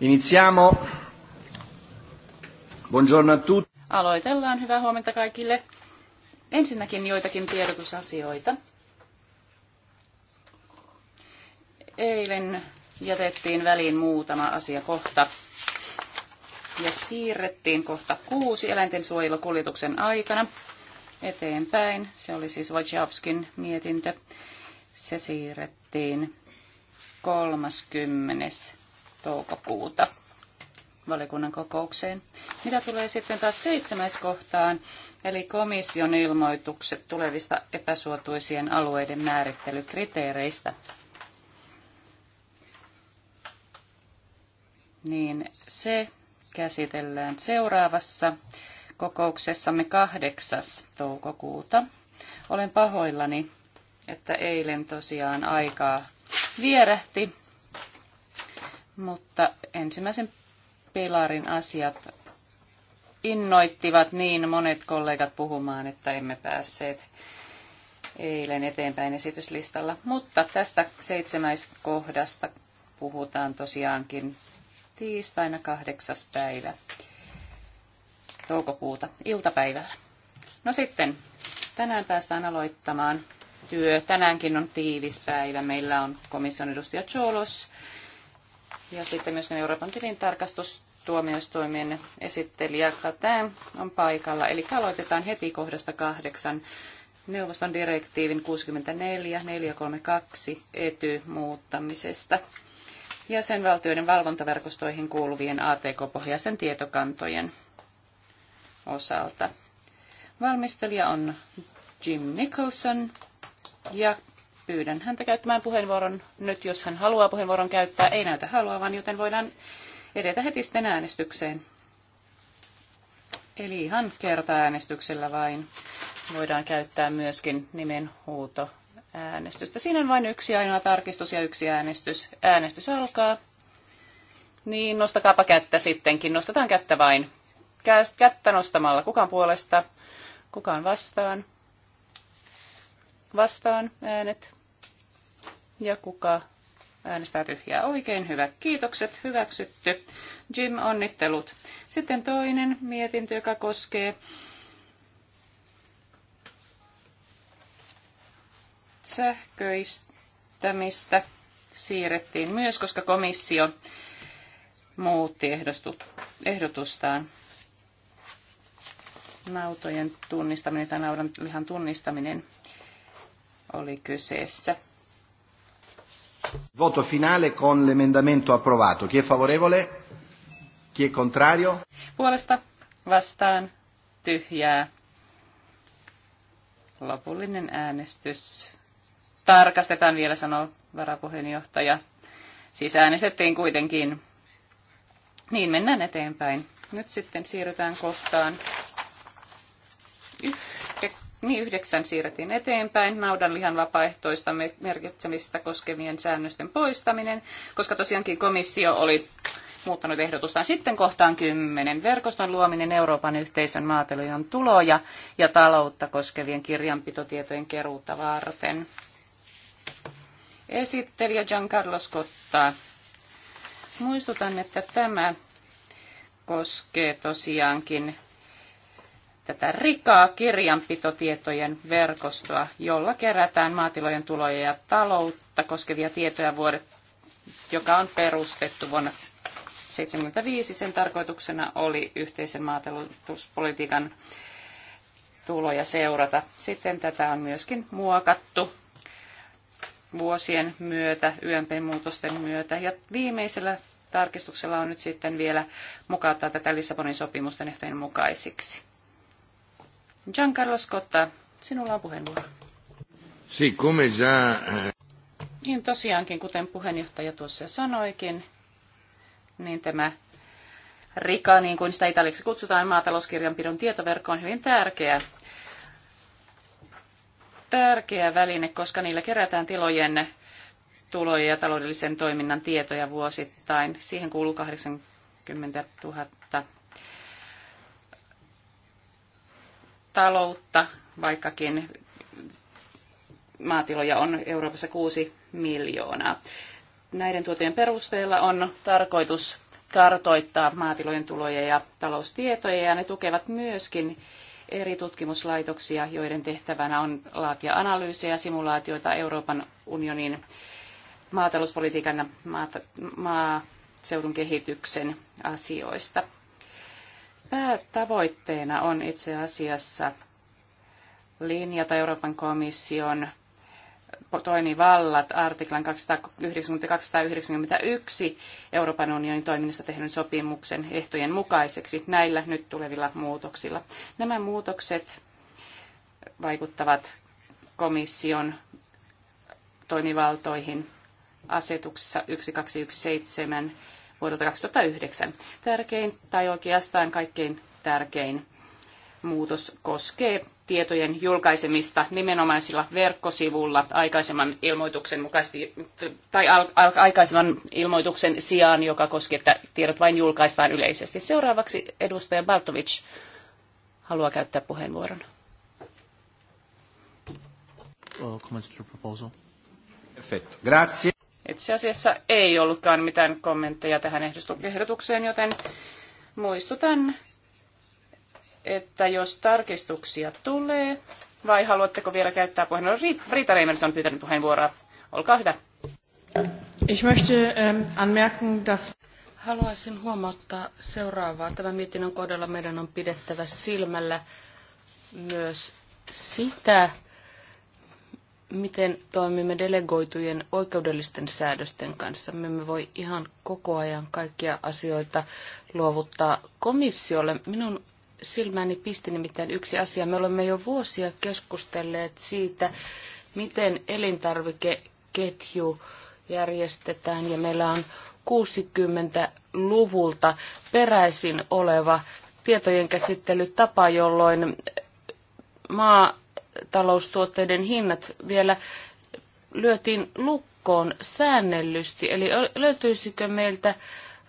Iniziamo. Buongiorno a tutti. Aloitellaan. Hyvää huomenta kaikille. Ensinnäkin joitakin tiedotusasioita. Eilen jätettiin väliin muutama asiakohta ja siirrettiin kohta kuusi eläinten suojelukuljetuksen aikana eteenpäin. Se oli siis Wojciechowskin mietintö. Se siirrettiin 30 toukokuuta valiokunnan kokoukseen. Mitä tulee sitten taas seitsemäs kohtaan, eli komission ilmoitukset tulevista epäsuotuisien alueiden määrittelykriteereistä, niin se käsitellään seuraavassa kokouksessamme 8. toukokuuta. Olen pahoillani, että eilen tosiaan aikaa vierähti mutta ensimmäisen pilarin asiat innoittivat niin monet kollegat puhumaan, että emme päässeet eilen eteenpäin esityslistalla. Mutta tästä seitsemäiskohdasta puhutaan tosiaankin tiistaina kahdeksas päivä toukokuuta iltapäivällä. No sitten, tänään päästään aloittamaan työ. Tänäänkin on tiivis päivä. Meillä on komission edustaja Cholos ja sitten myöskin Euroopan tilintarkastustuomioistuimen esittelijä Katain on paikalla. Eli aloitetaan heti kohdasta kahdeksan. Neuvoston direktiivin 64.432 ety muuttamisesta valtioiden valvontaverkostoihin kuuluvien ATK-pohjaisten tietokantojen osalta. Valmistelija on Jim Nicholson ja Pyydän häntä käyttämään puheenvuoron nyt, jos hän haluaa puheenvuoron käyttää. Ei näytä haluavan, joten voidaan edetä heti sitten äänestykseen. Eli ihan äänestyksellä vain voidaan käyttää myöskin nimenhuuto äänestystä. Siinä on vain yksi ainoa tarkistus ja yksi äänestys. Äänestys alkaa. Niin, nostakaapa kättä sittenkin. Nostetaan kättä vain. Kättä nostamalla. Kukaan puolesta? Kukaan vastaan? Vastaan äänet ja kuka äänestää tyhjää oikein. Hyvä. Kiitokset. Hyväksytty. Jim, onnittelut. Sitten toinen mietintö, joka koskee sähköistämistä siirrettiin myös, koska komissio muutti ehdotustaan. Nautojen tunnistaminen tai naudan lihan tunnistaminen oli kyseessä. Voto finale con l'emendamento approvato. Chi è favorevole? Chi è contrario? Puolesta vastaan tyhjää. Lopullinen äänestys. Tarkastetaan vielä, sanoo varapuheenjohtaja. Siis äänestettiin kuitenkin. Niin, mennään eteenpäin. Nyt sitten siirrytään kohtaan niin yhdeksän siirrettiin eteenpäin naudanlihan vapaaehtoista merkitsemistä koskevien säännösten poistaminen, koska tosiaankin komissio oli muuttanut ehdotustaan. Sitten kohtaan kymmenen Verkoston luominen Euroopan yhteisön maatilojen tuloja ja taloutta koskevien kirjanpitotietojen keruuta varten. Esittelijä Giancarlo Scotta. Muistutan, että tämä koskee tosiaankin tätä rikaa kirjanpitotietojen verkostoa, jolla kerätään maatilojen tuloja ja taloutta koskevia tietoja vuodet, joka on perustettu vuonna 1975. Sen tarkoituksena oli yhteisen maatalouspolitiikan tuloja seurata. Sitten tätä on myöskin muokattu vuosien myötä, YMP-muutosten myötä. Ja viimeisellä tarkistuksella on nyt sitten vielä mukauttaa tätä Lissabonin sopimusten ehtojen mukaisiksi. Giancarlo Scotta, sinulla on puheenvuoro. Si, come già... Eh, niin tosiaankin, kuten puheenjohtaja tuossa sanoikin, niin tämä RIKA, niin kuin sitä italiaksi kutsutaan, maatalouskirjanpidon tietoverkko on hyvin tärkeä tärkeä väline, koska niillä kerätään tilojen tuloja ja taloudellisen toiminnan tietoja vuosittain. Siihen kuuluu 80 000 taloutta, vaikkakin maatiloja on Euroopassa kuusi miljoonaa. Näiden tuotojen perusteella on tarkoitus kartoittaa maatilojen tuloja ja taloustietoja, ja ne tukevat myöskin eri tutkimuslaitoksia, joiden tehtävänä on laatia analyysejä ja simulaatioita Euroopan unionin maatalouspolitiikan ja maaseudun kehityksen asioista päätavoitteena on itse asiassa linjata Euroopan komission toimivallat artiklan 291 Euroopan unionin toiminnasta tehdyn sopimuksen ehtojen mukaiseksi näillä nyt tulevilla muutoksilla. Nämä muutokset vaikuttavat komission toimivaltoihin asetuksessa 1217 vuodelta 2009. Tärkein tai oikeastaan kaikkein tärkein muutos koskee tietojen julkaisemista nimenomaisilla verkkosivulla aikaisemman ilmoituksen mukaisesti tai al- al- aikaisemman ilmoituksen sijaan, joka koski, että tiedot vain julkaistaan yleisesti. Seuraavaksi edustaja Baltovic haluaa käyttää puheenvuoron. Oh, Grazie. Itse asiassa ei ollutkaan mitään kommentteja tähän ehdotukseen, joten muistutan, että jos tarkistuksia tulee, vai haluatteko vielä käyttää puheenvuoron? Riita Reimers on pyytänyt puheenvuoroa. Olkaa hyvä. Ich möchte, ähm, anmerken, dass... Haluaisin huomauttaa seuraavaa. Tämän mietinnön kohdalla meidän on pidettävä silmällä myös sitä, miten toimimme delegoitujen oikeudellisten säädösten kanssa. Me emme voi ihan koko ajan kaikkia asioita luovuttaa komissiolle. Minun silmäni pisti nimittäin yksi asia. Me olemme jo vuosia keskustelleet siitä, miten elintarvikeketju järjestetään ja meillä on 60-luvulta peräisin oleva tietojen käsittelytapa, jolloin maa Taloustuotteiden hinnat vielä lyötiin lukkoon säännellysti. Eli löytyisikö meiltä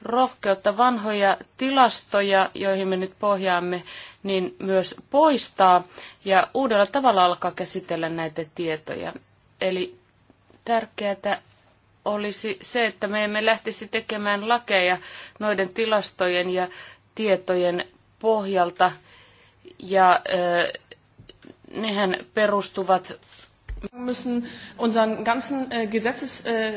rohkeutta vanhoja tilastoja, joihin me nyt pohjaamme, niin myös poistaa ja uudella tavalla alkaa käsitellä näitä tietoja. Eli tärkeää olisi se, että me emme lähtisi tekemään lakeja noiden tilastojen ja tietojen pohjalta ja nehän perustuvat äh, äh,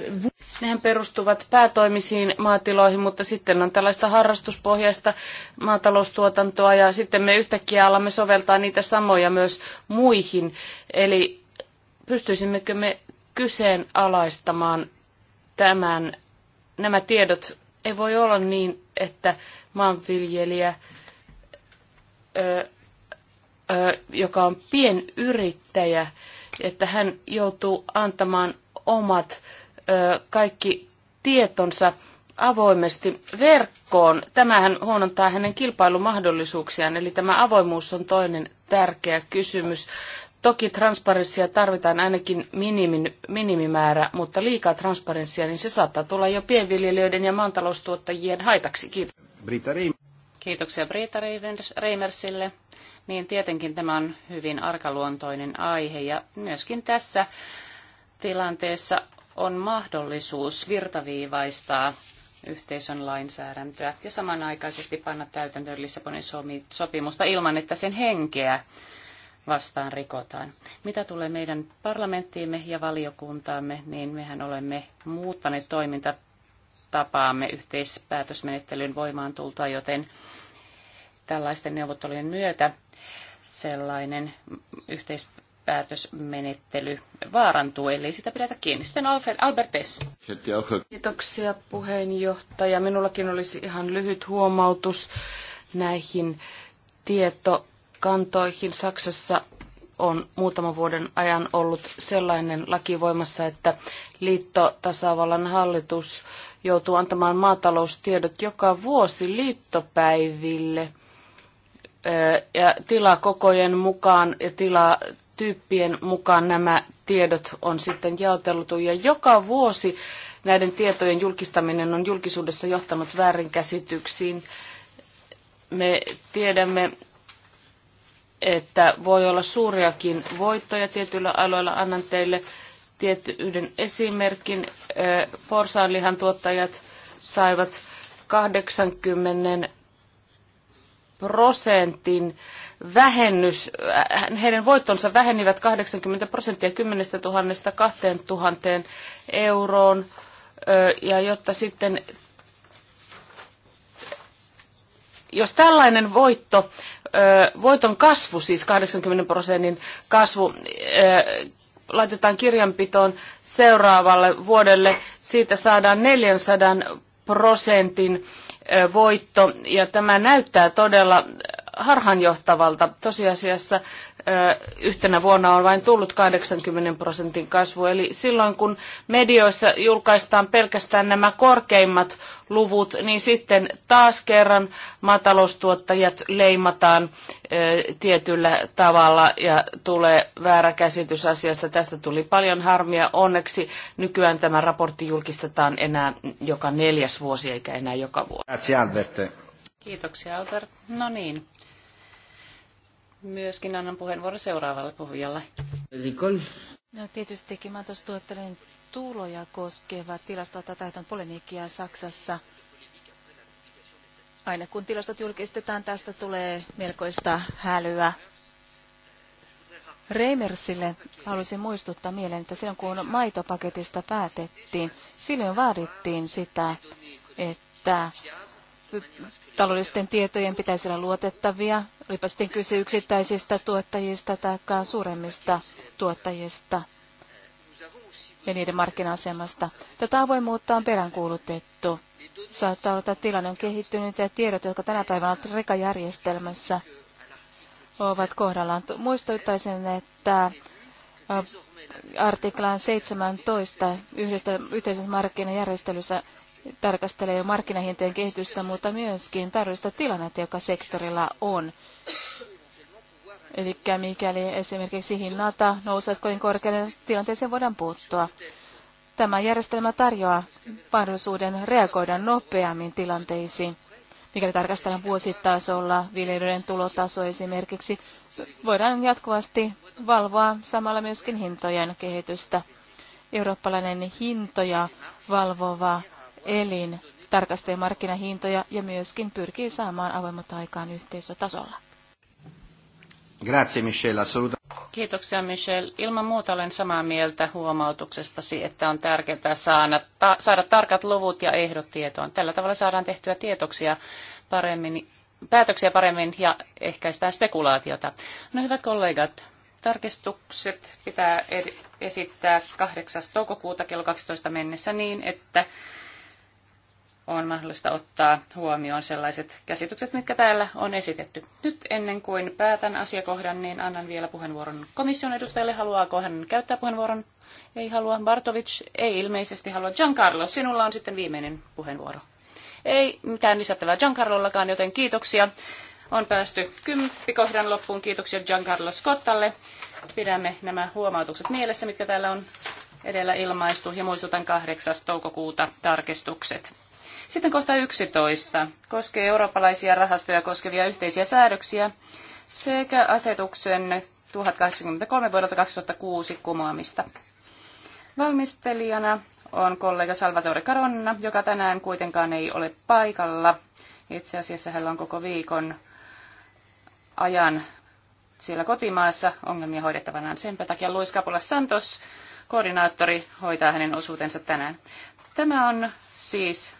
Nehän perustuvat päätoimisiin maatiloihin, mutta sitten on tällaista harrastuspohjaista maataloustuotantoa ja sitten me yhtäkkiä alamme soveltaa niitä samoja myös muihin. Eli pystyisimmekö me kyseenalaistamaan tämän, nämä tiedot? Ei voi olla niin, että maanviljelijä ö, joka on pienyrittäjä, että hän joutuu antamaan omat kaikki tietonsa avoimesti verkkoon. Tämähän huonontaa hänen kilpailumahdollisuuksiaan, eli tämä avoimuus on toinen tärkeä kysymys. Toki transparenssia tarvitaan ainakin minimin, minimimäärä, mutta liikaa transparenssia, niin se saattaa tulla jo pienviljelijöiden ja maantaloustuottajien haitaksi. Kiitos. Kiitoksia Brita Reimersille niin tietenkin tämä on hyvin arkaluontoinen aihe ja myöskin tässä tilanteessa on mahdollisuus virtaviivaistaa yhteisön lainsäädäntöä ja samanaikaisesti panna täytäntöön Lissabonin sopimusta ilman, että sen henkeä vastaan rikotaan. Mitä tulee meidän parlamenttiimme ja valiokuntaamme, niin mehän olemme muuttaneet toimintatapaamme yhteispäätösmenettelyn voimaan tultua, joten tällaisten neuvottelujen myötä sellainen yhteispäätösmenettely vaarantuu, ellei sitä pidetä kiinni. Sitten S. Kiitoksia puheenjohtaja. Minullakin olisi ihan lyhyt huomautus näihin tietokantoihin. Saksassa on muutaman vuoden ajan ollut sellainen laki voimassa, että liittotasavallan hallitus joutuu antamaan maataloustiedot joka vuosi liittopäiville – ja tilakokojen mukaan ja tila, mukaan nämä tiedot on sitten jaoteltu. Ja joka vuosi näiden tietojen julkistaminen on julkisuudessa johtanut väärinkäsityksiin. Me tiedämme, että voi olla suuriakin voittoja tietyillä aloilla. Annan teille tietty yhden esimerkin. Porsaanlihan tuottajat saivat 80 prosentin vähennys, äh, heidän voittonsa vähenivät 80 prosenttia 10 000 2000 euroon, ja jotta sitten jos tällainen voitto, voiton kasvu, siis 80 prosentin kasvu, laitetaan kirjanpitoon seuraavalle vuodelle, siitä saadaan 400 prosentin voitto, ja tämä näyttää todella harhanjohtavalta. Tosiasiassa yhtenä vuonna on vain tullut 80 prosentin kasvu. Eli silloin kun medioissa julkaistaan pelkästään nämä korkeimmat luvut, niin sitten taas kerran maataloustuottajat leimataan tietyllä tavalla ja tulee väärä käsitys asiasta. Tästä tuli paljon harmia. Onneksi nykyään tämä raportti julkistetaan enää joka neljäs vuosi eikä enää joka vuosi. Kiitoksia Albert. No niin myöskin annan puheenvuoron seuraavalle puhujalle. Likon. No tietystikin tuottelen tuloja koskeva tilasto on polemiikkia Saksassa. Aina kun tilastot julkistetaan, tästä tulee melkoista hälyä. Reimersille haluaisin muistuttaa mieleen, että silloin kun maitopaketista päätettiin, silloin vaadittiin sitä, että taloudellisten tietojen pitäisi olla luotettavia, olipa sitten kyse yksittäisistä tuottajista tai suuremmista tuottajista ja niiden markkina-asemasta. Tätä avoimuutta on peräänkuulutettu. Saattaa olla, että tilanne on kehittynyt ja tiedot, jotka tänä päivänä ovat rekajärjestelmässä, ovat kohdallaan. Muistuttaisin, että äh, artiklaan 17 yhdessä yhteisessä markkinajärjestelyssä tarkastelee markkinahintojen kehitystä, mutta myöskin taloudellista tilannetta, joka sektorilla on. Eli mikäli esimerkiksi hinnata nousevat kovin korkealle, tilanteeseen voidaan puuttua. Tämä järjestelmä tarjoaa mahdollisuuden reagoida nopeammin tilanteisiin. Mikäli tarkastellaan vuositasolla viljelyiden tulotaso esimerkiksi, voidaan jatkuvasti valvoa samalla myöskin hintojen kehitystä. Eurooppalainen hintoja valvova elin tarkastaa markkinahintoja ja myöskin pyrkii saamaan avoimuutta aikaan yhteisötasolla. Grazie Michelle, assoluta. Kiitoksia Michelle. Ilman muuta olen samaa mieltä huomautuksestasi, että on tärkeää saada, ta, saada tarkat luvut ja ehdot tietoon. Tällä tavalla saadaan tehtyä tietoksia paremmin, päätöksiä paremmin ja ehkäistään spekulaatiota. No hyvät kollegat, tarkistukset pitää esittää 8. toukokuuta kello 12 mennessä niin, että on mahdollista ottaa huomioon sellaiset käsitykset, mitkä täällä on esitetty. Nyt ennen kuin päätän asiakohdan, niin annan vielä puheenvuoron komission edustajalle. Haluaako hän käyttää puheenvuoron? Ei halua. Bartovic ei ilmeisesti halua. Giancarlo, sinulla on sitten viimeinen puheenvuoro. Ei mitään lisättävää Giancarlollakaan, joten kiitoksia. On päästy kymppikohdan loppuun. Kiitoksia Giancarlo Scottalle. Pidämme nämä huomautukset mielessä, mitkä täällä on edellä ilmaistu, ja muistutan 8. toukokuuta tarkistukset. Sitten kohta 11 koskee eurooppalaisia rahastoja koskevia yhteisiä säädöksiä sekä asetuksen 1083 vuodelta 2006 kumoamista. Valmistelijana on kollega Salvatore Caronna, joka tänään kuitenkaan ei ole paikalla. Itse asiassa hän on koko viikon ajan siellä kotimaassa ongelmia hoidettavanaan. Sen takia Luis Capula Santos, koordinaattori, hoitaa hänen osuutensa tänään. Tämä on siis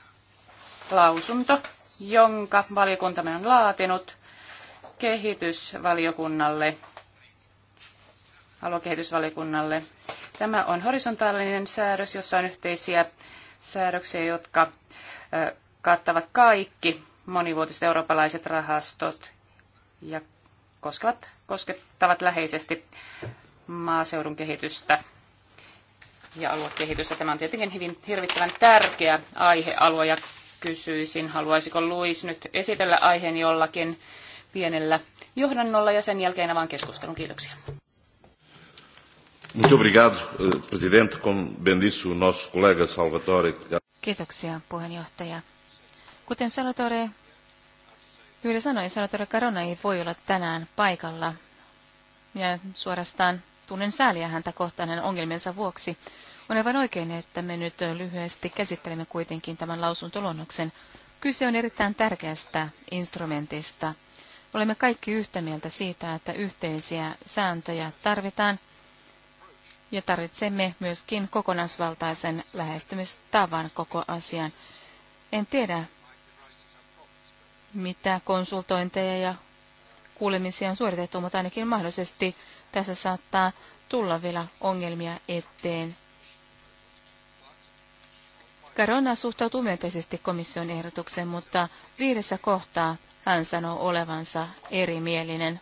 lausunto, jonka valiokuntamme on laatinut kehitysvaliokunnalle, aluekehitysvaliokunnalle. Tämä on horisontaalinen säädös, jossa on yhteisiä säädöksiä, jotka kattavat kaikki monivuotiset eurooppalaiset rahastot ja koskevat, koskettavat läheisesti maaseudun kehitystä ja aluekehitystä. Tämä on tietenkin hyvin hirvittävän tärkeä aihealue ja kysyisin, haluaisiko Luis nyt esitellä aiheen jollakin pienellä johdannolla ja sen jälkeen avaan keskustelun. Kiitoksia. Muito obrigado, eh, presidente, como bem disse o nosso colega Salvatore. Kiitoksia, puheenjohtaja. Kuten Salvatore juuri sanoi, Salvatore Carona ei voi olla tänään paikalla. Ja suorastaan tunnen sääliä häntä kohtaan hänen ongelmiensa vuoksi. On aivan oikein, että me nyt lyhyesti käsittelemme kuitenkin tämän lausuntolonnoksen. Kyse on erittäin tärkeästä instrumentista. Olemme kaikki yhtä mieltä siitä, että yhteisiä sääntöjä tarvitaan ja tarvitsemme myöskin kokonaisvaltaisen lähestymistavan koko asian. En tiedä, mitä konsultointeja ja kuulemisia on suoritettu, mutta ainakin mahdollisesti tässä saattaa tulla vielä ongelmia eteen Karona suhtautuu myönteisesti komission ehdotukseen, mutta viidessä kohtaa hän sanoo olevansa erimielinen.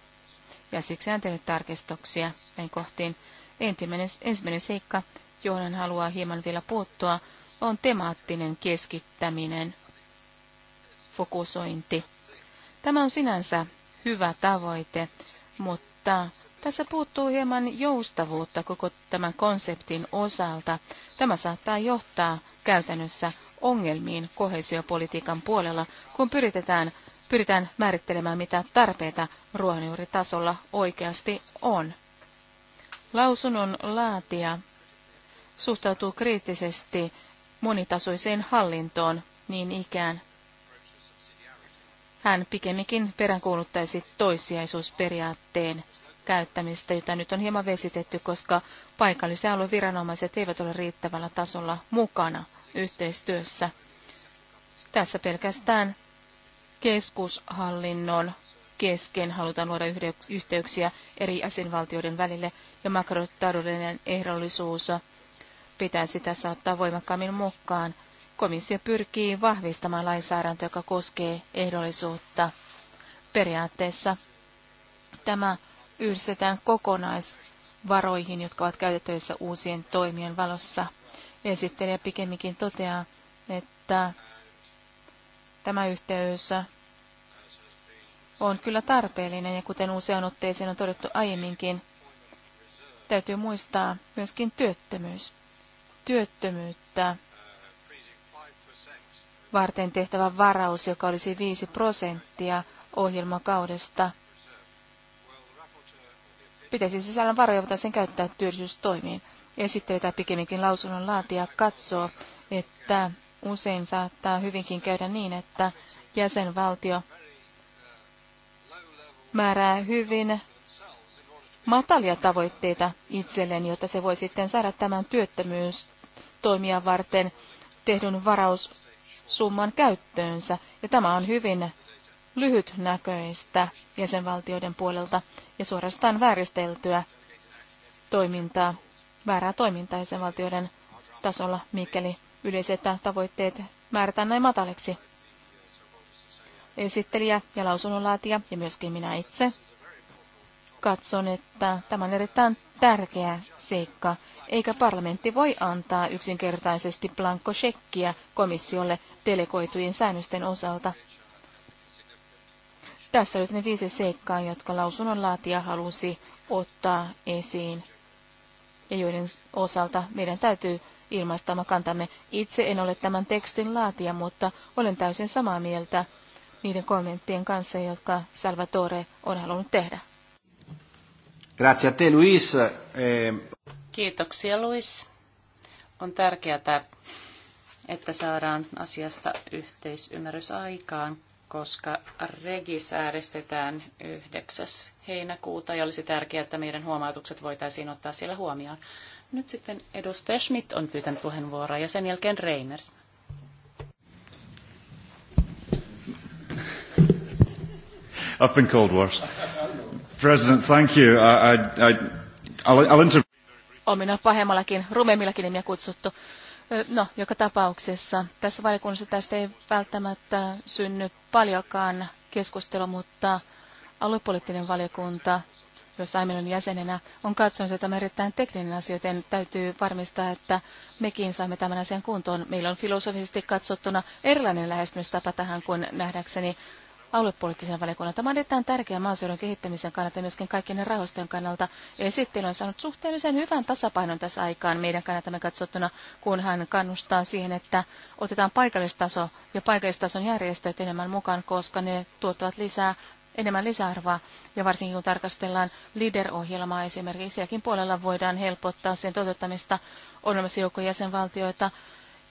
Ja siksi hän tehnyt tarkistuksia näin kohtiin. Ensimmäinen, ensimmäinen seikka, johon hän haluaa hieman vielä puuttua, on temaattinen keskittäminen, fokusointi. Tämä on sinänsä hyvä tavoite, mutta tässä puuttuu hieman joustavuutta koko tämän konseptin osalta. Tämä saattaa johtaa käytännössä ongelmiin kohesiopolitiikan puolella, kun pyritetään, pyritään määrittelemään, mitä tarpeita ruohonjuuritasolla oikeasti on. Lausunnon laatija suhtautuu kriittisesti monitasoiseen hallintoon niin ikään. Hän pikemminkin peräänkuuluttaisi toissijaisuusperiaatteen käyttämistä, jota nyt on hieman vesitetty, koska paikallisen alueen viranomaiset eivät ole riittävällä tasolla mukana yhteistyössä. Tässä pelkästään keskushallinnon kesken halutaan luoda yhteyksiä eri jäsenvaltioiden välille ja makrotaloudellinen ehdollisuus pitäisi tässä ottaa voimakkaammin mukaan. Komissio pyrkii vahvistamaan lainsäädäntöä, joka koskee ehdollisuutta. Periaatteessa tämä yhdistetään kokonaisvaroihin, jotka ovat käytettävissä uusien toimien valossa. Esittelijä pikemminkin toteaa, että tämä yhteys on kyllä tarpeellinen ja kuten usean otteeseen on todettu aiemminkin, täytyy muistaa myöskin työttömyys. Työttömyyttä varten tehtävä varaus, joka olisi 5 prosenttia ohjelmakaudesta, pitäisi sisällön varoja sen käyttää työllisyystoimiin. Esittely tai pikemminkin lausunnon laatia, katsoo, että usein saattaa hyvinkin käydä niin, että jäsenvaltio määrää hyvin matalia tavoitteita itselleen, jotta se voi sitten saada tämän työttömyystoimia varten tehdyn varaussumman käyttöönsä. Ja tämä on hyvin lyhytnäköistä jäsenvaltioiden puolelta ja suorastaan vääristeltyä toimintaa, väärää toimintaa jäsenvaltioiden tasolla, mikäli yleiset tavoitteet määrätään näin mataliksi. Esittelijä ja lausunnonlaatija ja myöskin minä itse katson, että tämä on erittäin tärkeä seikka, eikä parlamentti voi antaa yksinkertaisesti blankkosekkiä komissiolle delegoitujen säännösten osalta. Tässä nyt ne viisi seikkaa, jotka lausunnonlaatija halusi ottaa esiin ja joiden osalta meidän täytyy ilmaista oma kantamme. Itse en ole tämän tekstin laatija, mutta olen täysin samaa mieltä niiden kommenttien kanssa, jotka Salvatore on halunnut tehdä. Grazie a te, Luis. Ehm. Kiitoksia, Luis. On tärkeää, että saadaan asiasta yhteisymmärrys aikaan koska regis äärestetään 9. heinäkuuta ja olisi tärkeää, että meidän huomautukset voitaisiin ottaa siellä huomioon. Nyt sitten edustaja Schmidt on pyytänyt puheenvuoroa ja sen jälkeen Reimers. I've been called worse. President, thank you. I, I, I, I'll, I'll inter- on pahemmallakin, rumemmillakin nimiä kutsuttu. No, joka tapauksessa tässä valiokunnassa tästä ei välttämättä synny paljonkaan keskustelua, mutta aluepoliittinen valiokunta, jossa aiemmin on jäsenenä, on katsonut, että tämä on erittäin tekninen asia, joten täytyy varmistaa, että mekin saamme tämän asian kuntoon. Meillä on filosofisesti katsottuna erilainen lähestymistapa tähän kuin nähdäkseni aluepoliittisena valiokunnan. Tämä on erittäin tärkeä maaseudun kehittämisen kannalta ja myöskin kaikkien rahoisten kannalta. Esittely on saanut suhteellisen hyvän tasapainon tässä aikaan meidän kannaltamme katsottuna, kun hän kannustaa siihen, että otetaan paikallistaso ja paikallistason järjestöt enemmän mukaan, koska ne tuottavat lisää enemmän lisäarvoa. Ja varsinkin kun tarkastellaan lider ohjelmaa esimerkiksi, sielläkin puolella voidaan helpottaa sen toteuttamista. On olemassa joukko jäsenvaltioita,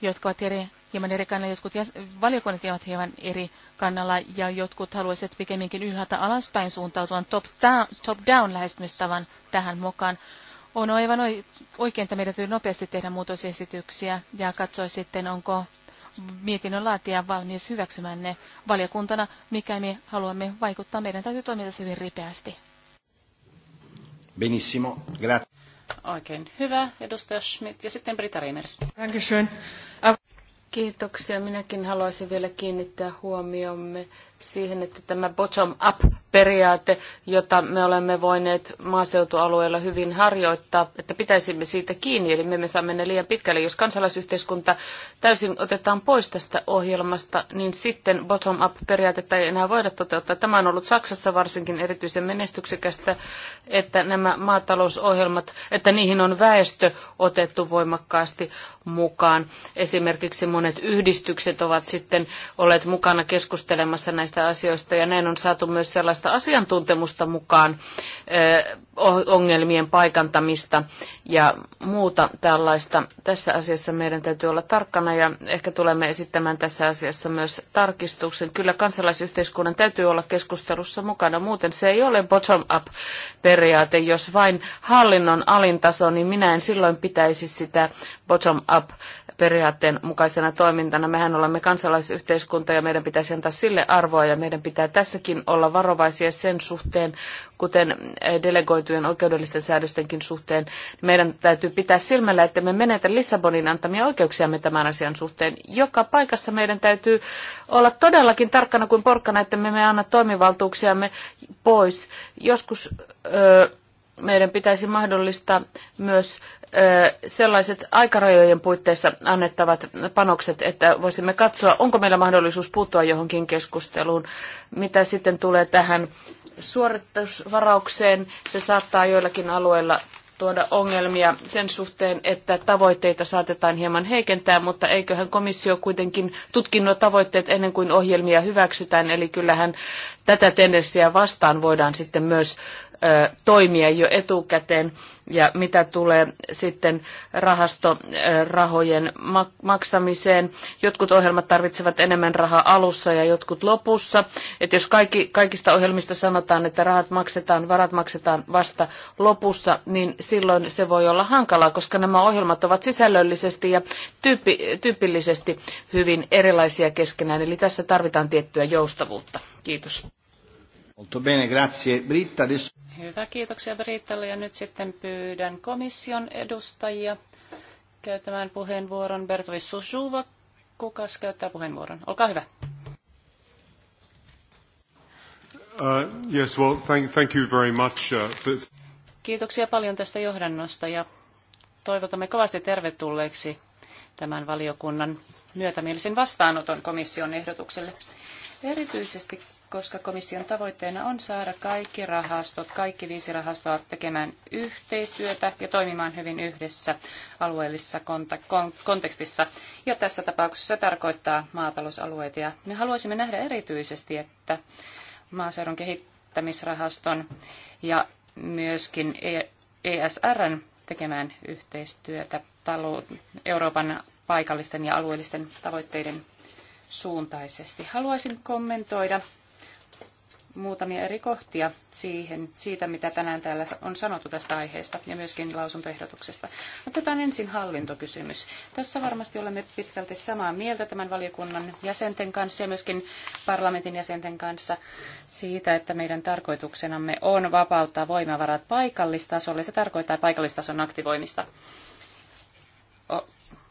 jotka ovat eri, hieman eri kannalla, jotkut jäs, valiokunnat ovat hieman eri kannalla ja jotkut haluaisivat pikemminkin ylhäältä alaspäin suuntautuvan top-down top lähestymistavan tähän mukaan. On aivan oikein, että meidän täytyy nopeasti tehdä muutosesityksiä ja katsoa sitten, onko mietinnön laatia valmis hyväksymään ne valiokuntana, mikä me haluamme vaikuttaa. Meidän täytyy toimia tässä hyvin ripeästi. Benissimo, grazie. Oikein hyvä, edustaja Schmidt. Ja sitten Brita Reimers. Kiitoksia. Minäkin haluaisin vielä kiinnittää huomiomme siihen, että tämä bottom-up-periaate, jota me olemme voineet maaseutualueilla hyvin harjoittaa, että pitäisimme siitä kiinni, eli me emme saa mennä liian pitkälle. Jos kansalaisyhteiskunta täysin otetaan pois tästä ohjelmasta, niin sitten bottom-up-periaatetta ei enää voida toteuttaa. Tämä on ollut Saksassa varsinkin erityisen menestyksekästä, että nämä maatalousohjelmat, että niihin on väestö otettu voimakkaasti mukaan. Esimerkiksi monet yhdistykset ovat sitten olleet mukana keskustelemassa näistä näistä asioista ja näin on saatu myös sellaista asiantuntemusta mukaan ongelmien paikantamista ja muuta tällaista. Tässä asiassa meidän täytyy olla tarkkana ja ehkä tulemme esittämään tässä asiassa myös tarkistuksen. Kyllä kansalaisyhteiskunnan täytyy olla keskustelussa mukana, muuten se ei ole bottom-up-periaate. Jos vain hallinnon alintaso, niin minä en silloin pitäisi sitä bottom-up oikeusvaltioperiaatteen mukaisena toimintana. Mehän olemme kansalaisyhteiskunta ja meidän pitäisi antaa sille arvoa ja meidän pitää tässäkin olla varovaisia sen suhteen, kuten eh, delegoitujen oikeudellisten säädöstenkin suhteen. Meidän täytyy pitää silmällä, että me menetä Lissabonin antamia oikeuksiamme tämän asian suhteen. Joka paikassa meidän täytyy olla todellakin tarkkana kuin porkkana, että me emme anna toimivaltuuksiamme pois. Joskus... Öö, meidän pitäisi mahdollistaa myös sellaiset aikarajojen puitteissa annettavat panokset, että voisimme katsoa, onko meillä mahdollisuus puuttua johonkin keskusteluun. Mitä sitten tulee tähän suoritusvaraukseen, se saattaa joillakin alueilla tuoda ongelmia sen suhteen, että tavoitteita saatetaan hieman heikentää, mutta eiköhän komissio kuitenkin tutkinnut tavoitteet ennen kuin ohjelmia hyväksytään, eli kyllähän tätä tendenssiä vastaan voidaan sitten myös toimia jo etukäteen. Ja mitä tulee sitten rahastorahojen maksamiseen, jotkut ohjelmat tarvitsevat enemmän rahaa alussa ja jotkut lopussa. Et jos kaikki, kaikista ohjelmista sanotaan, että rahat maksetaan, varat maksetaan vasta lopussa, niin silloin se voi olla hankalaa, koska nämä ohjelmat ovat sisällöllisesti ja tyyppi, tyypillisesti hyvin erilaisia keskenään. Eli tässä tarvitaan tiettyä joustavuutta. Kiitos. Molto bene, grazie Britta. Adesso... Hyvä, kiitoksia Britalle Ja nyt sitten pyydän komission edustajia käyttämään puheenvuoron. Bertovi Sujuva, kuka käyttää puheenvuoron? Olkaa hyvä. Uh, yes, well, thank, thank you very much, uh, for... Kiitoksia paljon tästä johdannosta ja toivotamme kovasti tervetulleeksi tämän valiokunnan myötämielisen vastaanoton komission ehdotukselle. Erityisesti koska komission tavoitteena on saada kaikki rahastot, kaikki viisi rahastoa tekemään yhteistyötä ja toimimaan hyvin yhdessä alueellisessa kontekstissa. Ja tässä tapauksessa se tarkoittaa maatalousalueita. Ja me haluaisimme nähdä erityisesti, että maaseudun kehittämisrahaston ja myöskin ESRn e tekemään yhteistyötä Euroopan paikallisten ja alueellisten tavoitteiden suuntaisesti. Haluaisin kommentoida muutamia eri kohtia siihen, siitä, mitä tänään täällä on sanottu tästä aiheesta ja myöskin lausuntoehdotuksesta. Otetaan ensin hallintokysymys. Tässä varmasti olemme pitkälti samaa mieltä tämän valiokunnan jäsenten kanssa ja myöskin parlamentin jäsenten kanssa siitä, että meidän tarkoituksenamme on vapauttaa voimavarat paikallistasolle. Se tarkoittaa paikallistason aktivoimista.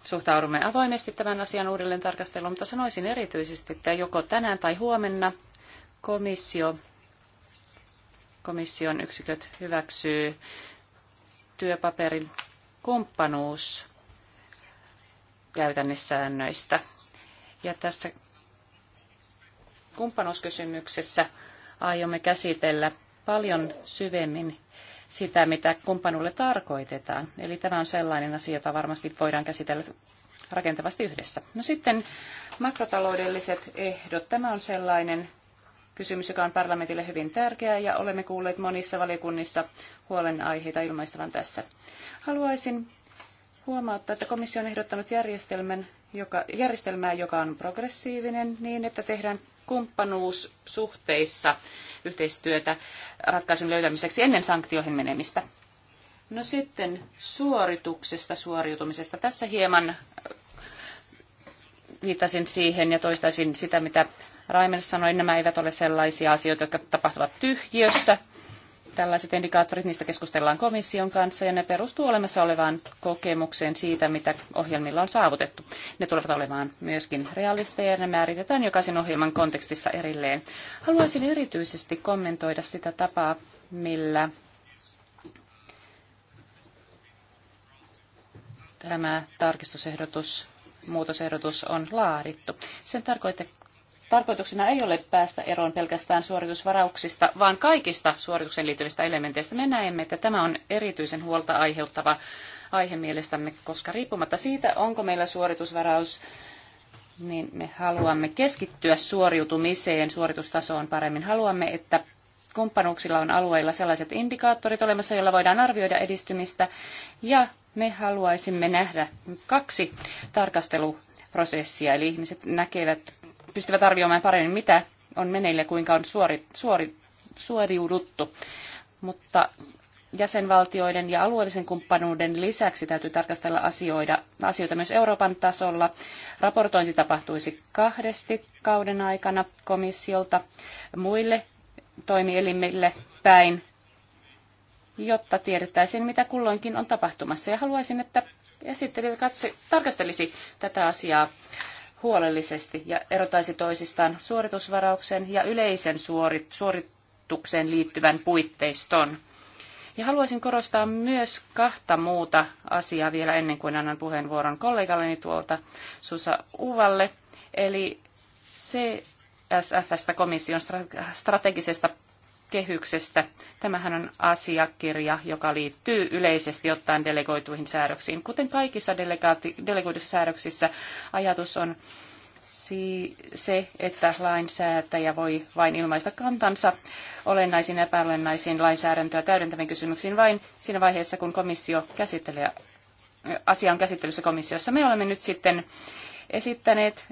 Suhtaudumme avoimesti tämän asian uudelleen tarkasteluun, mutta sanoisin erityisesti, että joko tänään tai huomenna Komissio, komission yksiköt hyväksyy työpaperin kumppanuus käytännössäännöistä. Ja tässä kumppanuuskysymyksessä aiomme käsitellä paljon syvemmin sitä, mitä kumppanulle tarkoitetaan. Eli tämä on sellainen asia, jota varmasti voidaan käsitellä rakentavasti yhdessä. No sitten makrotaloudelliset ehdot. Tämä on sellainen kysymys, joka on parlamentille hyvin tärkeä ja olemme kuulleet monissa valiokunnissa huolenaiheita ilmaistavan tässä. Haluaisin huomauttaa, että komissio on ehdottanut järjestelmän, joka, järjestelmää, joka on progressiivinen niin, että tehdään kumppanuussuhteissa yhteistyötä ratkaisun löytämiseksi ennen sanktioihin menemistä. No sitten suorituksesta suoriutumisesta. Tässä hieman viittasin siihen ja toistaisin sitä, mitä Raimer sanoi, että nämä eivät ole sellaisia asioita, jotka tapahtuvat tyhjiössä. Tällaiset indikaattorit, niistä keskustellaan komission kanssa ja ne perustuu olemassa olevaan kokemukseen siitä, mitä ohjelmilla on saavutettu. Ne tulevat olemaan myöskin realisteja ja ne määritetään jokaisen ohjelman kontekstissa erilleen. Haluaisin erityisesti kommentoida sitä tapaa, millä tämä tarkistusehdotus, muutosehdotus on laadittu. Sen tarkoite, Tarkoituksena ei ole päästä eroon pelkästään suoritusvarauksista, vaan kaikista suoritukseen liittyvistä elementeistä. Me näemme, että tämä on erityisen huolta aiheuttava aihe mielestämme, koska riippumatta siitä, onko meillä suoritusvaraus, niin me haluamme keskittyä suoriutumiseen, suoritustasoon paremmin. Haluamme, että kumppanuuksilla on alueilla sellaiset indikaattorit olemassa, joilla voidaan arvioida edistymistä, ja me haluaisimme nähdä kaksi tarkasteluprosessia, eli ihmiset näkevät pystyvät arvioimaan paremmin, mitä on meneillä, kuinka on suori, suori, suoriuduttu. Mutta jäsenvaltioiden ja alueellisen kumppanuuden lisäksi täytyy tarkastella asioida, asioita myös Euroopan tasolla. Raportointi tapahtuisi kahdesti kauden aikana komissiolta muille toimielimille päin, jotta tiedettäisiin, mitä kulloinkin on tapahtumassa. Ja haluaisin, että esittelijä katse, tarkastelisi tätä asiaa huolellisesti ja erotaisi toisistaan suoritusvarauksen ja yleisen suorit, suoritukseen liittyvän puitteiston. Ja haluaisin korostaa myös kahta muuta asiaa vielä ennen kuin annan puheenvuoron kollegalleni tuolta Susa Uvalle, eli CSFstä komission strategisesta kehyksestä. Tämähän on asiakirja, joka liittyy yleisesti ottaen delegoituihin säädöksiin. Kuten kaikissa delegoiduissa säädöksissä ajatus on se, että lainsäätäjä voi vain ilmaista kantansa olennaisiin ja epäolennaisiin lainsäädäntöä täydentäviin kysymyksiin vain siinä vaiheessa, kun komissio käsittelee asian käsittelyssä komissiossa. Me olemme nyt sitten esittäneet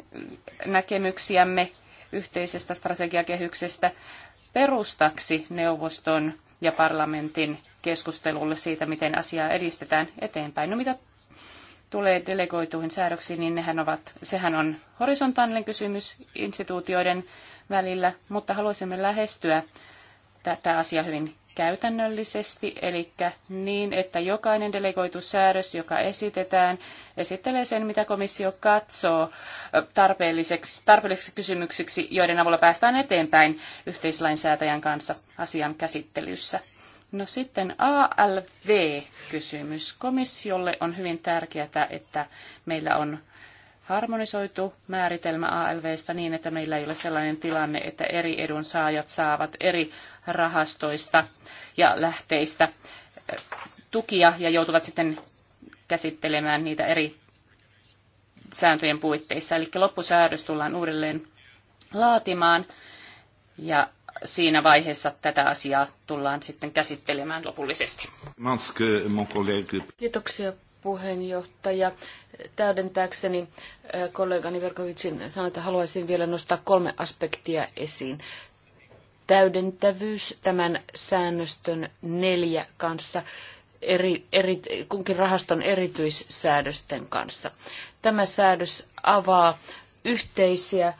näkemyksiämme yhteisestä strategiakehyksestä perustaksi neuvoston ja parlamentin keskustelulle siitä, miten asiaa edistetään eteenpäin. No mitä tulee delegoituihin säädöksiin, niin nehän ovat, sehän on horisontaalinen kysymys instituutioiden välillä, mutta haluaisimme lähestyä tätä asiaa hyvin käytännöllisesti, eli niin, että jokainen delegoitu säädös, joka esitetään, esittelee sen, mitä komissio katsoo tarpeelliseksi, tarpeelliseksi kysymyksiksi, joiden avulla päästään eteenpäin yhteislainsäätäjän kanssa asian käsittelyssä. No sitten ALV-kysymys. Komissiolle on hyvin tärkeää, että meillä on harmonisoitu määritelmä ALVstä niin, että meillä ei ole sellainen tilanne, että eri edunsaajat saavat eri rahastoista ja lähteistä tukia ja joutuvat sitten käsittelemään niitä eri sääntöjen puitteissa. Eli loppusäädös tullaan uudelleen laatimaan ja siinä vaiheessa tätä asiaa tullaan sitten käsittelemään lopullisesti. Kiitoksia puheenjohtaja. Täydentääkseni kollegani Verkovicin sanoi, että haluaisin vielä nostaa kolme aspektia esiin. Täydentävyys tämän säännöstön neljä kanssa, eri, eri, kunkin rahaston erityissäädösten kanssa. Tämä säädös avaa yhteisiä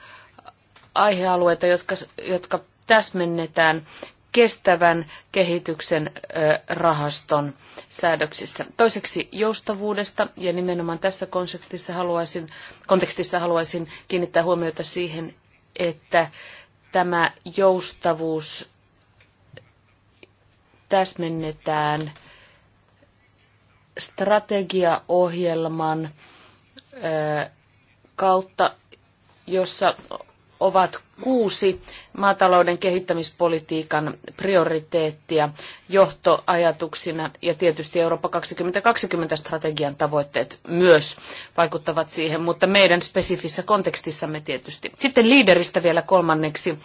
aihealueita, jotka, jotka täsmennetään kestävän kehityksen rahaston säädöksissä. Toiseksi joustavuudesta ja nimenomaan tässä kontekstissa haluaisin, kontekstissa haluaisin kiinnittää huomiota siihen, että tämä joustavuus täsmennetään strategiaohjelman kautta, jossa ovat kuusi maatalouden kehittämispolitiikan prioriteettia johtoajatuksina ja tietysti Eurooppa 2020 strategian tavoitteet myös vaikuttavat siihen, mutta meidän spesifissä kontekstissamme tietysti. Sitten liideristä vielä kolmanneksi.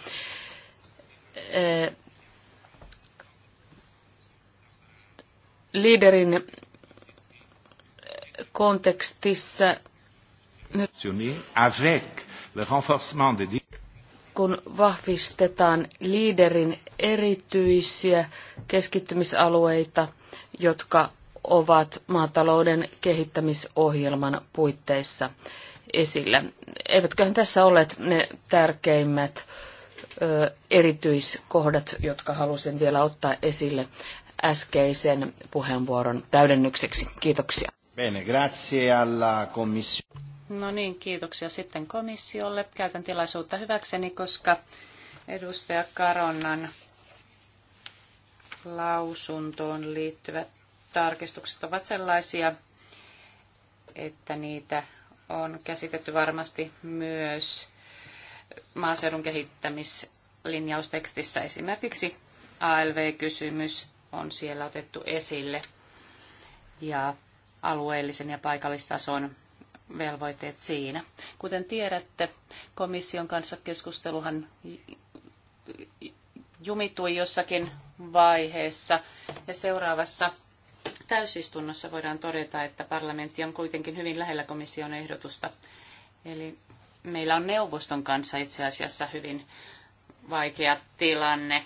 Eh, liiderin kontekstissa avec le renforcement des kun vahvistetaan liiderin erityisiä keskittymisalueita, jotka ovat maatalouden kehittämisohjelman puitteissa esillä. Eivätköhän tässä ole ne tärkeimmät ö, erityiskohdat, jotka halusin vielä ottaa esille äskeisen puheenvuoron täydennykseksi. Kiitoksia. Bene, grazie alla commissione. No niin, kiitoksia sitten komissiolle. Käytän tilaisuutta hyväkseni, koska edustaja Karonnan lausuntoon liittyvät tarkistukset ovat sellaisia, että niitä on käsitetty varmasti myös maaseudun kehittämislinjaustekstissä. Esimerkiksi ALV-kysymys on siellä otettu esille ja alueellisen ja paikallistason velvoitteet siinä. Kuten tiedätte, komission kanssa keskusteluhan jumitui jossakin vaiheessa ja seuraavassa täysistunnossa voidaan todeta, että parlamentti on kuitenkin hyvin lähellä komission ehdotusta. Eli meillä on neuvoston kanssa itse asiassa hyvin vaikea tilanne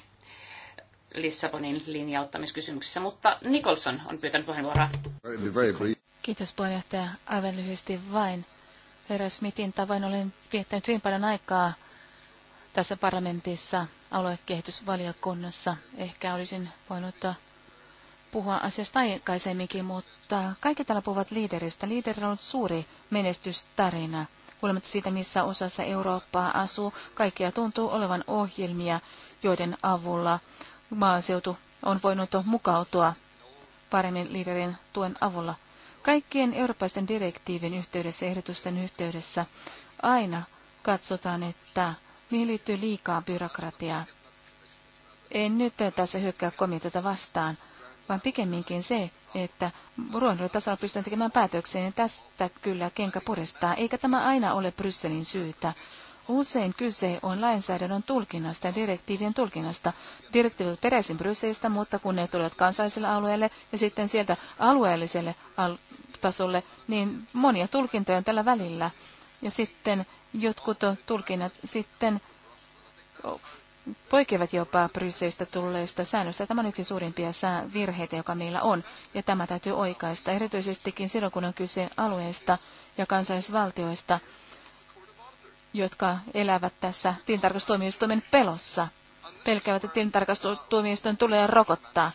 Lissabonin linjauttamiskysymyksessä, mutta Nicholson on pyytänyt puheenvuoroa. Kiitos puheenjohtaja. Aivan lyhyesti vain. Herra Smithin tavoin olen viettänyt hyvin paljon aikaa tässä parlamentissa aluekehitysvaliokunnassa. Ehkä olisin voinut puhua asiasta aikaisemminkin, mutta kaikki täällä puhuvat liideristä. Liideri on ollut suuri menestystarina. Huolimatta siitä, missä osassa Eurooppaa asuu, kaikkia tuntuu olevan ohjelmia, joiden avulla maaseutu on voinut mukautua paremmin liiderin tuen avulla. Kaikkien eurooppaisten direktiivin yhteydessä, ehdotusten yhteydessä, aina katsotaan, että niihin liittyy liikaa byrokratiaa. En nyt tässä hyökkää komiteata vastaan, vaan pikemminkin se, että ruohonjuuritasolla pystytään tekemään päätöksiä, niin tästä kyllä kenkä puristaa. eikä tämä aina ole Brysselin syytä. Usein kyse on lainsäädännön tulkinnasta ja direktiivien tulkinnasta. Direktiivit peräisin Brysselistä, mutta kun ne tulevat kansalliselle alueelle ja sitten sieltä alueelliselle al- tasolle, niin monia tulkintoja on tällä välillä. Ja sitten jotkut tulkinnat sitten poikivat jopa Brysseistä tulleista säännöistä. Tämä on yksi suurimpia virheitä, joka meillä on, ja tämä täytyy oikaista, erityisestikin silloin, kun on kyse alueista ja kansallisvaltioista, jotka elävät tässä tilintarkastustuomioistuimen pelossa. Pelkäävät, että tilintarkastustuomioistuin tulee rokottaa.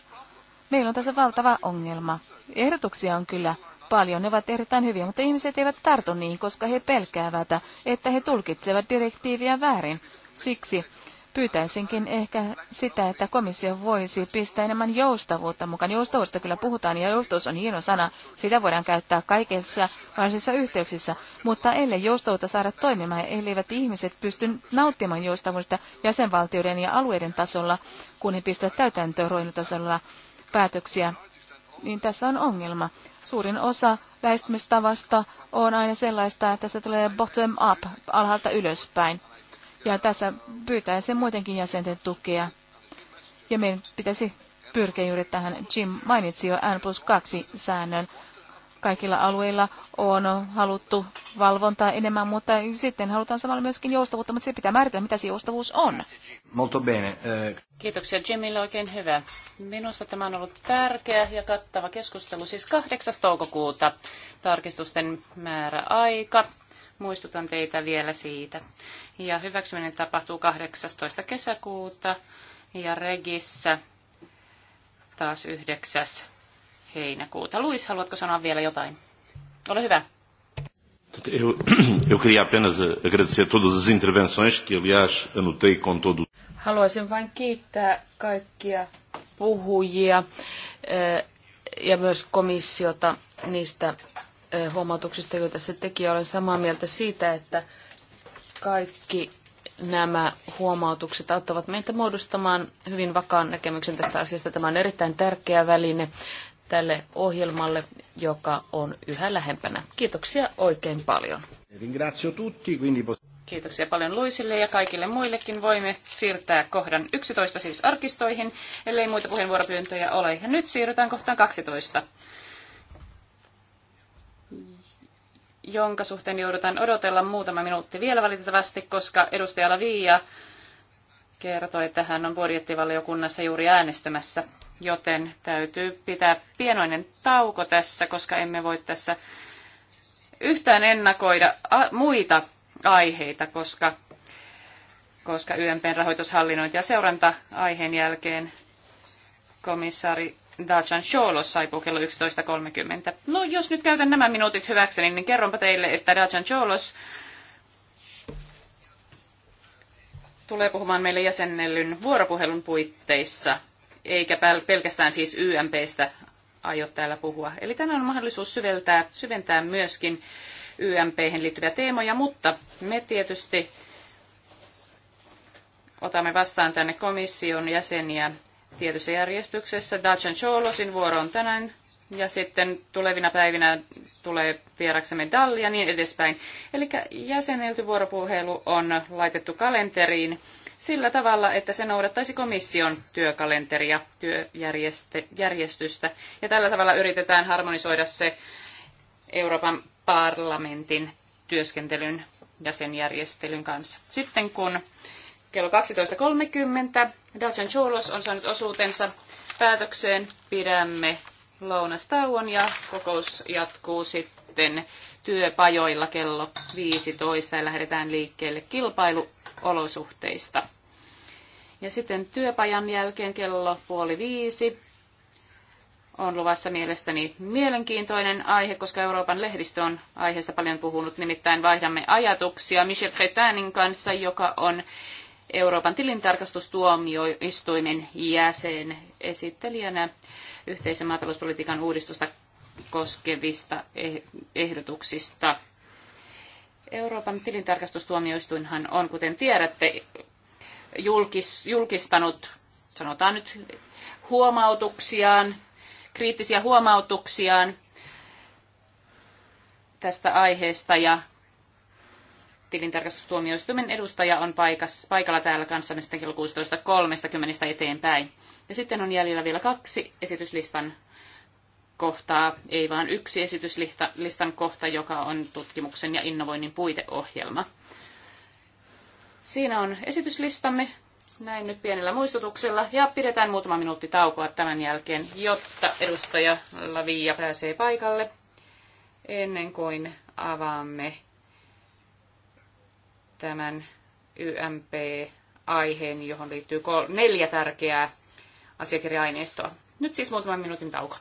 Meillä on tässä valtava ongelma. Ehdotuksia on kyllä paljon. Ne ovat erittäin hyviä, mutta ihmiset eivät tartu niihin, koska he pelkäävät, että he tulkitsevat direktiiviä väärin. Siksi pyytäisinkin ehkä sitä, että komissio voisi pistää enemmän joustavuutta mukaan. Joustavuudesta kyllä puhutaan ja joustavuus on hieno sana. Sitä voidaan käyttää kaikissa varsissa yhteyksissä, mutta ellei joustavuutta saada toimimaan, elleivät ihmiset pysty nauttimaan joustavuudesta jäsenvaltioiden ja alueiden tasolla, kun he pistävät täytäntöön ruoinnutasolla päätöksiä, niin tässä on ongelma. Suurin osa lähestymistavasta on aina sellaista, että se tulee bottom up, alhaalta ylöspäin. Ja tässä pyytää sen muutenkin jäsenten tukea. Ja meidän pitäisi pyrkiä juuri tähän. Jim mainitsi jo N plus 2 säännön. Kaikilla alueilla on haluttu valvontaa enemmän, mutta sitten halutaan samalla myöskin joustavuutta, mutta se pitää määritellä, mitä se joustavuus on. Molto bene. Eh. Kiitoksia Jimille, oikein hyvä. Minusta tämä on ollut tärkeä ja kattava keskustelu, siis 8. toukokuuta tarkistusten määräaika. Muistutan teitä vielä siitä. Ja hyväksyminen tapahtuu 18. kesäkuuta ja Regissä taas 9 heinäkuuta. Luis, haluatko sanoa vielä jotain? Ole hyvä. Eu, eu queria apenas eh, agradecer todas as intervenções que, aliás, anotei com todo. Haluaisin vain kiittää kaikkia puhujia eh, ja myös komissiota niistä eh, huomautuksista, joita se teki. Olen samaa mieltä siitä, että kaikki nämä huomautukset auttavat meitä muodostamaan hyvin vakaan näkemyksen tästä asiasta. Tämä on erittäin tärkeä väline tälle ohjelmalle, joka on yhä lähempänä. Kiitoksia oikein paljon. Kiitoksia paljon Luisille ja kaikille muillekin. Voimme siirtää kohdan 11 siis arkistoihin, ellei muita puheenvuoropyyntöjä ole. Ja nyt siirrytään kohtaan 12, jonka suhteen joudutaan odotella muutama minuutti vielä valitettavasti, koska edustaja Lavia kertoi, että hän on budjettivaliokunnassa juuri äänestämässä joten täytyy pitää pienoinen tauko tässä, koska emme voi tässä yhtään ennakoida muita aiheita, koska, koska YMPn rahoitushallinnointi ja seuranta aiheen jälkeen komissaari Dajan Cholos saipuu kello 11.30. No jos nyt käytän nämä minuutit hyväkseni, niin kerronpa teille, että Dajan Cholos tulee puhumaan meille jäsennellyn vuoropuhelun puitteissa – eikä pelkästään siis YMPstä aio täällä puhua. Eli tänään on mahdollisuus syventää, syventää myöskin YMP liittyviä teemoja, mutta me tietysti otamme vastaan tänne komission jäseniä tietyssä järjestyksessä. Dacian Cholosin vuoro on tänään ja sitten tulevina päivinä tulee vieraksemme Dalli ja niin edespäin. Eli jäsenelty vuoropuhelu on laitettu kalenteriin sillä tavalla, että se noudattaisi komission työkalenteria, työjärjestystä. Ja tällä tavalla yritetään harmonisoida se Euroopan parlamentin työskentelyn ja sen järjestelyn kanssa. Sitten kun kello 12.30 Dacian Cholos on saanut osuutensa päätökseen, pidämme lounastauon ja kokous jatkuu sitten työpajoilla kello 15 ja lähdetään liikkeelle kilpailu olosuhteista. Ja sitten työpajan jälkeen kello puoli viisi on luvassa mielestäni mielenkiintoinen aihe, koska Euroopan lehdistö on aiheesta paljon puhunut. Nimittäin vaihdamme ajatuksia Michel Cretanin kanssa, joka on Euroopan tilintarkastustuomioistuimen jäsen esittelijänä yhteisen maatalouspolitiikan uudistusta koskevista eh- ehdotuksista. Euroopan tilintarkastustuomioistuinhan on, kuten tiedätte, julkis, julkistanut, sanotaan nyt, huomautuksiaan, kriittisiä huomautuksiaan tästä aiheesta ja tilintarkastustuomioistuimen edustaja on paikas, paikalla täällä kanssamme sitten kello 16.30 eteenpäin. Ja sitten on jäljellä vielä kaksi esityslistan kohtaa, ei vaan yksi esityslistan kohta, joka on tutkimuksen ja innovoinnin puiteohjelma. Siinä on esityslistamme näin nyt pienellä muistutuksella ja pidetään muutama minuutti taukoa tämän jälkeen, jotta edustaja Lavia pääsee paikalle ennen kuin avaamme tämän YMP-aiheen, johon liittyy neljä tärkeää asiakirja-aineistoa. Nyt siis muutaman minuutin tauko.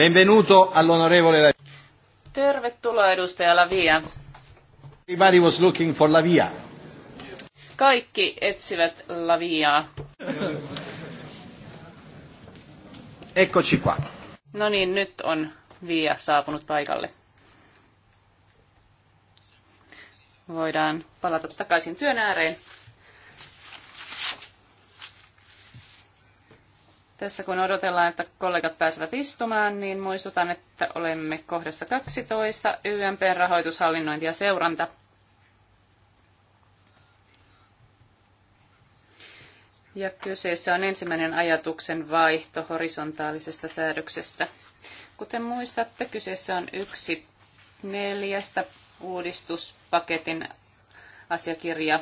Benvenuto all'onorevole Tervetuloa edustaja Lavia. Everybody was looking for Lavia. Kaikki etsivät Laviaa. Eccoci qua. No niin, nyt on Via saapunut paikalle. Voidaan palata takaisin työn ääreen. Tässä kun odotellaan, että kollegat pääsevät istumaan, niin muistutan, että olemme kohdassa 12, YMPn rahoitushallinnointi ja seuranta. Ja kyseessä on ensimmäinen ajatuksen vaihto horisontaalisesta säädöksestä. Kuten muistatte, kyseessä on yksi neljästä uudistuspaketin asiakirja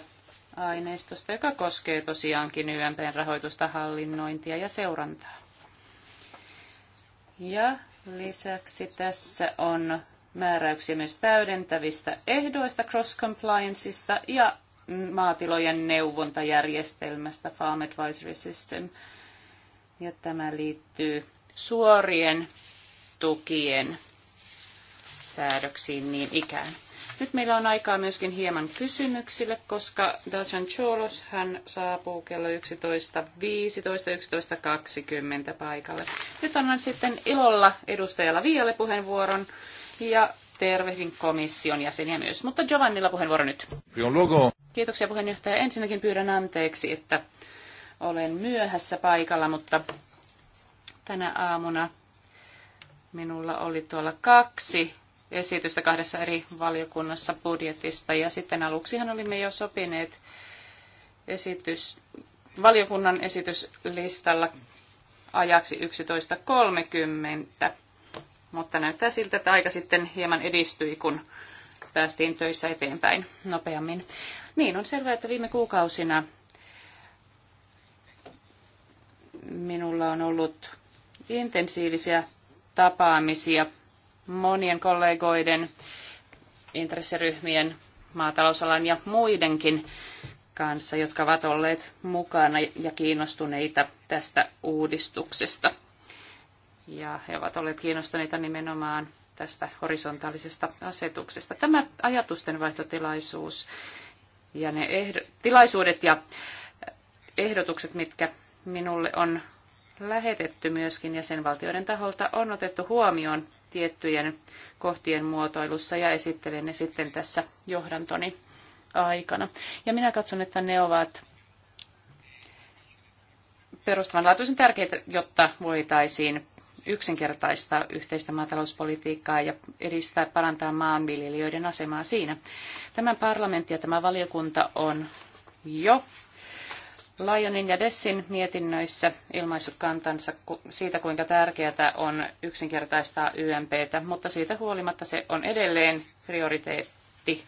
aineistosta, joka koskee tosiaankin YMPn rahoitusta, hallinnointia ja seurantaa. Ja lisäksi tässä on määräyksiä myös täydentävistä ehdoista, cross-complianceista ja maatilojen neuvontajärjestelmästä, Farm Advisory System. Ja tämä liittyy suorien tukien säädöksiin niin ikään. Nyt meillä on aikaa myöskin hieman kysymyksille, koska Dajan Cholos hän saapuu kello 11.15, 11.20 paikalle. Nyt annan sitten ilolla edustajalla Viialle puheenvuoron ja tervehdin komission jäseniä myös, mutta Giovannilla puheenvuoro nyt. Kiitoksia puheenjohtaja. Ensinnäkin pyydän anteeksi, että olen myöhässä paikalla, mutta tänä aamuna minulla oli tuolla kaksi esitystä kahdessa eri valiokunnassa budjetista. Ja sitten aluksihan olimme jo sopineet esitys, valiokunnan esityslistalla ajaksi 11.30, mutta näyttää siltä, että aika sitten hieman edistyi, kun päästiin töissä eteenpäin nopeammin. Niin, on selvää, että viime kuukausina minulla on ollut intensiivisiä tapaamisia monien kollegoiden, intressiryhmien, maatalousalan ja muidenkin kanssa, jotka ovat olleet mukana ja kiinnostuneita tästä uudistuksesta. Ja he ovat olleet kiinnostuneita nimenomaan tästä horisontaalisesta asetuksesta. Tämä ajatustenvaihtotilaisuus ja ne ehdo- tilaisuudet ja ehdotukset, mitkä minulle on lähetetty myöskin jäsenvaltioiden taholta, on otettu huomioon tiettyjen kohtien muotoilussa ja esittelen ne sitten tässä johdantoni aikana. Ja minä katson, että ne ovat perustavanlaatuisen tärkeitä, jotta voitaisiin yksinkertaistaa yhteistä maatalouspolitiikkaa ja edistää parantaa maanviljelijöiden asemaa siinä. Tämä parlamentti ja tämä valiokunta on jo Lionin ja Dessin mietinnöissä ilmaissut kantansa siitä, kuinka tärkeää on yksinkertaistaa YMPtä, mutta siitä huolimatta se on edelleen prioriteetti.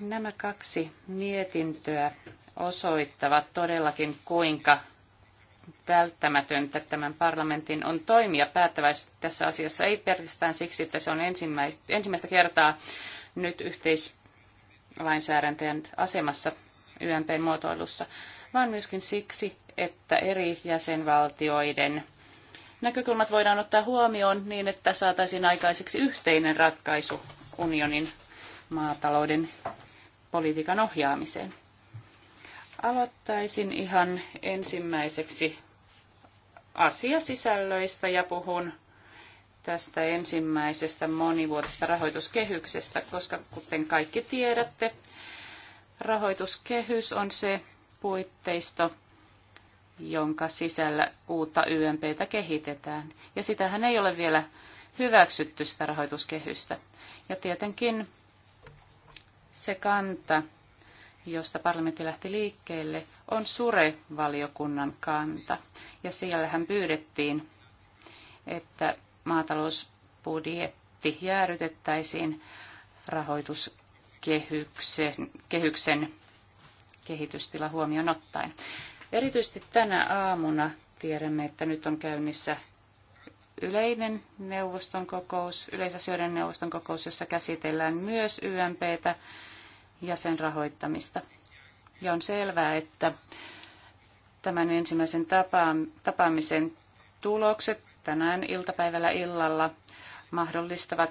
Nämä kaksi mietintöä osoittavat todellakin, kuinka välttämätöntä tämän parlamentin on toimia päättäväisesti tässä asiassa, ei pelkästään siksi, että se on ensimmäistä kertaa nyt yhteislainsäädäntöjen asemassa YMPn muotoilussa, vaan myöskin siksi, että eri jäsenvaltioiden näkökulmat voidaan ottaa huomioon niin, että saataisiin aikaiseksi yhteinen ratkaisu unionin maatalouden politiikan ohjaamiseen. Aloittaisin ihan ensimmäiseksi asiasisällöistä ja puhun tästä ensimmäisestä monivuotisesta rahoituskehyksestä, koska kuten kaikki tiedätte, Rahoituskehys on se puitteisto, jonka sisällä uutta YMPtä kehitetään. Ja sitähän ei ole vielä hyväksytty sitä rahoituskehystä. Ja tietenkin se kanta, josta parlamentti lähti liikkeelle, on Sure-valiokunnan kanta. Ja siellähän pyydettiin, että maatalousbudjetti jäädytettäisiin rahoitus kehyksen, kehyksen kehitystila huomioon ottaen. Erityisesti tänä aamuna tiedämme, että nyt on käynnissä yleinen neuvoston kokous, yleisasioiden neuvoston kokous, jossa käsitellään myös YMPtä ja sen rahoittamista. Ja on selvää, että tämän ensimmäisen tapaamisen tulokset tänään iltapäivällä illalla mahdollistavat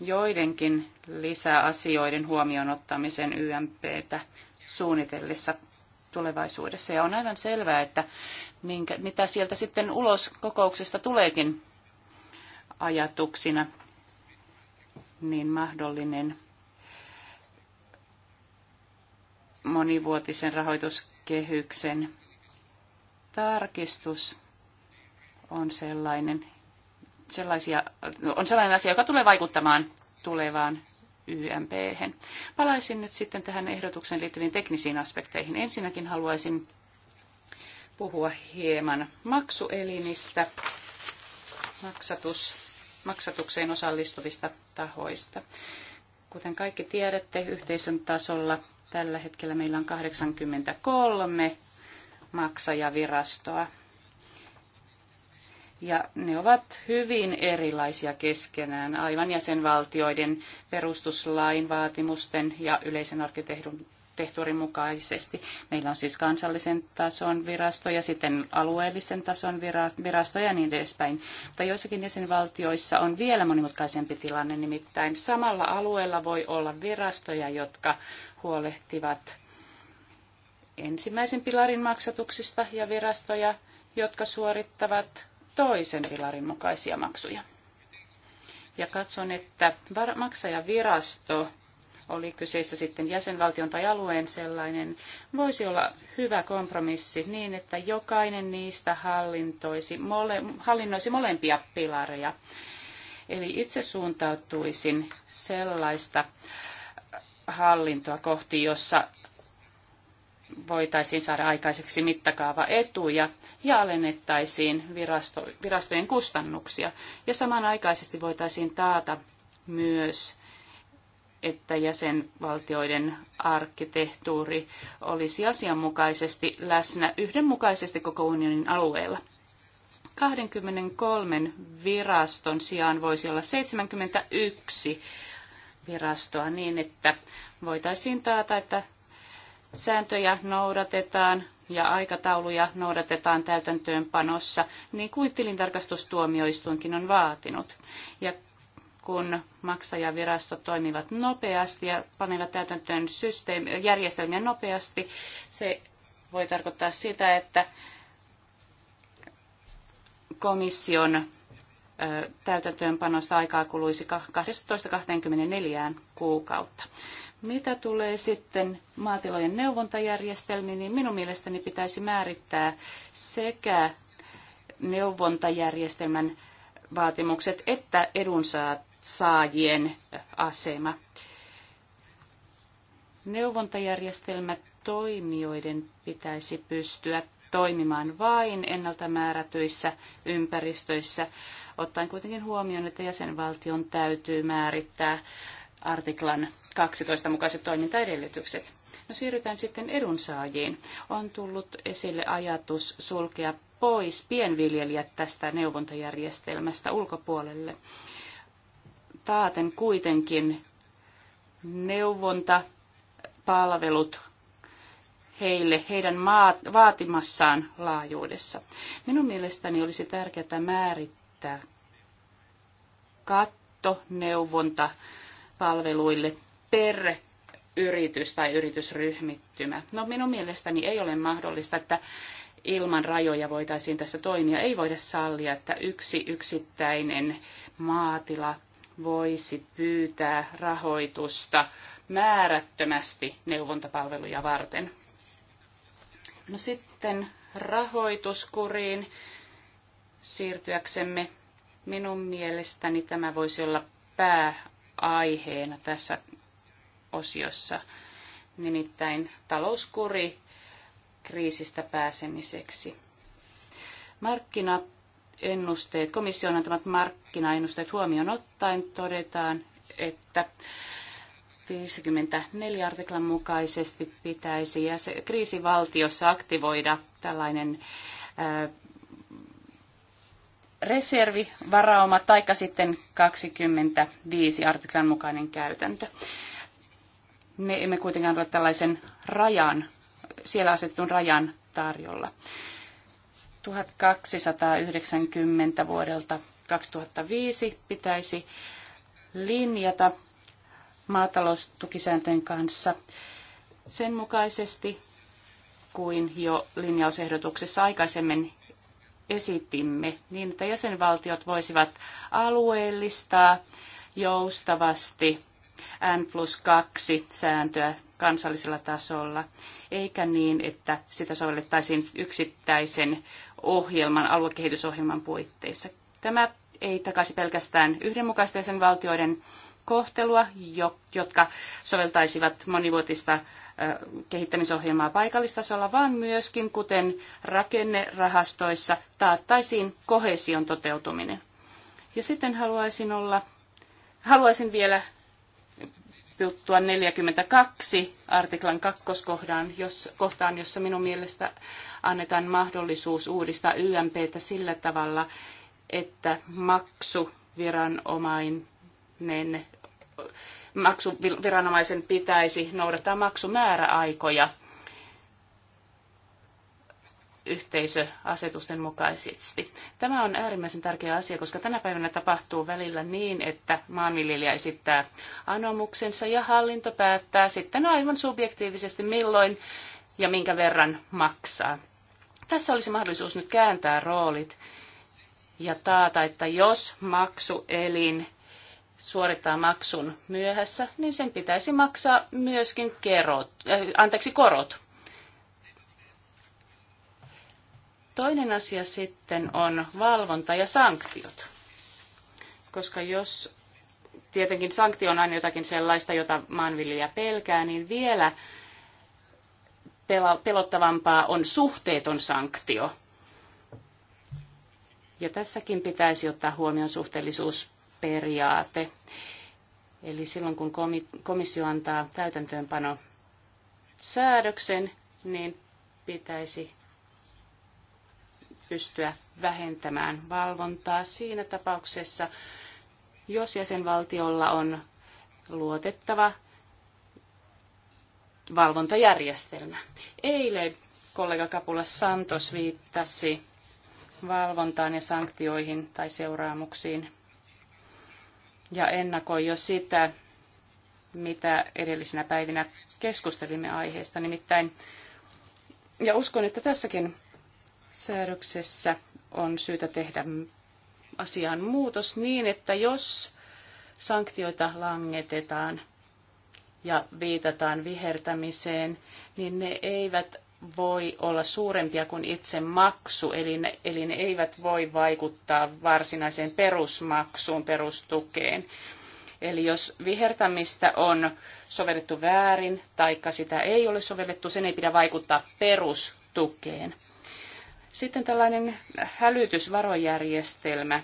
joidenkin lisäasioiden huomioon ottamisen YMPtä suunnitellessa tulevaisuudessa. Ja on aivan selvää, että minkä, mitä sieltä sitten ulos kokouksesta tuleekin ajatuksina, niin mahdollinen monivuotisen rahoituskehyksen tarkistus on sellainen, sellaisia, on sellainen asia, joka tulee vaikuttamaan tulevaan ymp -hän. Palaisin nyt sitten tähän ehdotukseen liittyviin teknisiin aspekteihin. Ensinnäkin haluaisin puhua hieman maksuelimistä, maksatus, maksatukseen osallistuvista tahoista. Kuten kaikki tiedätte, yhteisön tasolla tällä hetkellä meillä on 83 maksajavirastoa ja ne ovat hyvin erilaisia keskenään, aivan jäsenvaltioiden perustuslain vaatimusten ja yleisen arkkitehtuurin mukaisesti. Meillä on siis kansallisen tason ja sitten alueellisen tason virasto ja niin edespäin. Mutta joissakin jäsenvaltioissa on vielä monimutkaisempi tilanne, nimittäin samalla alueella voi olla virastoja, jotka huolehtivat ensimmäisen pilarin maksatuksista ja virastoja, jotka suorittavat toisen pilarin mukaisia maksuja. Ja katson, että maksajavirasto, oli kyseessä sitten jäsenvaltion tai alueen sellainen, voisi olla hyvä kompromissi niin, että jokainen niistä hallintoisi, mole, hallinnoisi molempia pilareja. Eli itse suuntautuisin sellaista hallintoa kohti, jossa voitaisiin saada aikaiseksi mittakaavaetuja ja alennettaisiin virasto, virastojen kustannuksia. Ja samanaikaisesti voitaisiin taata myös, että jäsenvaltioiden arkkitehtuuri olisi asianmukaisesti läsnä yhdenmukaisesti koko unionin alueella. 23 viraston sijaan voisi olla 71 virastoa niin, että voitaisiin taata, että sääntöjä noudatetaan ja aikatauluja noudatetaan täytäntöönpanossa, niin kuin tilintarkastustuomioistuinkin on vaatinut. Ja kun maksajavirastot toimivat nopeasti ja panevat täytäntöön systeemi- järjestelmiä nopeasti, se voi tarkoittaa sitä, että komission täytäntöönpanosta aikaa kuluisi 12-24 kuukautta. Mitä tulee sitten maatilojen neuvontajärjestelmiin, niin minun mielestäni pitäisi määrittää sekä neuvontajärjestelmän vaatimukset että edunsaajien asema. Neuvontajärjestelmät toimijoiden pitäisi pystyä toimimaan vain ennalta määrätyissä ympäristöissä, ottaen kuitenkin huomioon, että jäsenvaltion täytyy määrittää artiklan 12 mukaiset toimintaedellytykset. No siirrytään sitten edunsaajiin. On tullut esille ajatus sulkea pois pienviljelijät tästä neuvontajärjestelmästä ulkopuolelle. Taaten kuitenkin neuvontapalvelut heille heidän maat, vaatimassaan laajuudessa. Minun mielestäni olisi tärkeää määrittää katto neuvonta palveluille per yritys tai yritysryhmittymä. No minun mielestäni ei ole mahdollista, että ilman rajoja voitaisiin tässä toimia. Ei voida sallia, että yksi yksittäinen maatila voisi pyytää rahoitusta määrättömästi neuvontapalveluja varten. No sitten rahoituskuriin siirtyäksemme. Minun mielestäni tämä voisi olla pää aiheena tässä osiossa, nimittäin talouskuri kriisistä pääsemiseksi. Markkinaennusteet, komission antamat markkinaennusteet huomioon ottaen todetaan, että 54 artiklan mukaisesti pitäisi ja kriisivaltiossa aktivoida tällainen reservivarauma tai sitten 25 artiklan mukainen käytäntö. Me emme kuitenkaan ole tällaisen rajan, siellä asettun rajan tarjolla. 1290 vuodelta 2005 pitäisi linjata maataloustukisääntöjen kanssa sen mukaisesti kuin jo linjausehdotuksessa aikaisemmin esitimme, niin että jäsenvaltiot voisivat alueellistaa joustavasti N plus 2 sääntöä kansallisella tasolla, eikä niin, että sitä sovellettaisiin yksittäisen ohjelman, aluekehitysohjelman puitteissa. Tämä ei takaisi pelkästään yhdenmukaisten jäsenvaltioiden kohtelua, jotka soveltaisivat monivuotista kehittämisohjelmaa paikallistasolla, vaan myöskin, kuten rakennerahastoissa, taattaisiin kohesion toteutuminen. Ja sitten haluaisin olla, haluaisin vielä puuttua 42 artiklan kakkoskohtaan, jos, kohtaan, jossa minun mielestä annetaan mahdollisuus uudistaa YMPtä sillä tavalla, että maksuviranomainen maksuviranomaisen pitäisi noudattaa maksumääräaikoja yhteisöasetusten mukaisesti. Tämä on äärimmäisen tärkeä asia, koska tänä päivänä tapahtuu välillä niin, että maanviljelijä esittää anomuksensa ja hallinto päättää sitten aivan subjektiivisesti milloin ja minkä verran maksaa. Tässä olisi mahdollisuus nyt kääntää roolit ja taata, että jos maksuelin suorittaa maksun myöhässä, niin sen pitäisi maksaa myöskin kerot, äh, anteeksi, korot. Toinen asia sitten on valvonta ja sanktiot. Koska jos tietenkin sanktio on aina jotakin sellaista, jota maanviljelijä pelkää, niin vielä pelottavampaa on suhteeton sanktio. Ja tässäkin pitäisi ottaa huomioon suhteellisuus periaate. Eli silloin kun komissio antaa täytäntöönpano säädöksen, niin pitäisi pystyä vähentämään valvontaa siinä tapauksessa, jos jäsenvaltiolla on luotettava valvontajärjestelmä. Eilen kollega Kapula Santos viittasi valvontaan ja sanktioihin tai seuraamuksiin ja ennakoi jo sitä, mitä edellisinä päivinä keskustelimme aiheesta. Nimittäin, ja uskon, että tässäkin säädöksessä on syytä tehdä asiaan muutos niin, että jos sanktioita langetetaan ja viitataan vihertämiseen, niin ne eivät voi olla suurempia kuin itse maksu, eli ne, eli ne eivät voi vaikuttaa varsinaiseen perusmaksuun, perustukeen. Eli jos vihertämistä on sovellettu väärin, tai sitä ei ole sovellettu, sen ei pidä vaikuttaa perustukeen. Sitten tällainen hälytysvarojärjestelmä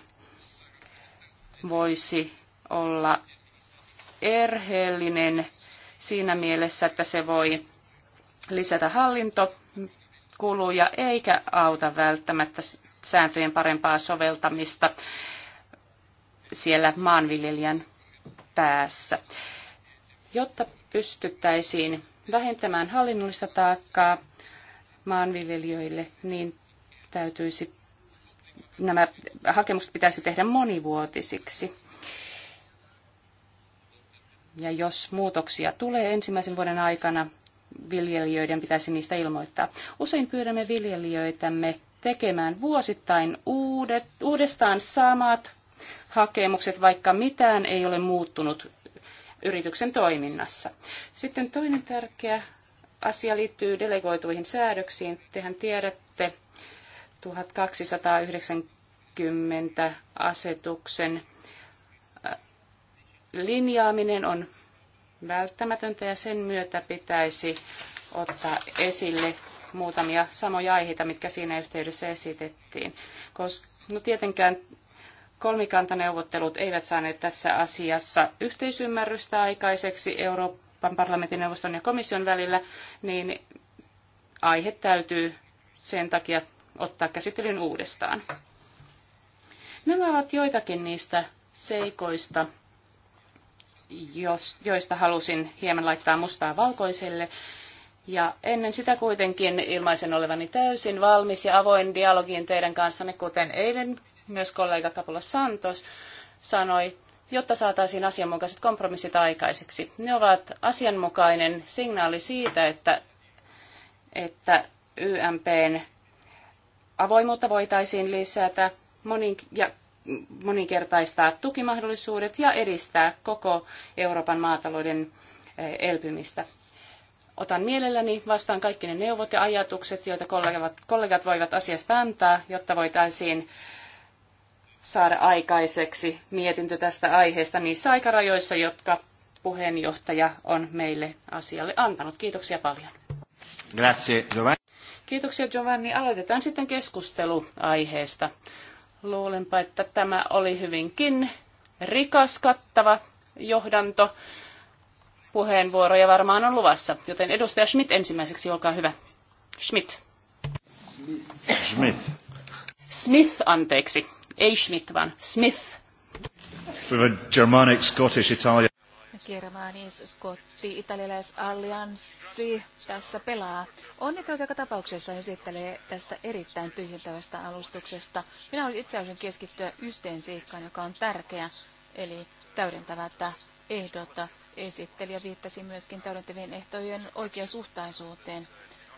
voisi olla erheellinen siinä mielessä, että se voi lisätä hallintokuluja eikä auta välttämättä sääntöjen parempaa soveltamista siellä maanviljelijän päässä. Jotta pystyttäisiin vähentämään hallinnollista taakkaa maanviljelijöille, niin täytyisi nämä hakemukset pitäisi tehdä monivuotisiksi. Ja jos muutoksia tulee ensimmäisen vuoden aikana, viljelijöiden pitäisi niistä ilmoittaa. Usein pyydämme viljelijöitämme tekemään vuosittain uudet, uudestaan samat hakemukset, vaikka mitään ei ole muuttunut yrityksen toiminnassa. Sitten toinen tärkeä asia liittyy delegoituihin säädöksiin. Tehän tiedätte 1290 asetuksen äh, linjaaminen on välttämätöntä ja sen myötä pitäisi ottaa esille muutamia samoja aiheita, mitkä siinä yhteydessä esitettiin. Koska, no tietenkään kolmikantaneuvottelut eivät saaneet tässä asiassa yhteisymmärrystä aikaiseksi Euroopan parlamentin neuvoston ja komission välillä, niin aihe täytyy sen takia ottaa käsittelyn uudestaan. Nämä ovat joitakin niistä seikoista, joista halusin hieman laittaa mustaa valkoiselle. Ja ennen sitä kuitenkin ilmaisen olevani täysin valmis ja avoin dialogiin teidän kanssanne, kuten eilen myös kollega Kapula Santos sanoi, jotta saataisiin asianmukaiset kompromissit aikaiseksi. Ne ovat asianmukainen signaali siitä, että, että YMPn avoimuutta voitaisiin lisätä monin, ja moninkertaistaa tukimahdollisuudet ja edistää koko Euroopan maatalouden eh, elpymistä. Otan mielelläni vastaan kaikki ne neuvot ja ajatukset, joita kollegat, kollegat voivat asiasta antaa, jotta voitaisiin saada aikaiseksi mietintö tästä aiheesta niissä aikarajoissa, jotka puheenjohtaja on meille asialle antanut. Kiitoksia paljon. Grazie, Giovanni. Kiitoksia Giovanni. Aloitetaan sitten keskustelu aiheesta. Luulenpa, että tämä oli hyvinkin rikas, kattava johdanto. Puheenvuoroja varmaan on luvassa, joten edustaja Schmidt ensimmäiseksi, olkaa hyvä. Schmidt. Smith. Smith, anteeksi. Ei Schmidt, vaan Smith. Germanic, Scottish, Italian. Germanis Scotti, Allianssi, tässä pelaa. Onneksi joka tapauksessa esittelee tästä erittäin tyhjentävästä alustuksesta. Minä itse asiassa keskittyä yhteen seikkaan, joka on tärkeä, eli täydentävät ehdot. Esittelijä viittasi myöskin täydentävien ehtojen oikeasuhtaisuuteen.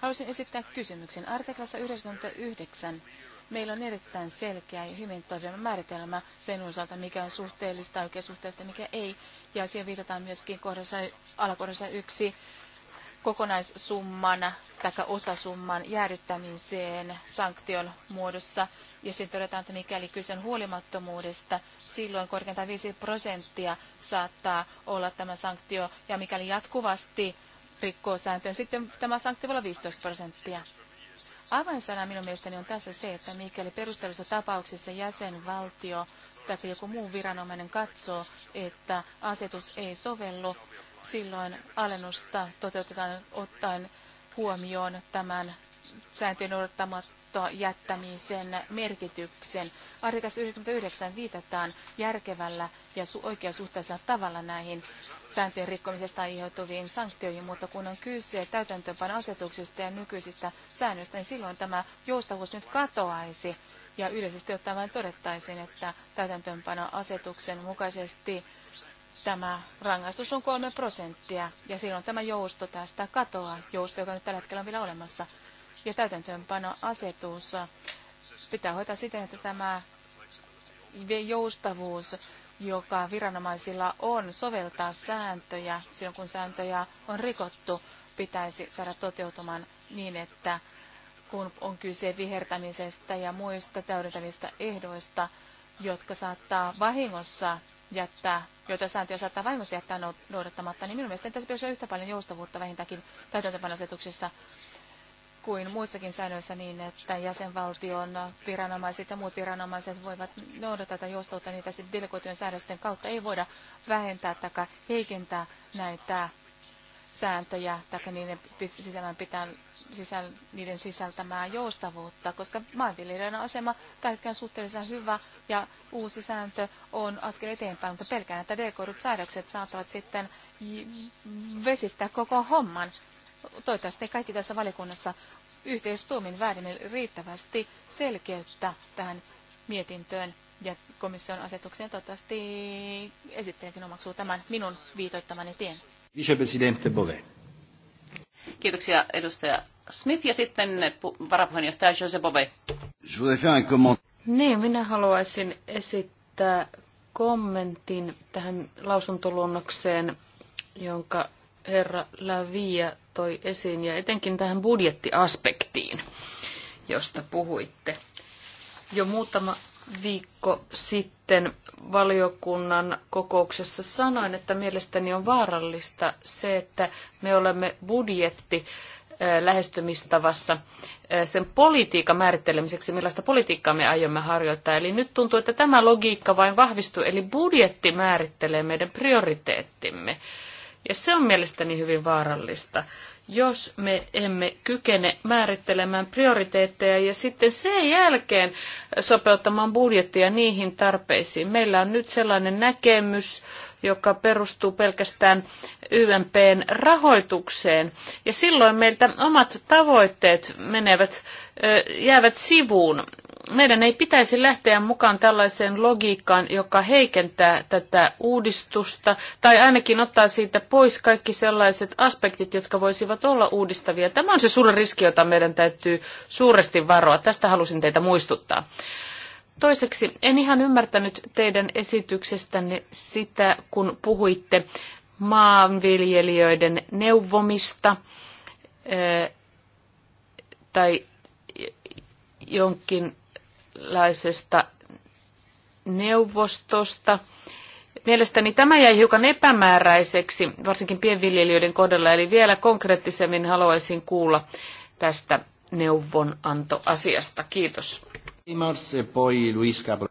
Haluaisin esittää kysymyksen. Artiklassa 99 Meillä on erittäin selkeä ja hyvin toimiva määritelmä sen osalta, mikä on suhteellista, ja mikä ei. Ja siihen viitataan myöskin kohdassa, alakohdassa yksi kokonaissumman tai osasumman jäädyttämiseen sanktion muodossa. Ja sitten todetaan, että mikäli kyse on huolimattomuudesta, silloin korkeintaan 5 prosenttia saattaa olla tämä sanktio. Ja mikäli jatkuvasti rikkoo sääntöjä, sitten tämä sanktio voi olla 15 prosenttia. Avainsana minun mielestäni on tässä se, että mikäli perustellussa tapauksessa jäsenvaltio tai joku muu viranomainen katsoo, että asetus ei sovellu, silloin alennusta toteutetaan ottaen huomioon tämän sääntöjen noudattamatta jättämisen merkityksen. Artikas 99 viitataan järkevällä ja oikeasuhtaisella tavalla näihin sääntöjen rikkomisesta aiheutuviin sanktioihin, mutta kun on kyse täytäntöönpanoasetuksista ja nykyisistä säännöistä, niin silloin tämä joustavuus nyt katoaisi. Ja yleisesti ottaen vain todettaisiin, että täytäntöönpanoasetuksen mukaisesti tämä rangaistus on kolme prosenttia ja silloin tämä jousto tästä katoaa, jousto, joka nyt tällä hetkellä on vielä olemassa ja täytäntöönpanoasetus pitää hoitaa siten, että tämä joustavuus, joka viranomaisilla on soveltaa sääntöjä silloin, kun sääntöjä on rikottu, pitäisi saada toteutumaan niin, että kun on kyse vihertämisestä ja muista täydentävistä ehdoista, jotka saattaa vahingossa jättää, joita sääntöjä saattaa vahingossa jättää noudattamatta, niin minun mielestäni tässä pitäisi olla yhtä paljon joustavuutta vähintäänkin täytäntöpanosetuksessa kuin muissakin säännöissä niin, että jäsenvaltion viranomaiset ja muut viranomaiset voivat noudattaa tätä joustoutta, niitä sitten delegoitujen säädösten kautta. Ei voida vähentää tai heikentää näitä sääntöjä tai niiden, sisällön pitää, sisäl, niiden sisältämää joustavuutta, koska maanviljelijöiden asema kaikkein suhteellisen hyvä ja uusi sääntö on askel eteenpäin, mutta pelkään, että delegoidut säädökset saattavat sitten vesittää koko homman toivottavasti kaikki tässä valiokunnassa yhteistuumin väärimme riittävästi selkeyttä tähän mietintöön ja komission asetukseen. Toivottavasti esittäjäkin omaksuu tämän minun viitoittamani tien. Kiitoksia edustaja Smith ja sitten varapuheenjohtaja Jose Bove. Niin, minä haluaisin esittää kommentin tähän lausuntoluonnokseen, jonka herra Lavia toi esiin ja etenkin tähän budjettiaspektiin, josta puhuitte. Jo muutama viikko sitten valiokunnan kokouksessa sanoin, että mielestäni on vaarallista se, että me olemme budjetti lähestymistavassa sen politiikan määrittelemiseksi, millaista politiikkaa me aiomme harjoittaa. Eli nyt tuntuu, että tämä logiikka vain vahvistuu, eli budjetti määrittelee meidän prioriteettimme. Ja se on mielestäni hyvin vaarallista, jos me emme kykene määrittelemään prioriteetteja ja sitten sen jälkeen sopeuttamaan budjettia niihin tarpeisiin. Meillä on nyt sellainen näkemys, joka perustuu pelkästään YMPn rahoitukseen. Ja silloin meiltä omat tavoitteet menevät, jäävät sivuun meidän ei pitäisi lähteä mukaan tällaiseen logiikkaan, joka heikentää tätä uudistusta, tai ainakin ottaa siitä pois kaikki sellaiset aspektit, jotka voisivat olla uudistavia. Tämä on se suuri riski, jota meidän täytyy suuresti varoa. Tästä halusin teitä muistuttaa. Toiseksi, en ihan ymmärtänyt teidän esityksestänne sitä, kun puhuitte maanviljelijöiden neuvomista eh, tai jonkin eurooppalaisesta neuvostosta. Mielestäni tämä jäi hiukan epämääräiseksi, varsinkin pienviljelijöiden kohdalla, eli vielä konkreettisemmin haluaisin kuulla tästä neuvonantoasiasta. Kiitos. Reimers, poi Luis Capula.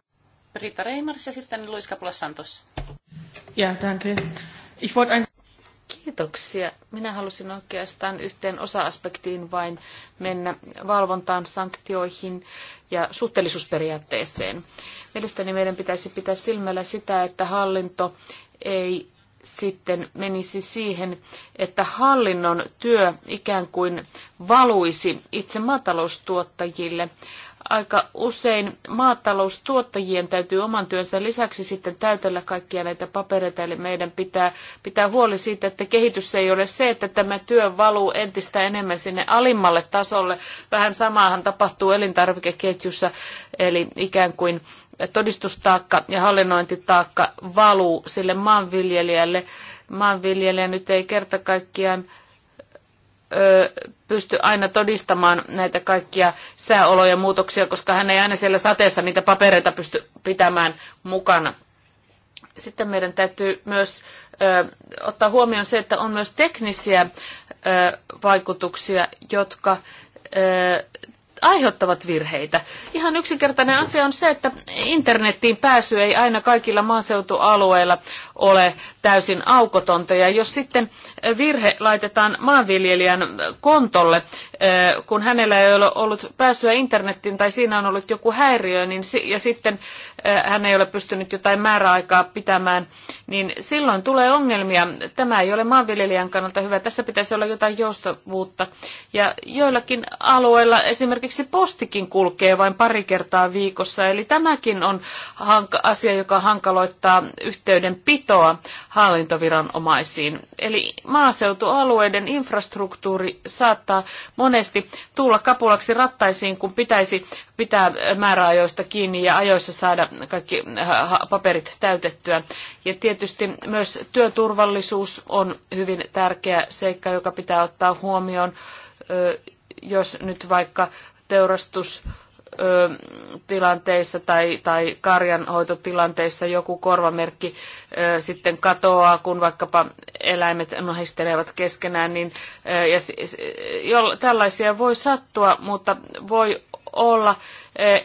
Rita Reimers ja sitten Luis Capula Santos. Ja, danke. Ich wollte ein... Kiitoksia. Minä halusin oikeastaan yhteen osa-aspektiin vain mennä valvontaan, sanktioihin ja suhteellisuusperiaatteeseen. Mielestäni meidän pitäisi pitää silmällä sitä, että hallinto ei sitten menisi siihen, että hallinnon työ ikään kuin valuisi itse maataloustuottajille aika usein maataloustuottajien täytyy oman työnsä lisäksi sitten täytellä kaikkia näitä papereita, eli meidän pitää pitää huoli siitä, että kehitys ei ole se, että tämä työ valuu entistä enemmän sinne alimmalle tasolle. Vähän samaahan tapahtuu elintarvikeketjussa, eli ikään kuin todistustaakka ja hallinnointitaakka valuu sille maanviljelijälle. Maanviljelijä nyt ei kerta kaikkiaan pysty aina todistamaan näitä kaikkia sääoloja muutoksia, koska hän ei aina siellä sateessa niitä papereita pysty pitämään mukana. Sitten meidän täytyy myös ö, ottaa huomioon se, että on myös teknisiä ö, vaikutuksia, jotka ö, aiheuttavat virheitä. Ihan yksinkertainen asia on se, että internettiin pääsy ei aina kaikilla maaseutualueilla ole täysin aukotonta. Ja jos sitten virhe laitetaan maanviljelijän kontolle, eh, kun hänellä ei ole ollut pääsyä internettiin tai siinä on ollut joku häiriö, niin ja sitten Äh, hän ei ole pystynyt jotain määräaikaa pitämään, niin silloin tulee ongelmia. Tämä ei ole maanviljelijän kannalta hyvä. Tässä pitäisi olla jotain joustavuutta. Ja joillakin alueilla esimerkiksi postikin kulkee vain pari kertaa viikossa, eli tämäkin on asia, joka hankaloittaa yhteydenpitoa hallintoviranomaisiin. Eli maaseutualueiden infrastruktuuri saattaa monesti tulla kapulaksi rattaisiin, kun pitäisi pitää määräajoista kiinni ja ajoissa saada kaikki äh, paperit täytettyä. Ja tietysti myös työturvallisuus on hyvin tärkeä seikka, joka pitää ottaa huomioon, jos nyt vaikka teurastus tilanteissa tai, tai karjanhoitotilanteissa joku korvamerkki ö, sitten katoaa, kun vaikkapa eläimet nohistelevat keskenään, niin ö, ja, jo, tällaisia voi sattua, mutta voi olla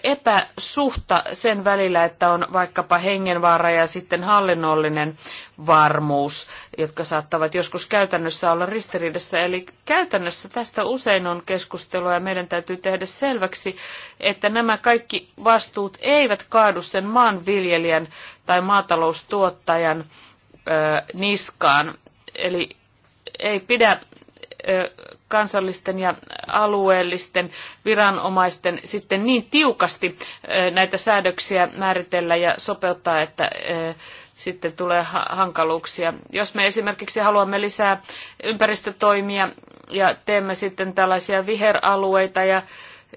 epäsuhta sen välillä, että on vaikkapa hengenvaara ja sitten hallinnollinen varmuus, jotka saattavat joskus käytännössä olla ristiriidassa. Eli käytännössä tästä usein on keskustelua ja meidän täytyy tehdä selväksi, että nämä kaikki vastuut eivät kaadu sen maanviljelijän tai maataloustuottajan ö, niskaan. Eli ei pidä kansallisten ja alueellisten viranomaisten sitten niin tiukasti näitä säädöksiä määritellä ja sopeuttaa, että sitten tulee hankaluuksia. Jos me esimerkiksi haluamme lisää ympäristötoimia ja teemme sitten tällaisia viheralueita ja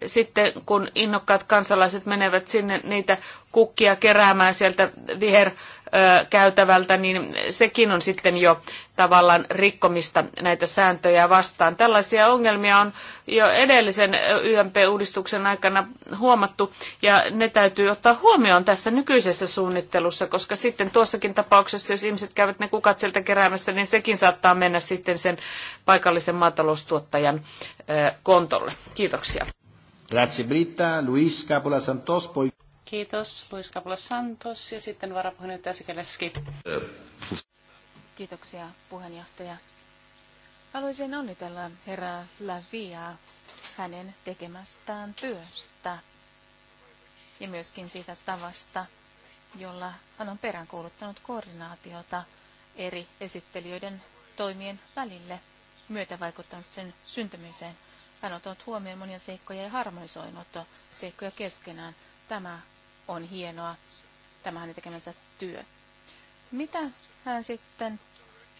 sitten kun innokkaat kansalaiset menevät sinne niitä kukkia keräämään sieltä viherkäytävältä, niin sekin on sitten jo tavallaan rikkomista näitä sääntöjä vastaan. Tällaisia ongelmia on jo edellisen YMP-uudistuksen aikana huomattu, ja ne täytyy ottaa huomioon tässä nykyisessä suunnittelussa, koska sitten tuossakin tapauksessa, jos ihmiset käyvät ne kukat sieltä keräämässä, niin sekin saattaa mennä sitten sen paikallisen maataloustuottajan kontolle. Kiitoksia. Grazie Britta. Luis Santos. Poi... Kiitos Luis Capula Santos ja sitten varapuheenjohtaja Sikeleski. Kiitoksia puheenjohtaja. Haluaisin onnitella herra Lavia hänen tekemästään työstä ja myöskin siitä tavasta, jolla hän on peräänkuuluttanut koordinaatiota eri esittelijöiden toimien välille myötävaikuttanut sen syntymiseen – hän on ottanut huomioon monia seikkoja ja harmonisoinut seikkoja keskenään. Tämä on hienoa. Tämä hänen tekemänsä työ. Mitä hän sitten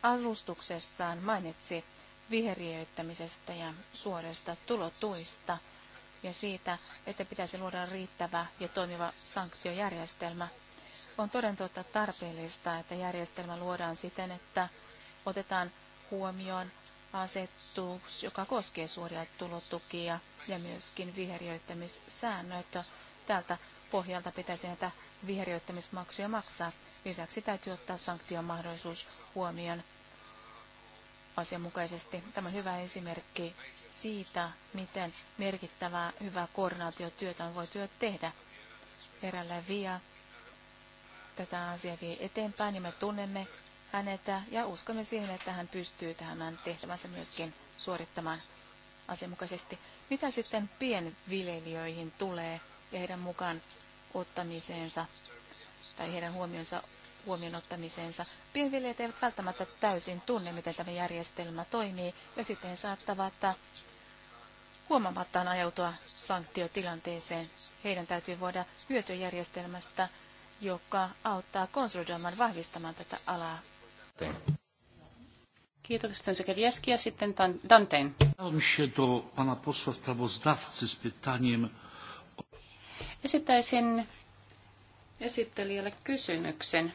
alustuksessaan mainitsi viheriöittämisestä ja suoresta tulotuista ja siitä, että pitäisi luoda riittävä ja toimiva sanktiojärjestelmä. On toden tarpeellista, että järjestelmä luodaan siten, että otetaan huomioon asetus, joka koskee suoria tulotukia ja myöskin viheriöittämissäännöitä. Tältä pohjalta pitäisi näitä viheriöittämismaksuja maksaa. Lisäksi täytyy ottaa sanktion mahdollisuus huomioon asianmukaisesti. Tämä on hyvä esimerkki siitä, miten merkittävää hyvää koordinaatiotyötä on voitu tehdä. Erällä via tätä asiaa vie eteenpäin niin me tunnemme hänet äh, ja uskomme siihen, että hän pystyy tähän tehtävänsä myöskin suorittamaan asianmukaisesti. Mitä sitten pienviljelijöihin tulee ja heidän mukaan ottamiseensa tai heidän huomionsa huomioon ottamiseensa. Pienviljelijät eivät välttämättä täysin tunne, miten tämä järjestelmä toimii, ja sitten he saattavat äh, huomaamattaan ajautua sanktiotilanteeseen. Heidän täytyy voida hyötyä järjestelmästä, joka auttaa konsolidoimaan vahvistamaan tätä alaa suhteen. Kiitoksia sekä Vieski ja sitten Danteen. Esittäisin esittelijälle kysymyksen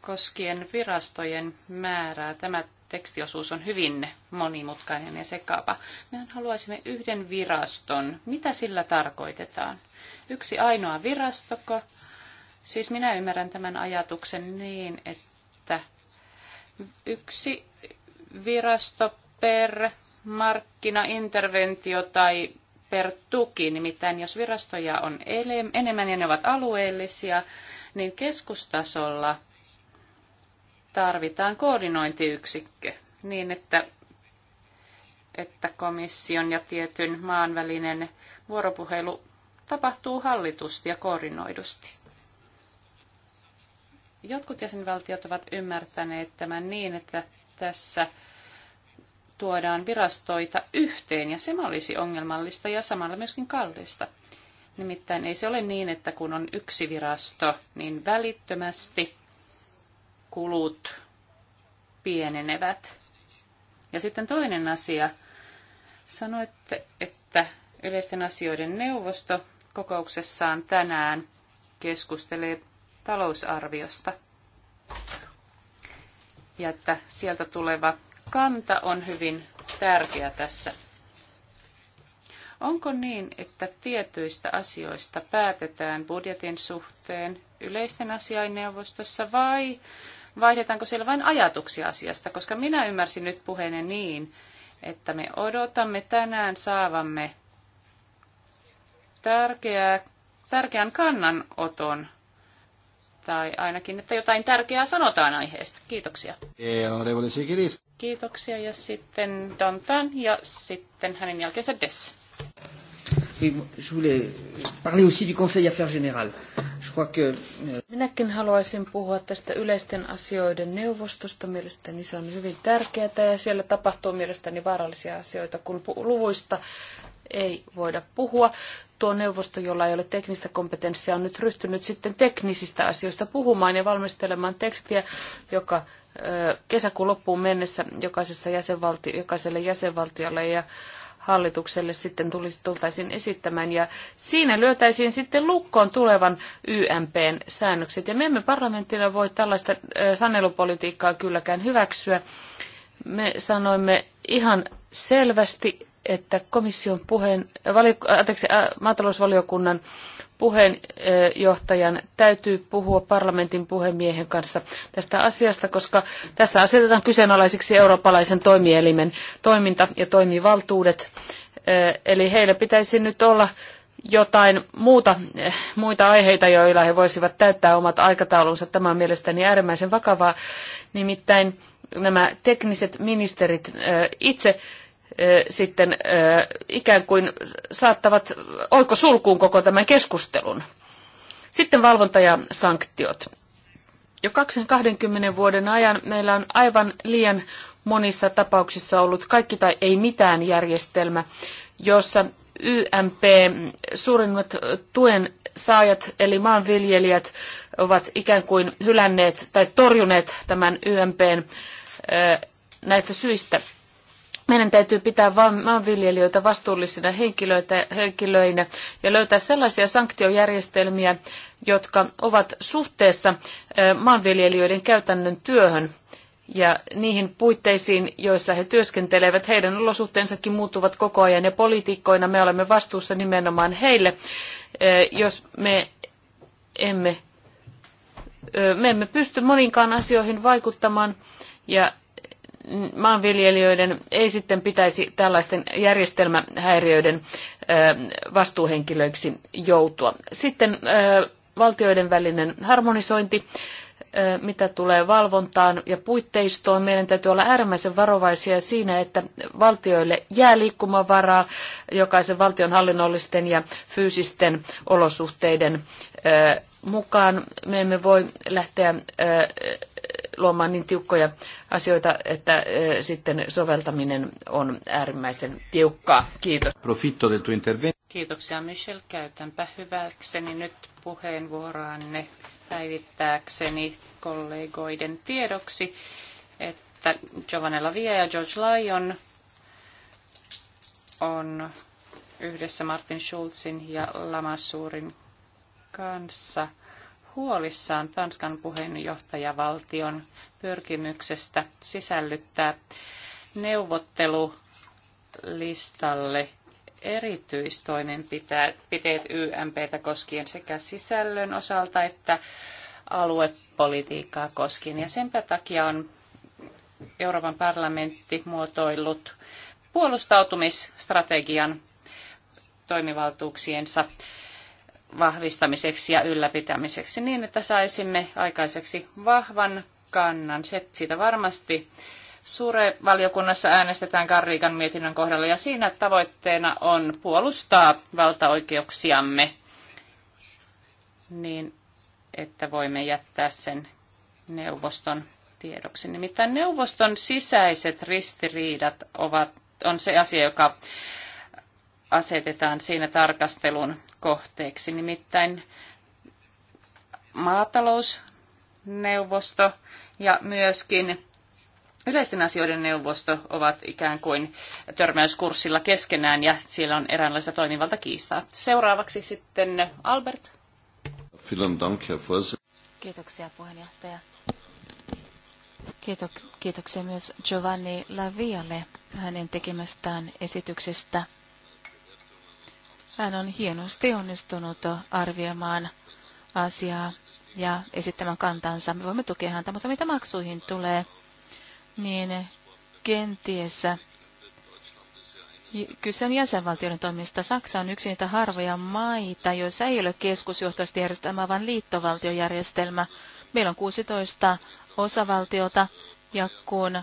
koskien virastojen määrää. Tämä tekstiosuus on hyvin monimutkainen ja sekava. Me haluaisimme yhden viraston. Mitä sillä tarkoitetaan? Yksi ainoa virastoko Siis minä ymmärrän tämän ajatuksen niin, että yksi virasto per markkinainterventio tai per tuki, nimittäin jos virastoja on enemmän ja ne ovat alueellisia, niin keskustasolla tarvitaan koordinointiyksikkö niin, että, että komission ja tietyn maan välinen vuoropuhelu tapahtuu hallitusti ja koordinoidusti. Jotkut jäsenvaltiot ovat ymmärtäneet tämän niin, että tässä tuodaan virastoita yhteen ja se olisi ongelmallista ja samalla myöskin kallista. Nimittäin ei se ole niin, että kun on yksi virasto, niin välittömästi kulut pienenevät. Ja sitten toinen asia. Sanoitte, että yleisten asioiden neuvosto kokouksessaan tänään keskustelee talousarviosta. Ja että sieltä tuleva kanta on hyvin tärkeä tässä. Onko niin, että tietyistä asioista päätetään budjetin suhteen yleisten asiainneuvostossa vai vaihdetaanko siellä vain ajatuksia asiasta? Koska minä ymmärsin nyt puheenne niin, että me odotamme tänään saavamme tärkeää, tärkeän kannanoton tai ainakin, että jotain tärkeää sanotaan aiheesta. Kiitoksia. Kiitoksia ja sitten Dantan ja sitten hänen jälkeensä Dess. Euh, Minäkin haluaisin puhua tästä yleisten asioiden neuvostosta. Mielestäni se on hyvin tärkeää ja siellä tapahtuu mielestäni vaarallisia asioita, kun luvuista ei voida puhua. Tuo neuvosto, jolla ei ole teknistä kompetenssia, on nyt ryhtynyt sitten teknisistä asioista puhumaan ja valmistelemaan tekstiä, joka kesäkuun loppuun mennessä jokaisessa jäsenvalti, jokaiselle jäsenvaltiolle ja hallitukselle sitten tulisi, tultaisiin esittämään. Ja siinä lyötäisiin sitten lukkoon tulevan YMPn säännökset. Ja me emme parlamenttina voi tällaista sanelupolitiikkaa kylläkään hyväksyä. Me sanoimme ihan selvästi, että komission puheen, valio, äh, anteeksi, äh, maatalousvaliokunnan puheenjohtajan täytyy puhua parlamentin puhemiehen kanssa tästä asiasta, koska tässä asetetaan kyseenalaisiksi eurooppalaisen toimielimen toiminta ja toimivaltuudet. Äh, eli heillä pitäisi nyt olla jotain muuta, muita aiheita, joilla he voisivat täyttää omat aikataulunsa. Tämä on mielestäni äärimmäisen vakavaa. Nimittäin nämä tekniset ministerit itse sitten ikään kuin saattavat sulkuun koko tämän keskustelun. Sitten valvonta ja sanktiot. Jo 20 vuoden ajan meillä on aivan liian monissa tapauksissa ollut kaikki tai ei mitään järjestelmä, jossa YMP, suurimmat tuen saajat eli maanviljelijät ovat ikään kuin hylänneet tai torjuneet tämän YMPn näistä syistä. Meidän täytyy pitää maanviljelijöitä vastuullisina henkilöitä, henkilöinä ja löytää sellaisia sanktiojärjestelmiä, jotka ovat suhteessa maanviljelijöiden käytännön työhön ja niihin puitteisiin, joissa he työskentelevät. Heidän olosuhteensakin muuttuvat koko ajan ja poliitikkoina me olemme vastuussa nimenomaan heille, jos me emme, me emme pysty moninkaan asioihin vaikuttamaan ja maanviljelijöiden ei sitten pitäisi tällaisten järjestelmähäiriöiden vastuuhenkilöiksi joutua. Sitten valtioiden välinen harmonisointi mitä tulee valvontaan ja puitteistoon, meidän täytyy olla äärimmäisen varovaisia siinä, että valtioille jää liikkumavaraa jokaisen valtion hallinnollisten ja fyysisten olosuhteiden mukaan. Me emme voi lähteä luomaan niin tiukkoja asioita, että sitten soveltaminen on äärimmäisen tiukkaa. Kiitos. Profitto del tuo intervento. Kiitoksia Michel. Käytänpä hyväkseni nyt puheenvuoroanne päivittääkseni kollegoiden tiedoksi, että Giovanella Via ja George Lyon on yhdessä Martin Schulzin ja Lamassuurin kanssa – huolissaan Tanskan puheenjohtajavaltion pyrkimyksestä sisällyttää neuvottelulistalle erityistoimenpiteet YMPtä koskien sekä sisällön osalta että aluepolitiikkaa koskien. Ja senpä takia on Euroopan parlamentti muotoillut puolustautumisstrategian toimivaltuuksiensa vahvistamiseksi ja ylläpitämiseksi niin, että saisimme aikaiseksi vahvan kannan. Se, siitä varmasti Sure-valiokunnassa äänestetään Karriikan mietinnön kohdalla ja siinä tavoitteena on puolustaa valtaoikeuksiamme niin, että voimme jättää sen neuvoston tiedoksi. Nimittäin neuvoston sisäiset ristiriidat ovat, on se asia, joka asetetaan siinä tarkastelun kohteeksi. Nimittäin maatalousneuvosto ja myöskin yleisten asioiden neuvosto ovat ikään kuin törmäyskurssilla keskenään ja siellä on eräänlaista toimivalta kiistaa. Seuraavaksi sitten Albert. Kiitoksia puheenjohtaja. kiitoksia myös Giovanni Lavialle hänen tekemästään esityksestä. Hän on hienosti onnistunut arvioimaan asiaa ja esittämään kantansa. Me voimme tukea häntä, mutta mitä maksuihin tulee, niin kenties Kyse on jäsenvaltioiden toimista. Saksa on yksi niitä harvoja maita, joissa ei ole keskusjohtoista järjestelmää, vaan liittovaltiojärjestelmä. Meillä on 16 osavaltiota, ja kun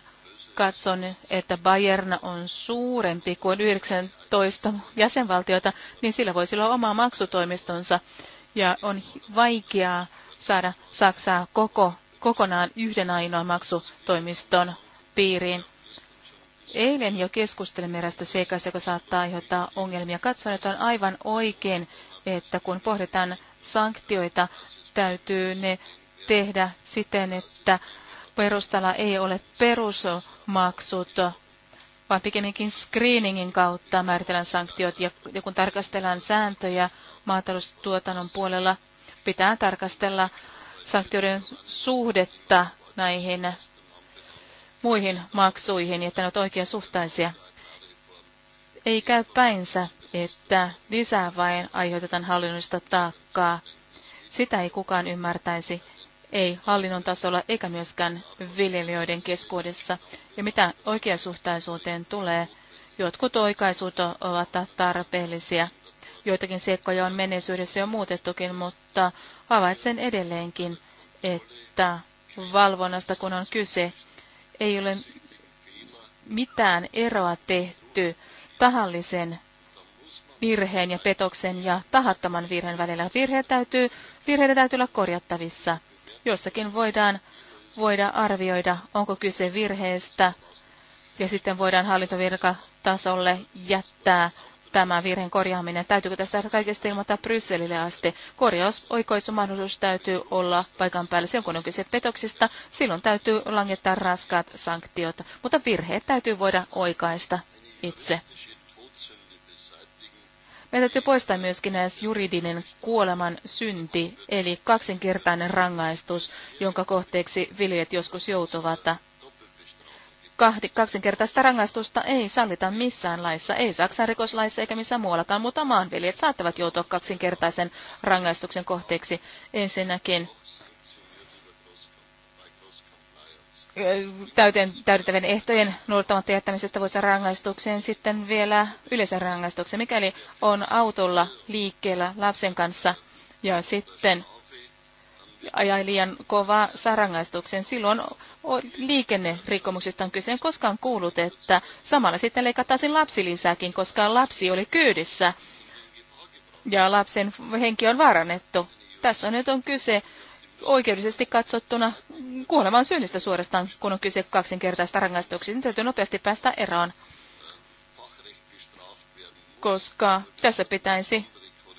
katson, että Bayern on suurempi kuin 19 jäsenvaltiota, niin sillä voisi olla oma maksutoimistonsa ja on vaikeaa saada Saksaa koko, kokonaan yhden ainoan maksutoimiston piiriin. Eilen jo keskustelimme erästä seikasta, joka saattaa aiheuttaa ongelmia. Katson, että on aivan oikein, että kun pohditaan sanktioita, täytyy ne tehdä siten, että perustalla ei ole perusmaksut, vaan pikemminkin screeningin kautta määritellään sanktiot. Ja kun tarkastellaan sääntöjä maataloustuotannon puolella, pitää tarkastella sanktioiden suhdetta näihin muihin maksuihin, että ne ovat oikein suhtaisia. Ei käy päinsä, että lisää vain aiheutetaan hallinnollista taakkaa. Sitä ei kukaan ymmärtäisi ei hallinnon tasolla eikä myöskään viljelijöiden keskuudessa. Ja mitä oikeasuhtaisuuteen tulee, jotkut oikaisut ovat tarpeellisia. Joitakin seikkoja on menneisyydessä jo muutettukin, mutta havaitsen edelleenkin, että valvonnasta kun on kyse, ei ole mitään eroa tehty tahallisen virheen ja petoksen ja tahattoman virheen välillä. Virheitä täytyy, virheitä täytyy olla korjattavissa. Jossakin voidaan voida arvioida, onko kyse virheestä, ja sitten voidaan hallintovirkatasolle jättää tämä virheen korjaaminen. Täytyykö tästä kaikesta ilmoittaa Brysselille asti? Korjausoikoisumahdollisuus täytyy olla paikan päällä. Silloin kun on kyse petoksista, silloin täytyy langettaa raskaat sanktiot. Mutta virheet täytyy voida oikaista itse. Meidän täytyy poistaa myöskin näissä juridinen kuoleman synti, eli kaksinkertainen rangaistus, jonka kohteeksi viljet joskus joutuvat. Kaksinkertaista rangaistusta ei sallita missään laissa, ei Saksan rikoslaissa eikä missään muuallakaan, mutta maanviljet saattavat joutua kaksinkertaisen rangaistuksen kohteeksi ensinnäkin täyteen, täydentävien ehtojen noudattamatta jättämisestä voisi rangaistukseen sitten vielä yleisen rangaistuksen, mikäli on autolla liikkeellä lapsen kanssa ja sitten ajaa liian kovaa saa rangaistuksen. Silloin liikennerikkomuksista on kyse. En koskaan kuullut, että samalla sitten leikattaisiin lapsilisääkin, koska lapsi oli kyydissä ja lapsen henki on varannettu. Tässä nyt on kyse oikeudellisesti katsottuna kuolemaan syyllistä suorastaan, kun on kyse kaksinkertaista rangaistuksista. Niin täytyy nopeasti päästä eroon, koska tässä pitäisi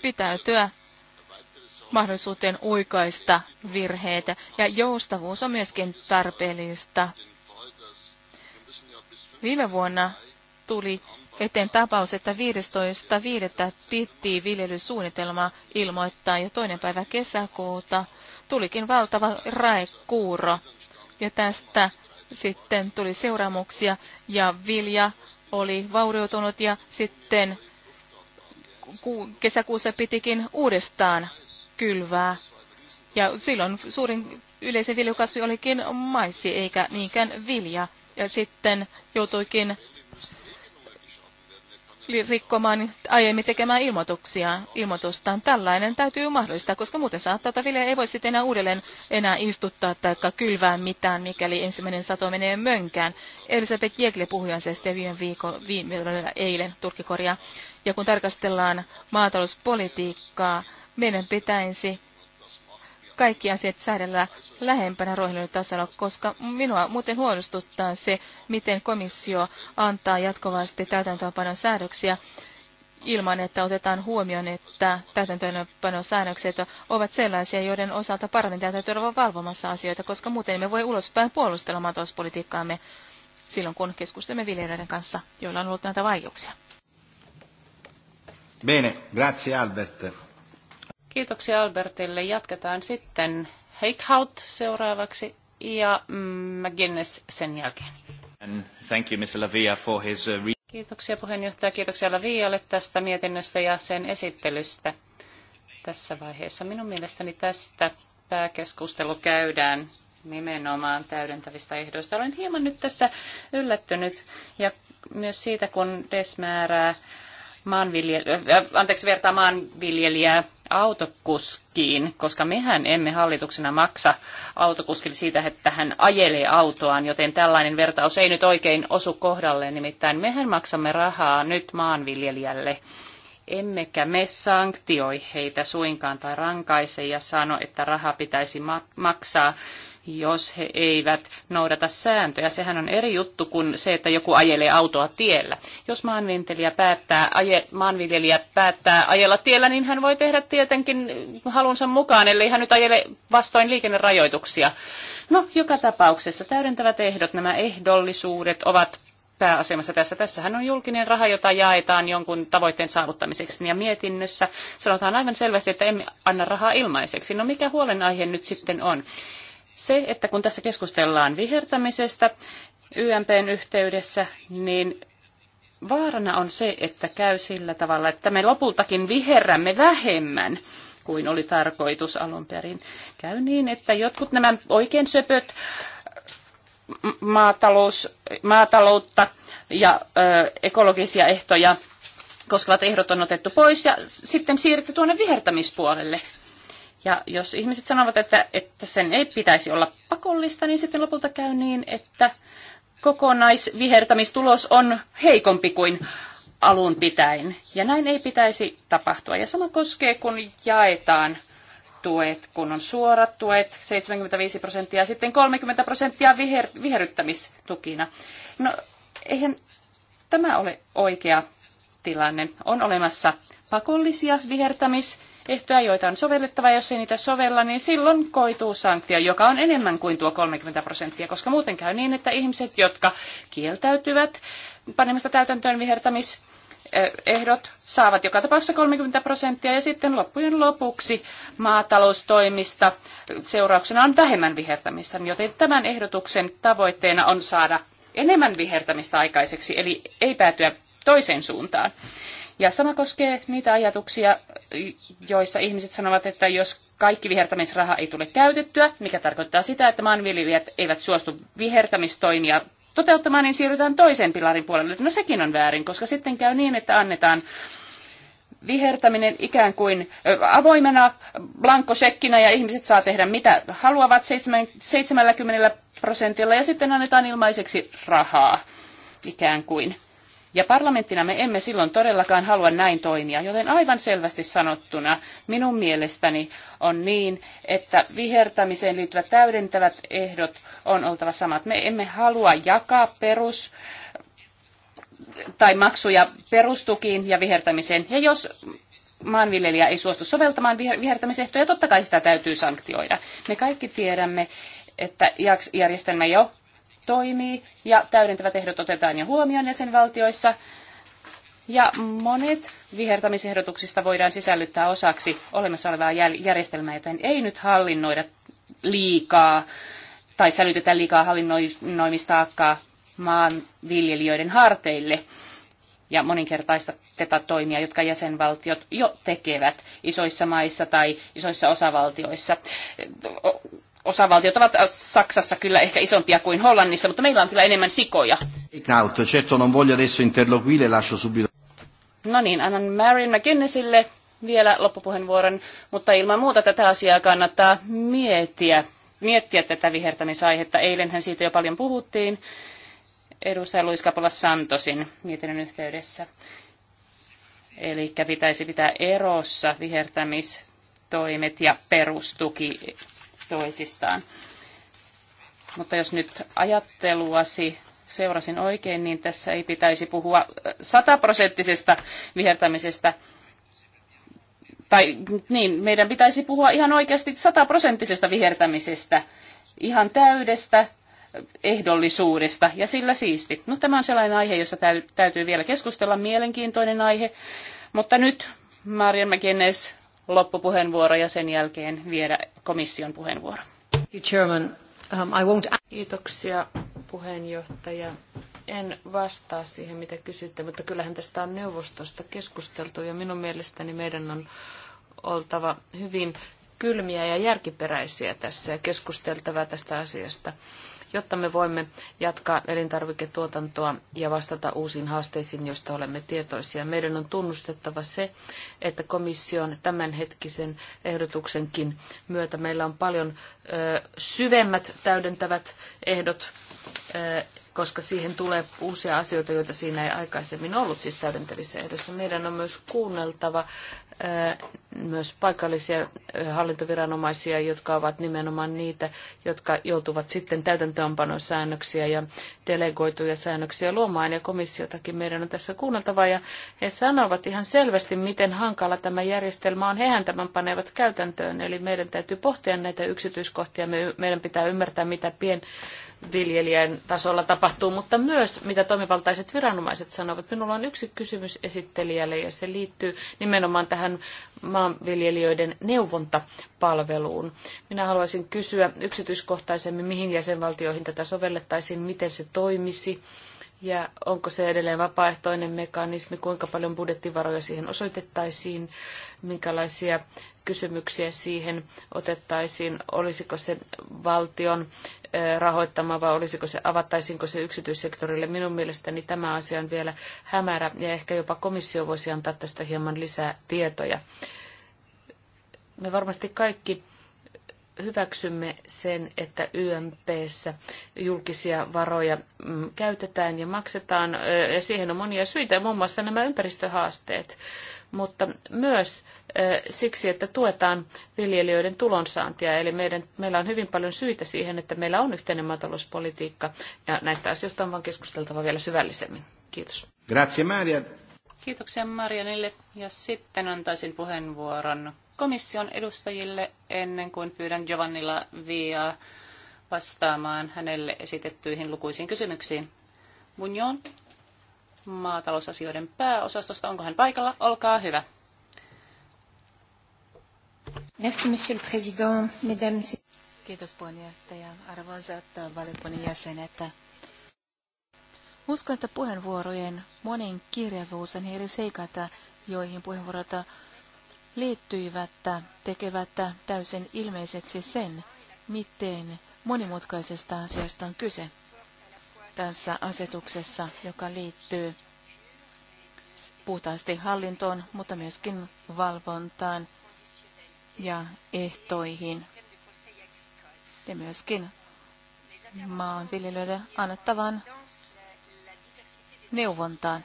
pitäytyä mahdollisuuteen uikaista virheitä. Ja joustavuus on myöskin tarpeellista. Viime vuonna tuli eteen tapaus, että 15.5. piti viljelysuunnitelma ilmoittaa ja toinen päivä kesäkuuta – tulikin valtava raekuuro. Ja tästä sitten tuli seuraamuksia ja vilja oli vaurioitunut ja sitten kesäkuussa pitikin uudestaan kylvää. Ja silloin suurin yleisen viljokasvi olikin maissi eikä niinkään vilja. Ja sitten joutuikin rikkomaan aiemmin tekemään ilmoituksia, ilmoitustaan. Tällainen täytyy mahdollistaa, koska muuten saattaa, että vilja ei voi sitten enää uudelleen enää istuttaa tai kylvää mitään, mikäli ensimmäinen sato menee mönkään. Elisabeth Jekle puhui sitten viime viikon, viime, eilen Turkikorjaa. Ja kun tarkastellaan maatalouspolitiikkaa, meidän pitäisi kaikki asiat säädellä lähempänä ruohonjuuritasolla, koska minua muuten huolestuttaa se, miten komissio antaa jatkuvasti täytäntöönpanon säädöksiä ilman, että otetaan huomioon, että täytäntöönpanosäännökset ovat sellaisia, joiden osalta parlamentia täytyy olla valvomassa asioita, koska muuten me voi ulospäin puolustella maatalouspolitiikkaamme silloin, kun keskustelemme viljelijöiden kanssa, joilla on ollut näitä vaikeuksia. Bene, grazie Albert. Kiitoksia Albertille. Jatketaan sitten Heikhaut seuraavaksi ja mm, McGuinness sen jälkeen. And thank you, Mr. Lavia, for his... Uh, kiitoksia puheenjohtaja. Kiitoksia Lavialle tästä mietinnöstä ja sen esittelystä tässä vaiheessa. Minun mielestäni tästä pääkeskustelu käydään nimenomaan täydentävistä ehdoista. Olen hieman nyt tässä yllättynyt ja myös siitä, kun DES määrää Maanviljelijä äh, äh, anteeksi, vertaa maanviljelijää autokuskiin, koska mehän emme hallituksena maksa autokuskille siitä, että hän ajelee autoaan, joten tällainen vertaus ei nyt oikein osu kohdalle. Nimittäin mehän maksamme rahaa nyt maanviljelijälle, emmekä me sanktioi heitä suinkaan tai rankaise ja sano, että raha pitäisi maksaa jos he eivät noudata sääntöjä. Sehän on eri juttu kuin se, että joku ajelee autoa tiellä. Jos maanviljelijä päättää, aje, maanviljelijä päättää ajella tiellä, niin hän voi tehdä tietenkin halunsa mukaan, ellei hän nyt ajele vastoin liikennerajoituksia. No, joka tapauksessa täydentävät ehdot, nämä ehdollisuudet ovat pääasemassa tässä. Tässähän on julkinen raha, jota jaetaan jonkun tavoitteen saavuttamiseksi. Ja mietinnössä sanotaan aivan selvästi, että emme anna rahaa ilmaiseksi. No mikä huolenaihe nyt sitten on? se, että kun tässä keskustellaan vihertämisestä YMPn yhteydessä, niin vaarana on se, että käy sillä tavalla, että me lopultakin viherrämme vähemmän kuin oli tarkoitus alun perin. Käy niin, että jotkut nämä oikein söpöt maatalous, maataloutta ja ö, ekologisia ehtoja koskevat ehdot on otettu pois ja sitten siirretty tuonne vihertämispuolelle. Ja jos ihmiset sanovat, että, että sen ei pitäisi olla pakollista, niin sitten lopulta käy niin, että kokonaisvihertämistulos on heikompi kuin alun pitäen. Ja näin ei pitäisi tapahtua. Ja sama koskee, kun jaetaan tuet, kun on suorat tuet 75 prosenttia ja sitten 30 prosenttia viher, viherryttämistukina. No, eihän tämä ole oikea tilanne. On olemassa pakollisia vihertämis- ehtoja, joita on sovellettava. Jos ei niitä sovella, niin silloin koituu sanktio, joka on enemmän kuin tuo 30 prosenttia, koska muuten käy niin, että ihmiset, jotka kieltäytyvät panemasta täytäntöön vihertämis ehdot saavat joka tapauksessa 30 prosenttia ja sitten loppujen lopuksi maataloustoimista seurauksena on vähemmän vihertämistä, joten tämän ehdotuksen tavoitteena on saada enemmän vihertämistä aikaiseksi, eli ei päätyä toiseen suuntaan. Ja sama koskee niitä ajatuksia, joissa ihmiset sanovat, että jos kaikki vihertämisraha ei tule käytettyä, mikä tarkoittaa sitä, että maanviljelijät eivät suostu vihertämistoimia toteuttamaan, niin siirrytään toisen pilarin puolelle. No sekin on väärin, koska sitten käy niin, että annetaan vihertäminen ikään kuin avoimena blankkosekkinä ja ihmiset saa tehdä mitä haluavat 70 prosentilla ja sitten annetaan ilmaiseksi rahaa ikään kuin. Ja parlamenttina me emme silloin todellakaan halua näin toimia, joten aivan selvästi sanottuna minun mielestäni on niin, että vihertämiseen liittyvät täydentävät ehdot on oltava samat. Me emme halua jakaa perus tai maksuja perustukiin ja vihertämiseen. Ja jos maanviljelijä ei suostu soveltamaan vihertämisehtoja, totta kai sitä täytyy sanktioida. Me kaikki tiedämme, että järjestelmä jo toimii ja täydentävät ehdot otetaan jo huomioon jäsenvaltioissa. Ja monet vihertämisehdotuksista voidaan sisällyttää osaksi olemassa olevaa järjestelmää, joten ei nyt hallinnoida liikaa tai sälytetä liikaa hallinnoimistaakkaa maanviljelijöiden harteille ja moninkertaisteta toimia, jotka jäsenvaltiot jo tekevät isoissa maissa tai isoissa osavaltioissa osavaltiot ovat äh, Saksassa kyllä ehkä isompia kuin Hollannissa, mutta meillä on kyllä enemmän sikoja. Ignaut, certo non voglio adesso interloquire, lascio subito. No niin, annan Marion McKinnesille vielä loppupuheenvuoron, mutta ilman muuta tätä asiaa kannattaa miettiä, miettiä tätä vihertämisaihetta. Eilenhän siitä jo paljon puhuttiin edustaja Luis Kapola Santosin mietinnön yhteydessä. Eli pitäisi pitää erossa vihertämistoimet ja perustuki toisistaan. Mutta jos nyt ajatteluasi seurasin oikein, niin tässä ei pitäisi puhua sataprosenttisesta vihertämisestä. Tai niin, meidän pitäisi puhua ihan oikeasti sataprosenttisesta vihertämisestä, ihan täydestä ehdollisuudesta ja sillä siisti. No tämä on sellainen aihe, jossa täytyy vielä keskustella, mielenkiintoinen aihe, mutta nyt Marian McGinnis loppupuheenvuoro ja sen jälkeen viedä komission puheenvuoro. Um, Kiitoksia puheenjohtaja. En vastaa siihen, mitä kysytte, mutta kyllähän tästä on neuvostosta keskusteltu ja minun mielestäni meidän on oltava hyvin kylmiä ja järkiperäisiä tässä ja keskusteltava tästä asiasta jotta me voimme jatkaa elintarviketuotantoa ja vastata uusiin haasteisiin, joista olemme tietoisia. Meidän on tunnustettava se, että komission tämänhetkisen ehdotuksenkin myötä meillä on paljon ö, syvemmät täydentävät ehdot ö, koska siihen tulee uusia asioita, joita siinä ei aikaisemmin ollut siis täydentävissä ehdossa. Meidän on myös kuunneltava myös paikallisia hallintoviranomaisia, jotka ovat nimenomaan niitä, jotka joutuvat sitten täytäntöönpanosäännöksiä ja delegoituja säännöksiä luomaan. Ja komissiotakin meidän on tässä kuunneltava. Ja he sanovat ihan selvästi, miten hankala tämä järjestelmä on. Hehän tämän panevat käytäntöön. Eli meidän täytyy pohtia näitä yksityiskohtia. meidän pitää ymmärtää, mitä pien viljelijän tasolla tapahtuu, mutta myös mitä toimivaltaiset viranomaiset sanovat. Minulla on yksi kysymys esittelijälle ja se liittyy nimenomaan tähän maanviljelijöiden neuvontapalveluun. Minä haluaisin kysyä yksityiskohtaisemmin, mihin jäsenvaltioihin tätä sovellettaisiin, miten se toimisi ja onko se edelleen vapaaehtoinen mekanismi, kuinka paljon budjettivaroja siihen osoitettaisiin, minkälaisia kysymyksiä siihen otettaisiin, olisiko se valtion rahoittama vai olisiko se, avattaisiinko se yksityissektorille. Minun mielestäni tämä asia on vielä hämärä ja ehkä jopa komissio voisi antaa tästä hieman lisää tietoja. Me varmasti kaikki hyväksymme sen, että YMPssä julkisia varoja mm, käytetään ja maksetaan. Ja siihen on monia syitä, muun muassa nämä ympäristöhaasteet, mutta myös siksi, että tuetaan viljelijöiden tulonsaantia. Eli meidän, meillä on hyvin paljon syitä siihen, että meillä on yhteinen maatalouspolitiikka, ja näistä asioista on vain keskusteltava vielä syvällisemmin. Kiitos. Grazie Maria. Kiitoksia Marianille, ja sitten antaisin puheenvuoron komission edustajille ennen kuin pyydän Giovannilla Via vastaamaan hänelle esitettyihin lukuisiin kysymyksiin. Bunjon maatalousasioiden pääosastosta, onko hän paikalla? Olkaa hyvä. Merci, monsieur le président, mesdames. Kiitos puheenjohtaja, arvoisat valiokunnan jäsenet. Uskon, että puheenvuorojen monen kirjavuus on eri seikata, joihin puheenvuorota liittyivät, tekevät täysin ilmeiseksi sen, miten monimutkaisesta asiasta on kyse tässä asetuksessa, joka liittyy puhtaasti hallintoon, mutta myöskin valvontaan ja ehtoihin. Ja myöskin maanviljelijöiden annettavaan neuvontaan.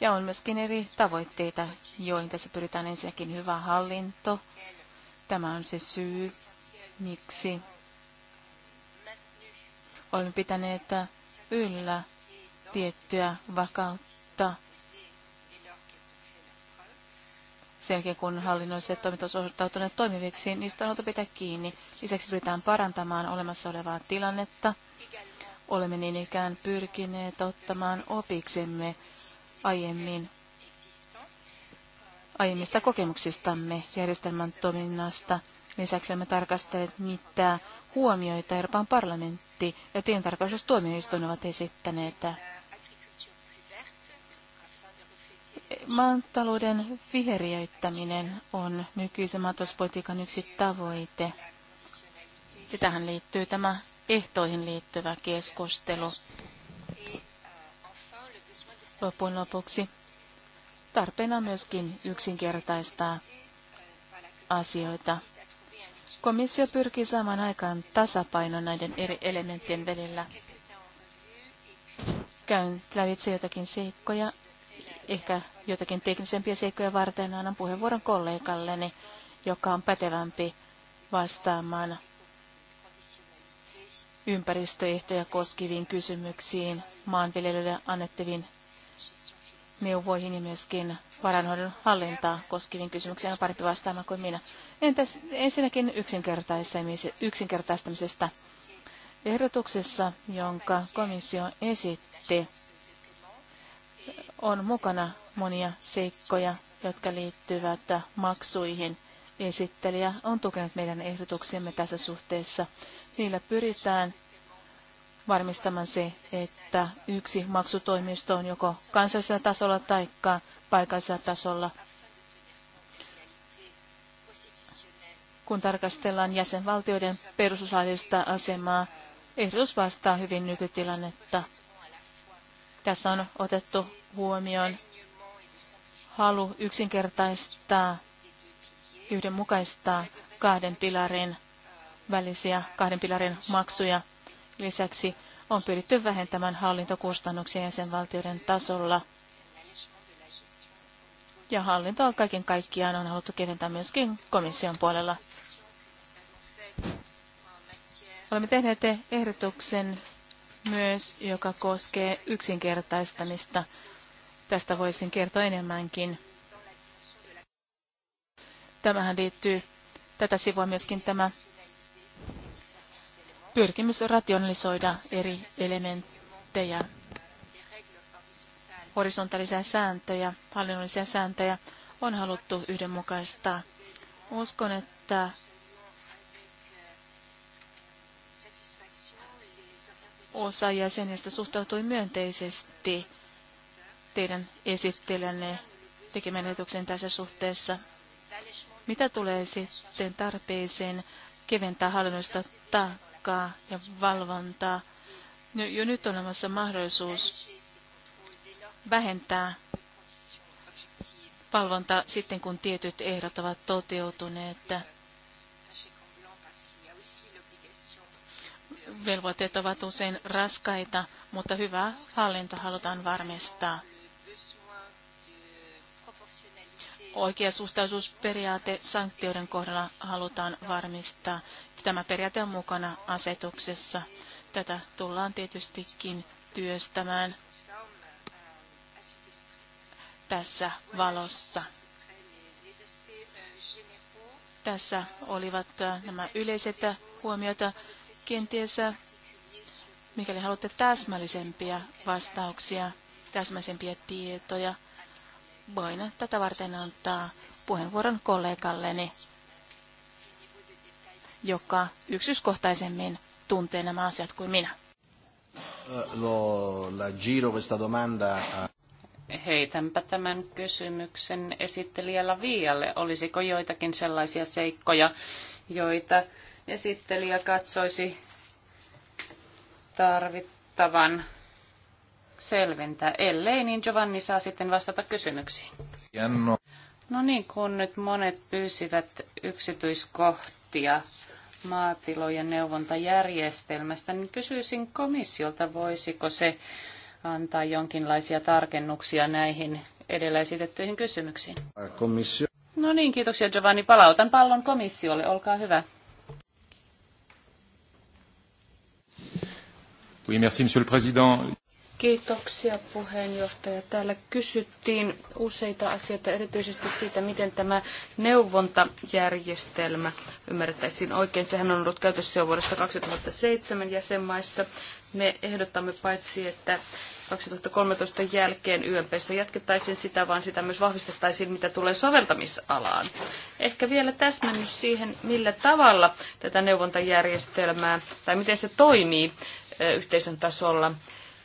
Ja on myöskin eri tavoitteita, joihin tässä pyritään ensinnäkin hyvä hallinto. Tämä on se syy, miksi olemme pitäneet yllä tiettyä vakautta. Sen jälkeen, kun hallinnolliset toimet ovat osoittautuneet toimiviksi, niistä on pitää kiinni. Lisäksi pyritään parantamaan olemassa olevaa tilannetta. Olemme niin ikään pyrkineet ottamaan opiksemme aiemmin aiemmista kokemuksistamme järjestelmän toiminnasta. Lisäksi olemme tarkastelleet, mitä huomioita Euroopan parlamentti ja tientarkastustuomioistuin ovat esittäneet. Maantalouden viheriöittäminen on nykyisen maatalouspolitiikan yksi tavoite. Ja tähän liittyy tämä ehtoihin liittyvä keskustelu loppujen lopuksi. Tarpeena on myöskin yksinkertaistaa asioita. Komissio pyrkii saamaan aikaan tasapainon näiden eri elementtien välillä. Käyn lävitse jotakin seikkoja, ehkä jotakin teknisempiä seikkoja varten annan puheenvuoron kollegalleni, joka on pätevämpi vastaamaan ympäristöehtoja koskiviin kysymyksiin, maanviljelijöille annettaviin neuvoihin ja myöskin varainhoidon hallintaa koskeviin kysymyksiin on parempi vastaamaan kuin minä. Entäs ensinnäkin yksinkertaistamisesta? Ehdotuksessa, jonka komissio esitti, on mukana monia seikkoja, jotka liittyvät maksuihin. Esittelijä on tukenut meidän ehdotuksemme tässä suhteessa. Niillä pyritään varmistamaan se, että yksi maksutoimisto on joko kansallisella tasolla tai paikallisella tasolla. Kun tarkastellaan jäsenvaltioiden perustuslaillista asemaa, ehdotus vastaa hyvin nykytilannetta. Tässä on otettu huomioon halu yksinkertaistaa, yhdenmukaistaa kahden pilarin välisiä kahden pilarin maksuja Lisäksi on pyritty vähentämään hallintokustannuksia jäsenvaltioiden tasolla. Ja hallintoa kaiken kaikkiaan on haluttu keventää myöskin komission puolella. Olemme tehneet ehdotuksen myös, joka koskee yksinkertaistamista. Tästä voisin kertoa enemmänkin. Tämähän liittyy, tätä sivua myöskin tämä pyrkimys rationalisoida eri elementtejä, horisontaalisia sääntöjä, hallinnollisia sääntöjä on haluttu yhdenmukaistaa. Uskon, että osa jäsenistä suhtautui myönteisesti teidän esittelenne tekemään tässä suhteessa. Mitä tulee sitten tarpeeseen keventää hallinnollista taakkaa? valvontaa ja valvontaa. Jo nyt on olemassa mahdollisuus vähentää valvonta sitten, kun tietyt ehdot ovat toteutuneet. Velvoitteet ovat usein raskaita, mutta hyvä hallinto halutaan varmistaa. suhtaisuusperiaate sanktioiden kohdalla halutaan varmistaa Tämä periaate on mukana asetuksessa. Tätä tullaan tietystikin työstämään tässä valossa. Tässä olivat äh, nämä yleiset huomiota. Kenties, äh, mikäli haluatte täsmällisempiä vastauksia, täsmäisempiä tietoja, voin tätä varten antaa puheenvuoron kollegalleni joka yksityiskohtaisemmin tuntee nämä asiat kuin minä. Eh, lo, la giro questa domanda Heitänpä tämän kysymyksen esittelijällä Viialle. Olisiko joitakin sellaisia seikkoja, joita esittelijä katsoisi tarvittavan selventää? Ellei, niin Giovanni saa sitten vastata kysymyksiin. No niin, kun nyt monet pyysivät yksityiskohtia raporttia maatilojen neuvontajärjestelmästä, niin kysyisin komissiolta, voisiko se antaa jonkinlaisia tarkennuksia näihin edellä esitettyihin kysymyksiin. Komissio. No niin, kiitoksia Giovanni. Palautan pallon komissiolle. Olkaa hyvä. Oui, merci, monsieur le président. Kiitoksia puheenjohtaja. Täällä kysyttiin useita asioita, erityisesti siitä, miten tämä neuvontajärjestelmä ymmärrettäisiin oikein. Sehän on ollut käytössä jo vuodesta 2007 jäsenmaissa. Me ehdottamme paitsi, että 2013 jälkeen YMPssä jatkettaisiin sitä, vaan sitä myös vahvistettaisiin, mitä tulee soveltamisalaan. Ehkä vielä täsmennys siihen, millä tavalla tätä neuvontajärjestelmää tai miten se toimii yhteisön tasolla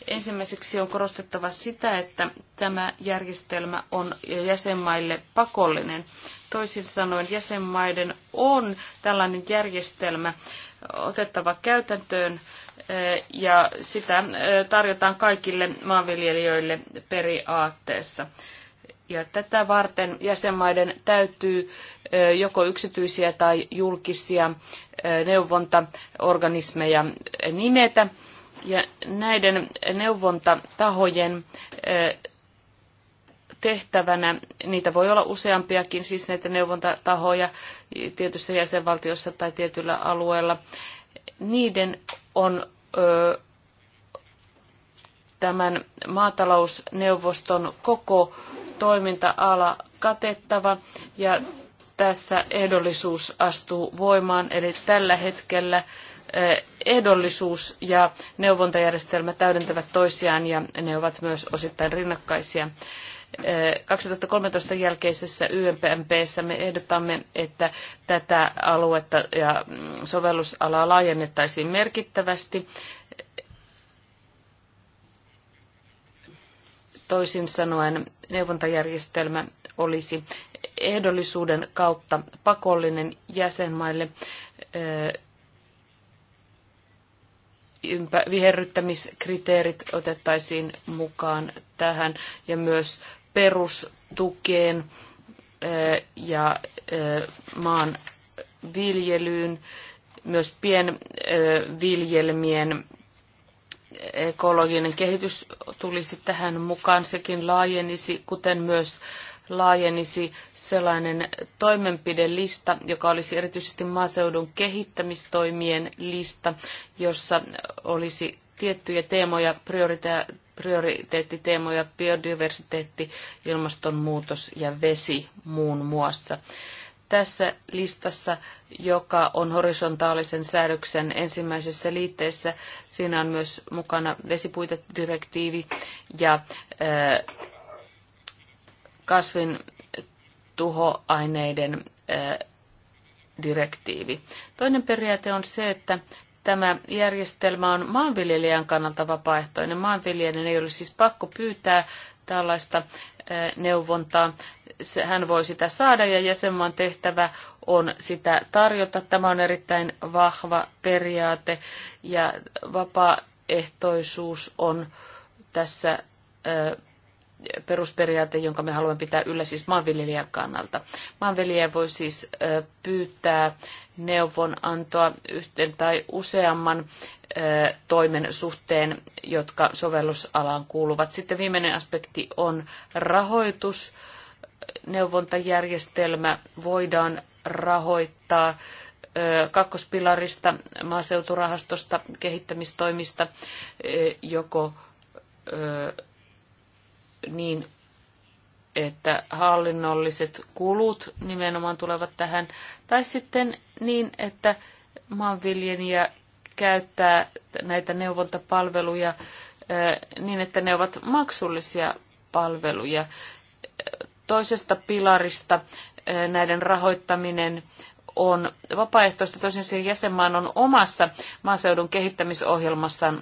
Ensimmäiseksi on korostettava sitä, että tämä järjestelmä on jäsenmaille pakollinen. Toisin sanoen jäsenmaiden on tällainen järjestelmä otettava käytäntöön eh, ja sitä eh, tarjotaan kaikille maanviljelijöille periaatteessa. Ja tätä varten jäsenmaiden täytyy eh, joko yksityisiä tai julkisia neuvontaorganismeja nimetä ja näiden neuvontatahojen tehtävänä, niitä voi olla useampiakin, siis näitä neuvontatahoja tietyssä jäsenvaltiossa tai tietyllä alueella, niiden on tämän maatalousneuvoston koko toiminta-ala katettava ja tässä ehdollisuus astuu voimaan, eli tällä hetkellä Eh, ehdollisuus ja neuvontajärjestelmä täydentävät toisiaan ja ne ovat myös osittain rinnakkaisia. 2013 eh, jälkeisessä YMPMPssä me ehdotamme, että tätä aluetta ja mm, sovellusalaa laajennettaisiin merkittävästi. Toisin sanoen neuvontajärjestelmä olisi ehdollisuuden kautta pakollinen jäsenmaille eh, ympä, viherryttämiskriteerit otettaisiin mukaan tähän ja myös perustukeen ja maan viljelyyn, myös pienviljelmien ekologinen kehitys tulisi tähän mukaan, sekin laajenisi, kuten myös laajenisi sellainen toimenpidelista, joka olisi erityisesti maaseudun kehittämistoimien lista, jossa olisi tiettyjä teemoja, prioriteetteja, prioriteettiteemoja biodiversiteetti, ilmastonmuutos ja vesi muun muassa. Tässä listassa, joka on horisontaalisen säädöksen ensimmäisessä liitteessä, siinä on myös mukana vesipuitedirektiivi ja kasvin tuhoaineiden direktiivi. Toinen periaate on se, että tämä järjestelmä on maanviljelijän kannalta vapaaehtoinen. Maanviljelijän ei ole siis pakko pyytää tällaista neuvontaa. Hän voi sitä saada ja jäsenmaan tehtävä on sitä tarjota. Tämä on erittäin vahva periaate ja vapaaehtoisuus on tässä perusperiaate, jonka me haluamme pitää yllä siis maanviljelijän kannalta. Maanviljelijä voi siis pyytää neuvonantoa yhten tai useamman toimen suhteen, jotka sovellusalaan kuuluvat. Sitten viimeinen aspekti on rahoitus. Neuvontajärjestelmä voidaan rahoittaa kakkospilarista, maaseuturahastosta, kehittämistoimista, joko niin, että hallinnolliset kulut nimenomaan tulevat tähän, tai sitten niin, että maanviljelijä käyttää näitä neuvontapalveluja niin, että ne ovat maksullisia palveluja. Toisesta pilarista näiden rahoittaminen on vapaaehtoista, tosin sen jäsenmaan on omassa maaseudun kehittämisohjelmassaan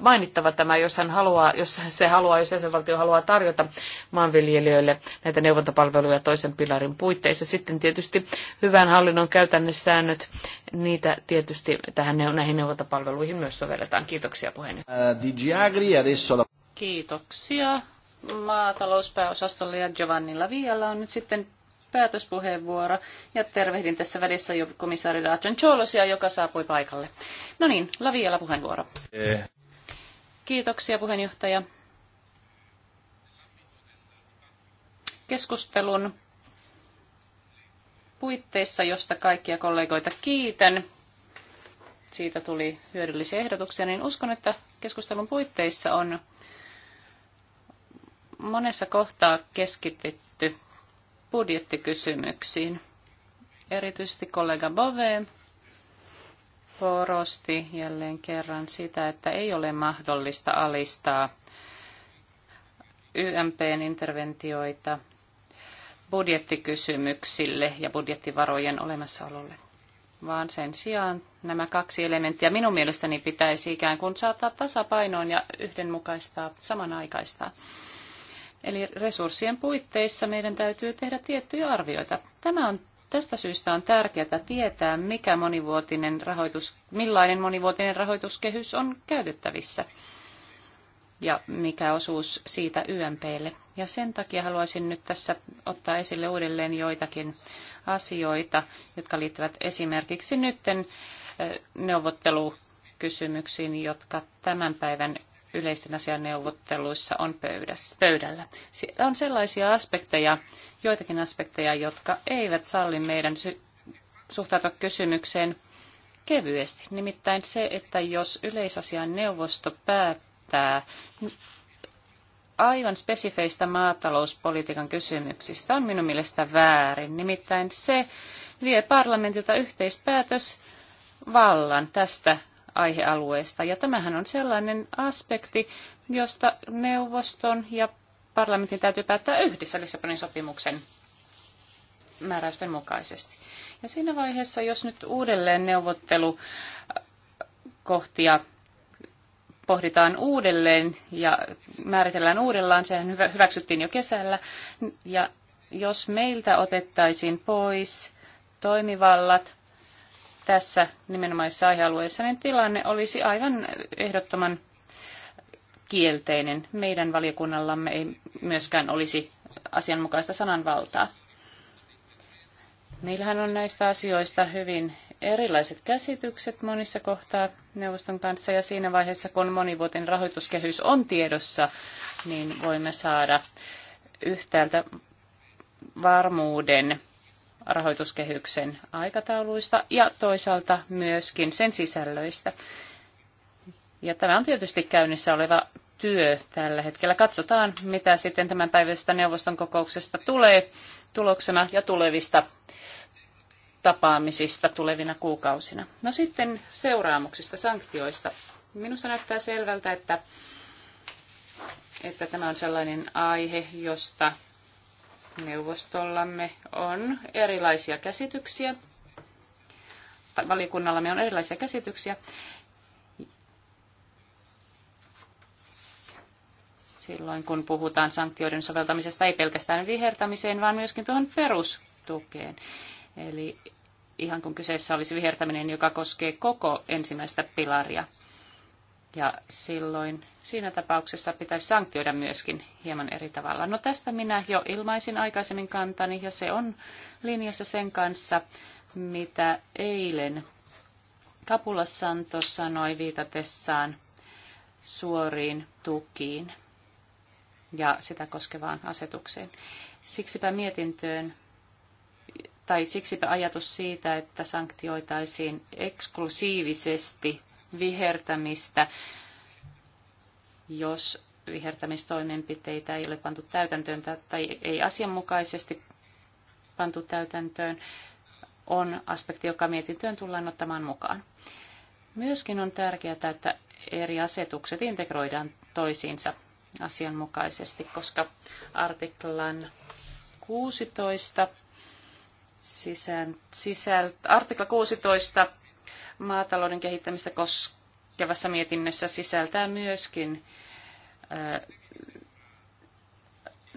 mainittava tämä, jos, hän haluaa, jos se haluaa, jos jäsenvaltio haluaa tarjota maanviljelijöille näitä neuvontapalveluja toisen pilarin puitteissa. Sitten tietysti hyvän hallinnon käytännössäännöt, niitä tietysti tähän näihin neuvontapalveluihin myös sovelletaan. Kiitoksia puheenjohtaja. Äh, Kiitoksia maatalouspääosastolle ja Giovanni Lavialla on nyt sitten päätöspuheenvuoro ja tervehdin tässä välissä jo komissaari Dajan Cholosia, joka saapui paikalle. No niin, Laviella puheenvuoro. Eh. Kiitoksia puheenjohtaja. Keskustelun puitteissa, josta kaikkia kollegoita kiitän, siitä tuli hyödyllisiä ehdotuksia, niin uskon, että keskustelun puitteissa on monessa kohtaa keskitytty budjettikysymyksiin. Erityisesti kollega Bove korosti jälleen kerran sitä, että ei ole mahdollista alistaa YMPn interventioita budjettikysymyksille ja budjettivarojen olemassaololle, vaan sen sijaan nämä kaksi elementtiä minun mielestäni pitäisi ikään kuin saattaa tasapainoon ja yhdenmukaistaa, samanaikaista. Eli resurssien puitteissa meidän täytyy tehdä tiettyjä arvioita. Tämä on Tästä syystä on tärkeää tietää, mikä monivuotinen rahoitus, millainen monivuotinen rahoituskehys on käytettävissä ja mikä osuus siitä YMPlle. Ja sen takia haluaisin nyt tässä ottaa esille uudelleen joitakin asioita, jotka liittyvät esimerkiksi nytten eh, neuvottelukysymyksiin, jotka tämän päivän yleisten asianneuvotteluissa on pöydässä, pöydällä. Siellä on sellaisia aspekteja, joitakin aspekteja, jotka eivät salli meidän sy- suhtautua kysymykseen kevyesti. Nimittäin se, että jos yleisasian neuvosto päättää aivan spesifeistä maatalouspolitiikan kysymyksistä, on minun mielestä väärin. Nimittäin se vie parlamentilta yhteispäätös vallan tästä aihealueesta. Ja tämähän on sellainen aspekti, josta neuvoston ja parlamentin täytyy päättää yhdessä Lissabonin sopimuksen määräysten mukaisesti. Ja siinä vaiheessa, jos nyt uudelleen neuvottelukohtia pohditaan uudelleen ja määritellään uudellaan, sehän hyväksyttiin jo kesällä, ja jos meiltä otettaisiin pois toimivallat tässä nimenomaisessa aihealueessa, niin tilanne olisi aivan ehdottoman kielteinen. Meidän valiokunnallamme ei myöskään olisi asianmukaista sananvaltaa. Meillähän on näistä asioista hyvin erilaiset käsitykset monissa kohtaa neuvoston kanssa ja siinä vaiheessa, kun monivuotinen rahoituskehys on tiedossa, niin voimme saada yhtäältä varmuuden rahoituskehyksen aikatauluista ja toisaalta myöskin sen sisällöistä. Ja tämä on tietysti käynnissä oleva työ tällä hetkellä. Katsotaan, mitä sitten tämän päivästä neuvoston kokouksesta tulee tuloksena ja tulevista tapaamisista tulevina kuukausina. No sitten seuraamuksista, sanktioista. Minusta näyttää selvältä, että, että tämä on sellainen aihe, josta neuvostollamme on erilaisia käsityksiä, tai valiokunnallamme on erilaisia käsityksiä. Silloin kun puhutaan sanktioiden soveltamisesta ei pelkästään vihertämiseen, vaan myöskin tuohon perustukeen. Eli ihan kun kyseessä olisi vihertäminen, joka koskee koko ensimmäistä pilaria. Ja silloin siinä tapauksessa pitäisi sanktioida myöskin hieman eri tavalla. No tästä minä jo ilmaisin aikaisemmin kantani ja se on linjassa sen kanssa, mitä eilen Kapula Santos sanoi viitatessaan suoriin tukiin ja sitä koskevaan asetukseen. Siksipä mietintöön tai siksipä ajatus siitä, että sanktioitaisiin eksklusiivisesti vihertämistä, jos vihertämistoimenpiteitä ei ole pantu täytäntöön tai ei asianmukaisesti pantu täytäntöön, on aspekti, joka mietintöön tullaan ottamaan mukaan. Myöskin on tärkeää, että eri asetukset integroidaan toisiinsa asianmukaisesti, koska artiklan 16 sisältö, artikla 16 maatalouden kehittämistä koskevassa mietinnössä sisältää myöskin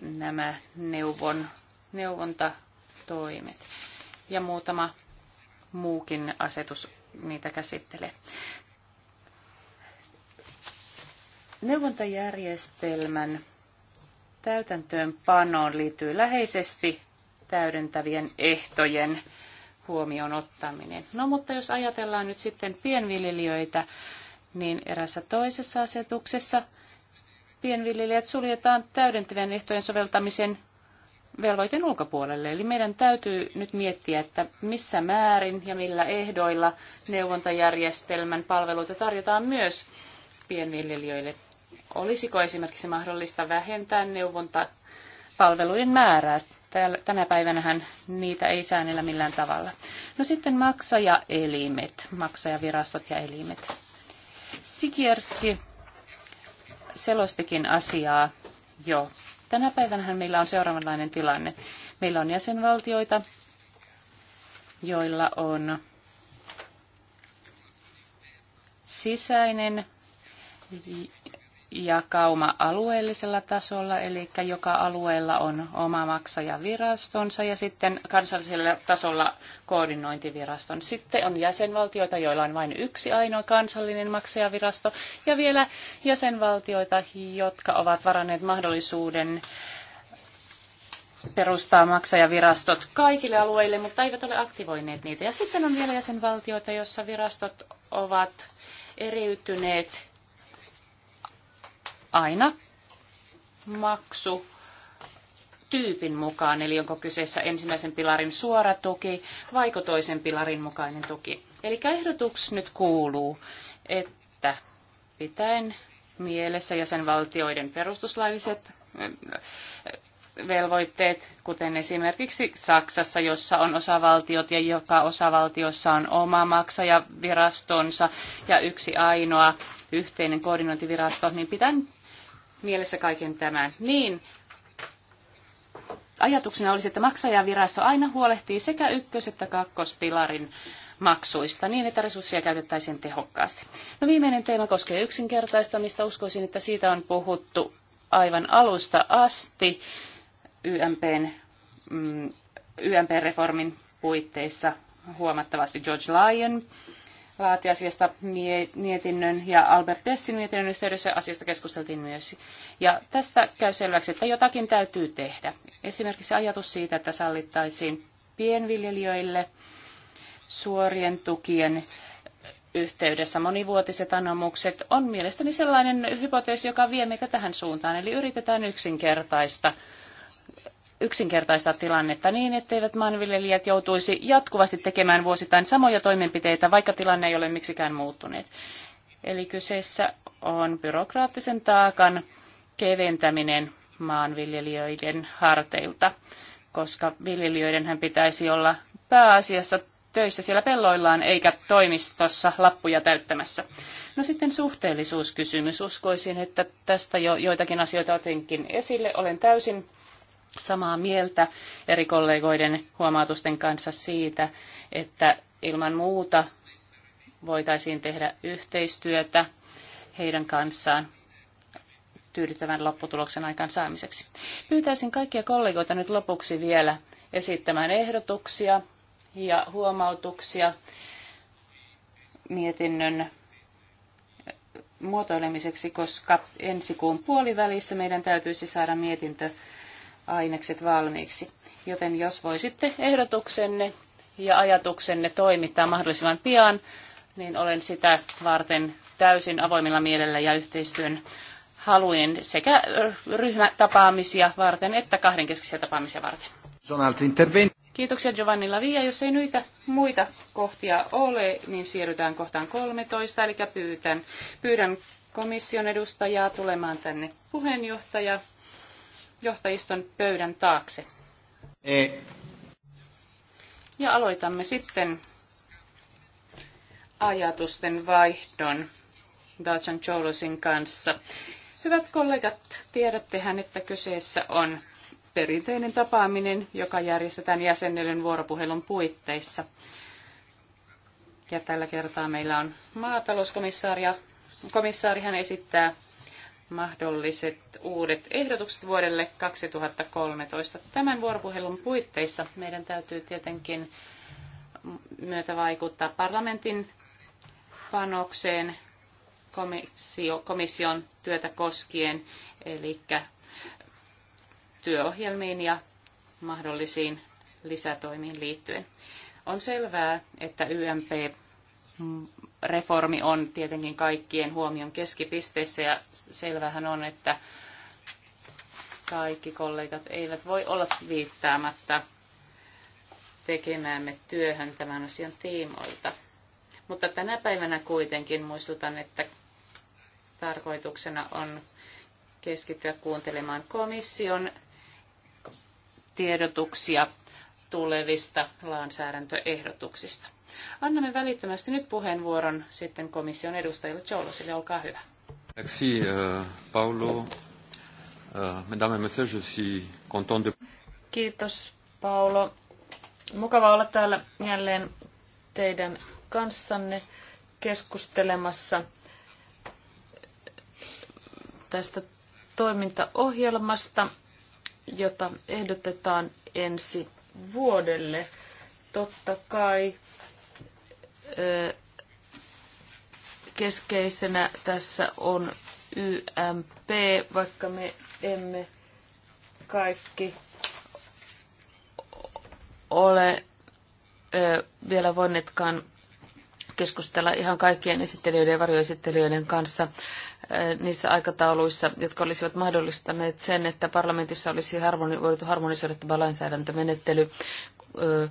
nämä neuvon, neuvontatoimet. Ja muutama muukin asetus niitä käsittelee. Neuvontajärjestelmän täytäntöönpanoon liittyy läheisesti täydentävien ehtojen huomioon ottaminen. No mutta jos ajatellaan nyt sitten pienviljelijöitä, niin erässä toisessa asetuksessa pienviljelijät suljetaan täydentävien ehtojen soveltamisen velvoiten ulkopuolelle. Eli meidän täytyy nyt miettiä, että missä määrin ja millä ehdoilla neuvontajärjestelmän palveluita tarjotaan myös pienviljelijöille. Olisiko esimerkiksi mahdollista vähentää neuvontapalveluiden määrää tänä päivänä niitä ei säännellä millään tavalla. No sitten maksajaelimet, maksajavirastot ja elimet. Sikierski selostikin asiaa jo. Tänä päivänä meillä on seuraavanlainen tilanne. Meillä on jäsenvaltioita, joilla on sisäinen jakauma alueellisella tasolla, eli joka alueella on oma maksajavirastonsa ja sitten kansallisella tasolla koordinointiviraston. Sitten on jäsenvaltioita, joilla on vain yksi ainoa kansallinen maksajavirasto ja vielä jäsenvaltioita, jotka ovat varanneet mahdollisuuden perustaa maksajavirastot kaikille alueille, mutta eivät ole aktivoineet niitä. Ja sitten on vielä jäsenvaltioita, joissa virastot ovat eriytyneet aina maksu tyypin mukaan, eli onko kyseessä ensimmäisen pilarin suora tuki vai toisen pilarin mukainen tuki. Eli ehdotuks nyt kuuluu, että pitäen mielessä jäsenvaltioiden perustuslailliset eh, velvoitteet, kuten esimerkiksi Saksassa, jossa on osavaltiot ja joka osavaltiossa on oma maksajavirastonsa ja yksi ainoa yhteinen koordinointivirasto, niin pitäen mielessä kaiken tämän. Niin, ajatuksena olisi, että maksajavirasto aina huolehtii sekä ykkös- että kakkospilarin maksuista niin, että resursseja käytettäisiin tehokkaasti. No viimeinen teema koskee yksinkertaistamista. Uskoisin, että siitä on puhuttu aivan alusta asti YMPn, mm, YMP-reformin puitteissa huomattavasti George Lyon laati asiasta mietinnön ja Albert Tessin mietinnön yhteydessä asiasta keskusteltiin myös. Ja tästä käy selväksi, että jotakin täytyy tehdä. Esimerkiksi ajatus siitä, että sallittaisiin pienviljelijöille suorien tukien yhteydessä monivuotiset anomukset on mielestäni sellainen hypoteesi, joka vie meitä tähän suuntaan. Eli yritetään yksinkertaista yksinkertaistaa tilannetta niin, etteivät maanviljelijät joutuisi jatkuvasti tekemään vuosittain samoja toimenpiteitä, vaikka tilanne ei ole miksikään muuttunut. Eli kyseessä on byrokraattisen taakan keventäminen maanviljelijöiden harteilta, koska viljelijöidenhän pitäisi olla pääasiassa töissä siellä pelloillaan eikä toimistossa lappuja täyttämässä. No sitten suhteellisuuskysymys. Uskoisin, että tästä jo joitakin asioita otinkin esille. Olen täysin samaa mieltä eri kollegoiden huomautusten kanssa siitä, että ilman muuta voitaisiin tehdä yhteistyötä heidän kanssaan tyydyttävän lopputuloksen aikaansaamiseksi. saamiseksi. Pyytäisin kaikkia kollegoita nyt lopuksi vielä esittämään ehdotuksia ja huomautuksia mietinnön muotoilemiseksi, koska ensi kuun puolivälissä meidän täytyisi saada mietintö ainekset valmiiksi. Joten jos voisitte ehdotuksenne ja ajatuksenne toimittaa mahdollisimman pian, niin olen sitä varten täysin avoimilla mielellä ja yhteistyön haluin sekä ryhmätapaamisia varten että kahdenkeskisiä tapaamisia varten. Kiitoksia Giovanni Lavia. Jos ei noita muita kohtia ole, niin siirrytään kohtaan 13. Eli pyydän, pyydän komission edustajaa tulemaan tänne puheenjohtaja johtajiston pöydän taakse. E. Ja aloitamme sitten ajatusten vaihdon Dajan Cholosin kanssa. Hyvät kollegat, tiedättehän, että kyseessä on perinteinen tapaaminen, joka järjestetään jäsennellen vuoropuhelun puitteissa. Ja tällä kertaa meillä on maatalouskomissaari. Komissaari hän esittää mahdolliset uudet ehdotukset vuodelle 2013. Tämän vuoropuhelun puitteissa meidän täytyy tietenkin myötä vaikuttaa parlamentin panokseen komissio, komission työtä koskien, eli työohjelmiin ja mahdollisiin lisätoimiin liittyen. On selvää, että YMP reformi on tietenkin kaikkien huomion keskipisteessä ja selvähän on, että kaikki kollegat eivät voi olla viittaamatta tekemäämme työhön tämän asian tiimoilta. Mutta tänä päivänä kuitenkin muistutan, että tarkoituksena on keskittyä kuuntelemaan komission tiedotuksia tulevista lainsäädäntöehdotuksista. Annamme välittömästi nyt puheenvuoron sitten komission edustajille Jolosille. Olkaa hyvä. Merci, äh, Paolo. Äh, mesdames et je suis de... Kiitos, Paolo. Mukava olla täällä jälleen teidän kanssanne keskustelemassa tästä toimintaohjelmasta, jota ehdotetaan ensi vuodelle. Totta kai keskeisenä tässä on YMP, vaikka me emme kaikki ole vielä voineetkaan keskustella ihan kaikkien esittelijöiden ja varjoesittelijöiden kanssa Eh, niissä aikatauluissa, jotka olisivat mahdollistaneet sen, että parlamentissa olisi harmoni- voitu harmonisoida tämä lainsäädäntömenettely. Eh,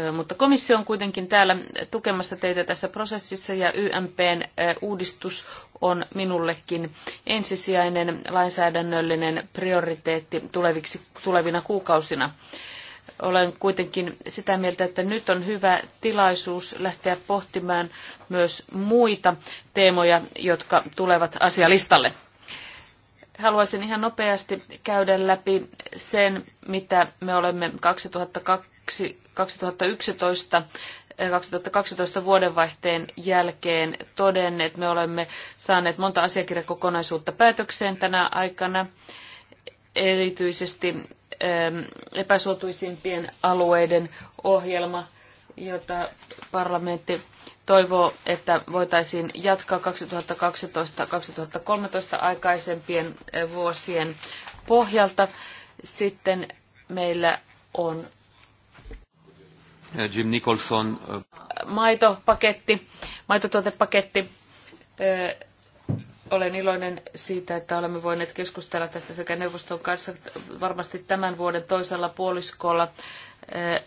eh, mutta komissio on kuitenkin täällä tukemassa teitä tässä prosessissa ja YMPn uudistus on minullekin ensisijainen lainsäädännöllinen prioriteetti tuleviksi, tulevina kuukausina. Olen kuitenkin sitä mieltä, että nyt on hyvä tilaisuus lähteä pohtimaan myös muita teemoja, jotka tulevat asialistalle. Haluaisin ihan nopeasti käydä läpi sen, mitä me olemme 2002, 2011 2012 vuodenvaihteen jälkeen todenneet. Me olemme saaneet monta asiakirjakokonaisuutta päätökseen tänä aikana, erityisesti Ähm, epäsuotuisimpien alueiden ohjelma, jota parlamentti toivoo, että voitaisiin jatkaa 2012-2013 aikaisempien äh, vuosien pohjalta. Sitten meillä on Jim Nicholson. Äh, maitopaketti, maitotuotepaketti, äh, olen iloinen siitä, että olemme voineet keskustella tästä sekä neuvoston kanssa varmasti tämän vuoden toisella puoliskolla eh,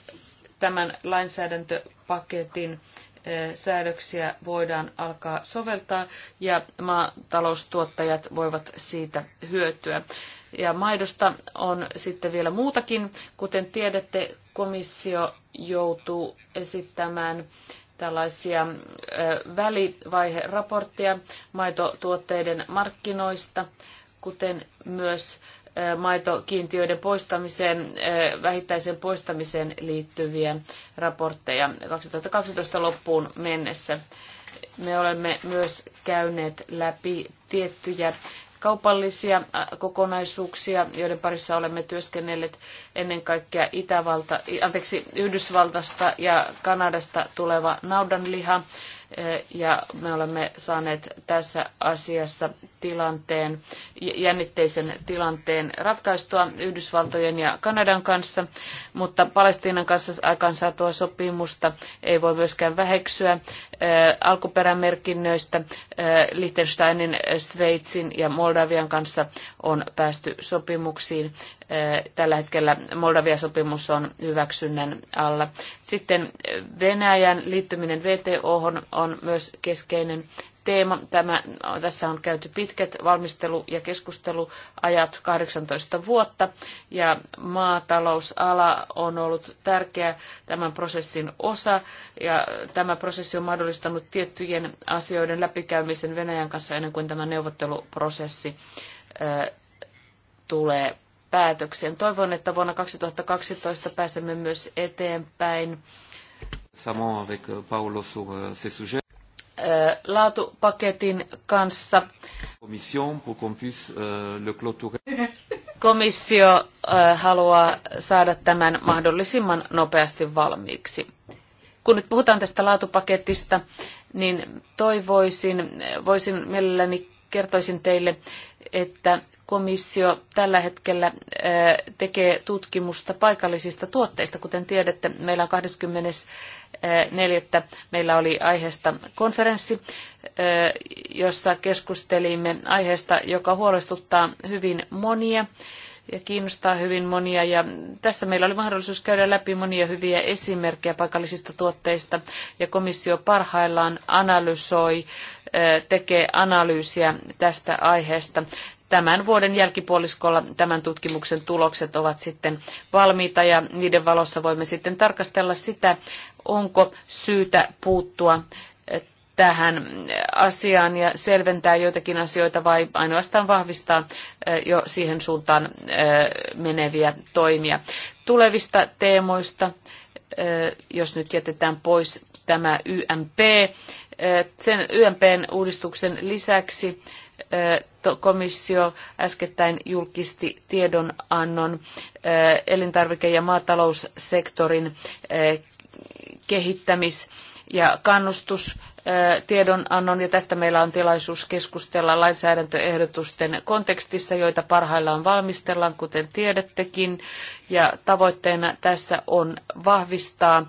tämän lainsäädäntöpaketin eh, säädöksiä voidaan alkaa soveltaa ja maataloustuottajat voivat siitä hyötyä. Ja maidosta on sitten vielä muutakin. Kuten tiedätte, komissio joutuu esittämään tällaisia välivaiheraportteja maitotuotteiden markkinoista, kuten myös maitokiintiöiden poistamiseen, vähittäiseen poistamiseen liittyviä raportteja 2012 loppuun mennessä. Me olemme myös käyneet läpi tiettyjä kaupallisia kokonaisuuksia, joiden parissa olemme työskennelleet ennen kaikkea Itävalta, anteeksi, Yhdysvaltasta ja Kanadasta tuleva naudanliha. Ja me olemme saaneet tässä asiassa tilanteen, jännitteisen tilanteen ratkaistua Yhdysvaltojen ja Kanadan kanssa, mutta Palestiinan kanssa aikaansaatua sopimusta ei voi myöskään väheksyä eh, alkuperämerkinnöistä. Eh, Liechtensteinin, eh, Sveitsin ja Moldavian kanssa on päästy sopimuksiin. Tällä hetkellä Moldavia-sopimus on hyväksynnän alla. Sitten Venäjän liittyminen VTO on myös keskeinen teema. Tämä, tässä on käyty pitkät valmistelu- ja keskusteluajat 18 vuotta ja maatalousala on ollut tärkeä tämän prosessin osa ja tämä prosessi on mahdollistanut tiettyjen asioiden läpikäymisen Venäjän kanssa ennen kuin tämä neuvotteluprosessi ö, tulee päätökseen. Toivon, että vuonna 2012 pääsemme myös eteenpäin. Samoin avec euh, Paolo sur euh, laatupaketin kanssa. Komissio haluaa saada tämän mahdollisimman nopeasti valmiiksi. Kun nyt puhutaan tästä laatupaketista, niin toivoisin, voisin mielelläni kertoisin teille että komissio tällä hetkellä tekee tutkimusta paikallisista tuotteista. Kuten tiedätte, meillä on 24. meillä oli aiheesta konferenssi, jossa keskustelimme aiheesta, joka huolestuttaa hyvin monia ja kiinnostaa hyvin monia. Ja tässä meillä oli mahdollisuus käydä läpi monia hyviä esimerkkejä paikallisista tuotteista ja komissio parhaillaan analysoi, tekee analyysiä tästä aiheesta. Tämän vuoden jälkipuoliskolla tämän tutkimuksen tulokset ovat sitten valmiita ja niiden valossa voimme sitten tarkastella sitä, onko syytä puuttua tähän asiaan ja selventää joitakin asioita vai ainoastaan vahvistaa jo siihen suuntaan meneviä toimia. Tulevista teemoista, jos nyt jätetään pois tämä YMP, sen YMPn uudistuksen lisäksi komissio äskettäin julkisti tiedonannon elintarvike- ja maataloussektorin kehittämis- ja kannustus tiedonannon, ja tästä meillä on tilaisuus keskustella lainsäädäntöehdotusten kontekstissa, joita parhaillaan valmistellaan, kuten tiedättekin. Ja tavoitteena tässä on vahvistaa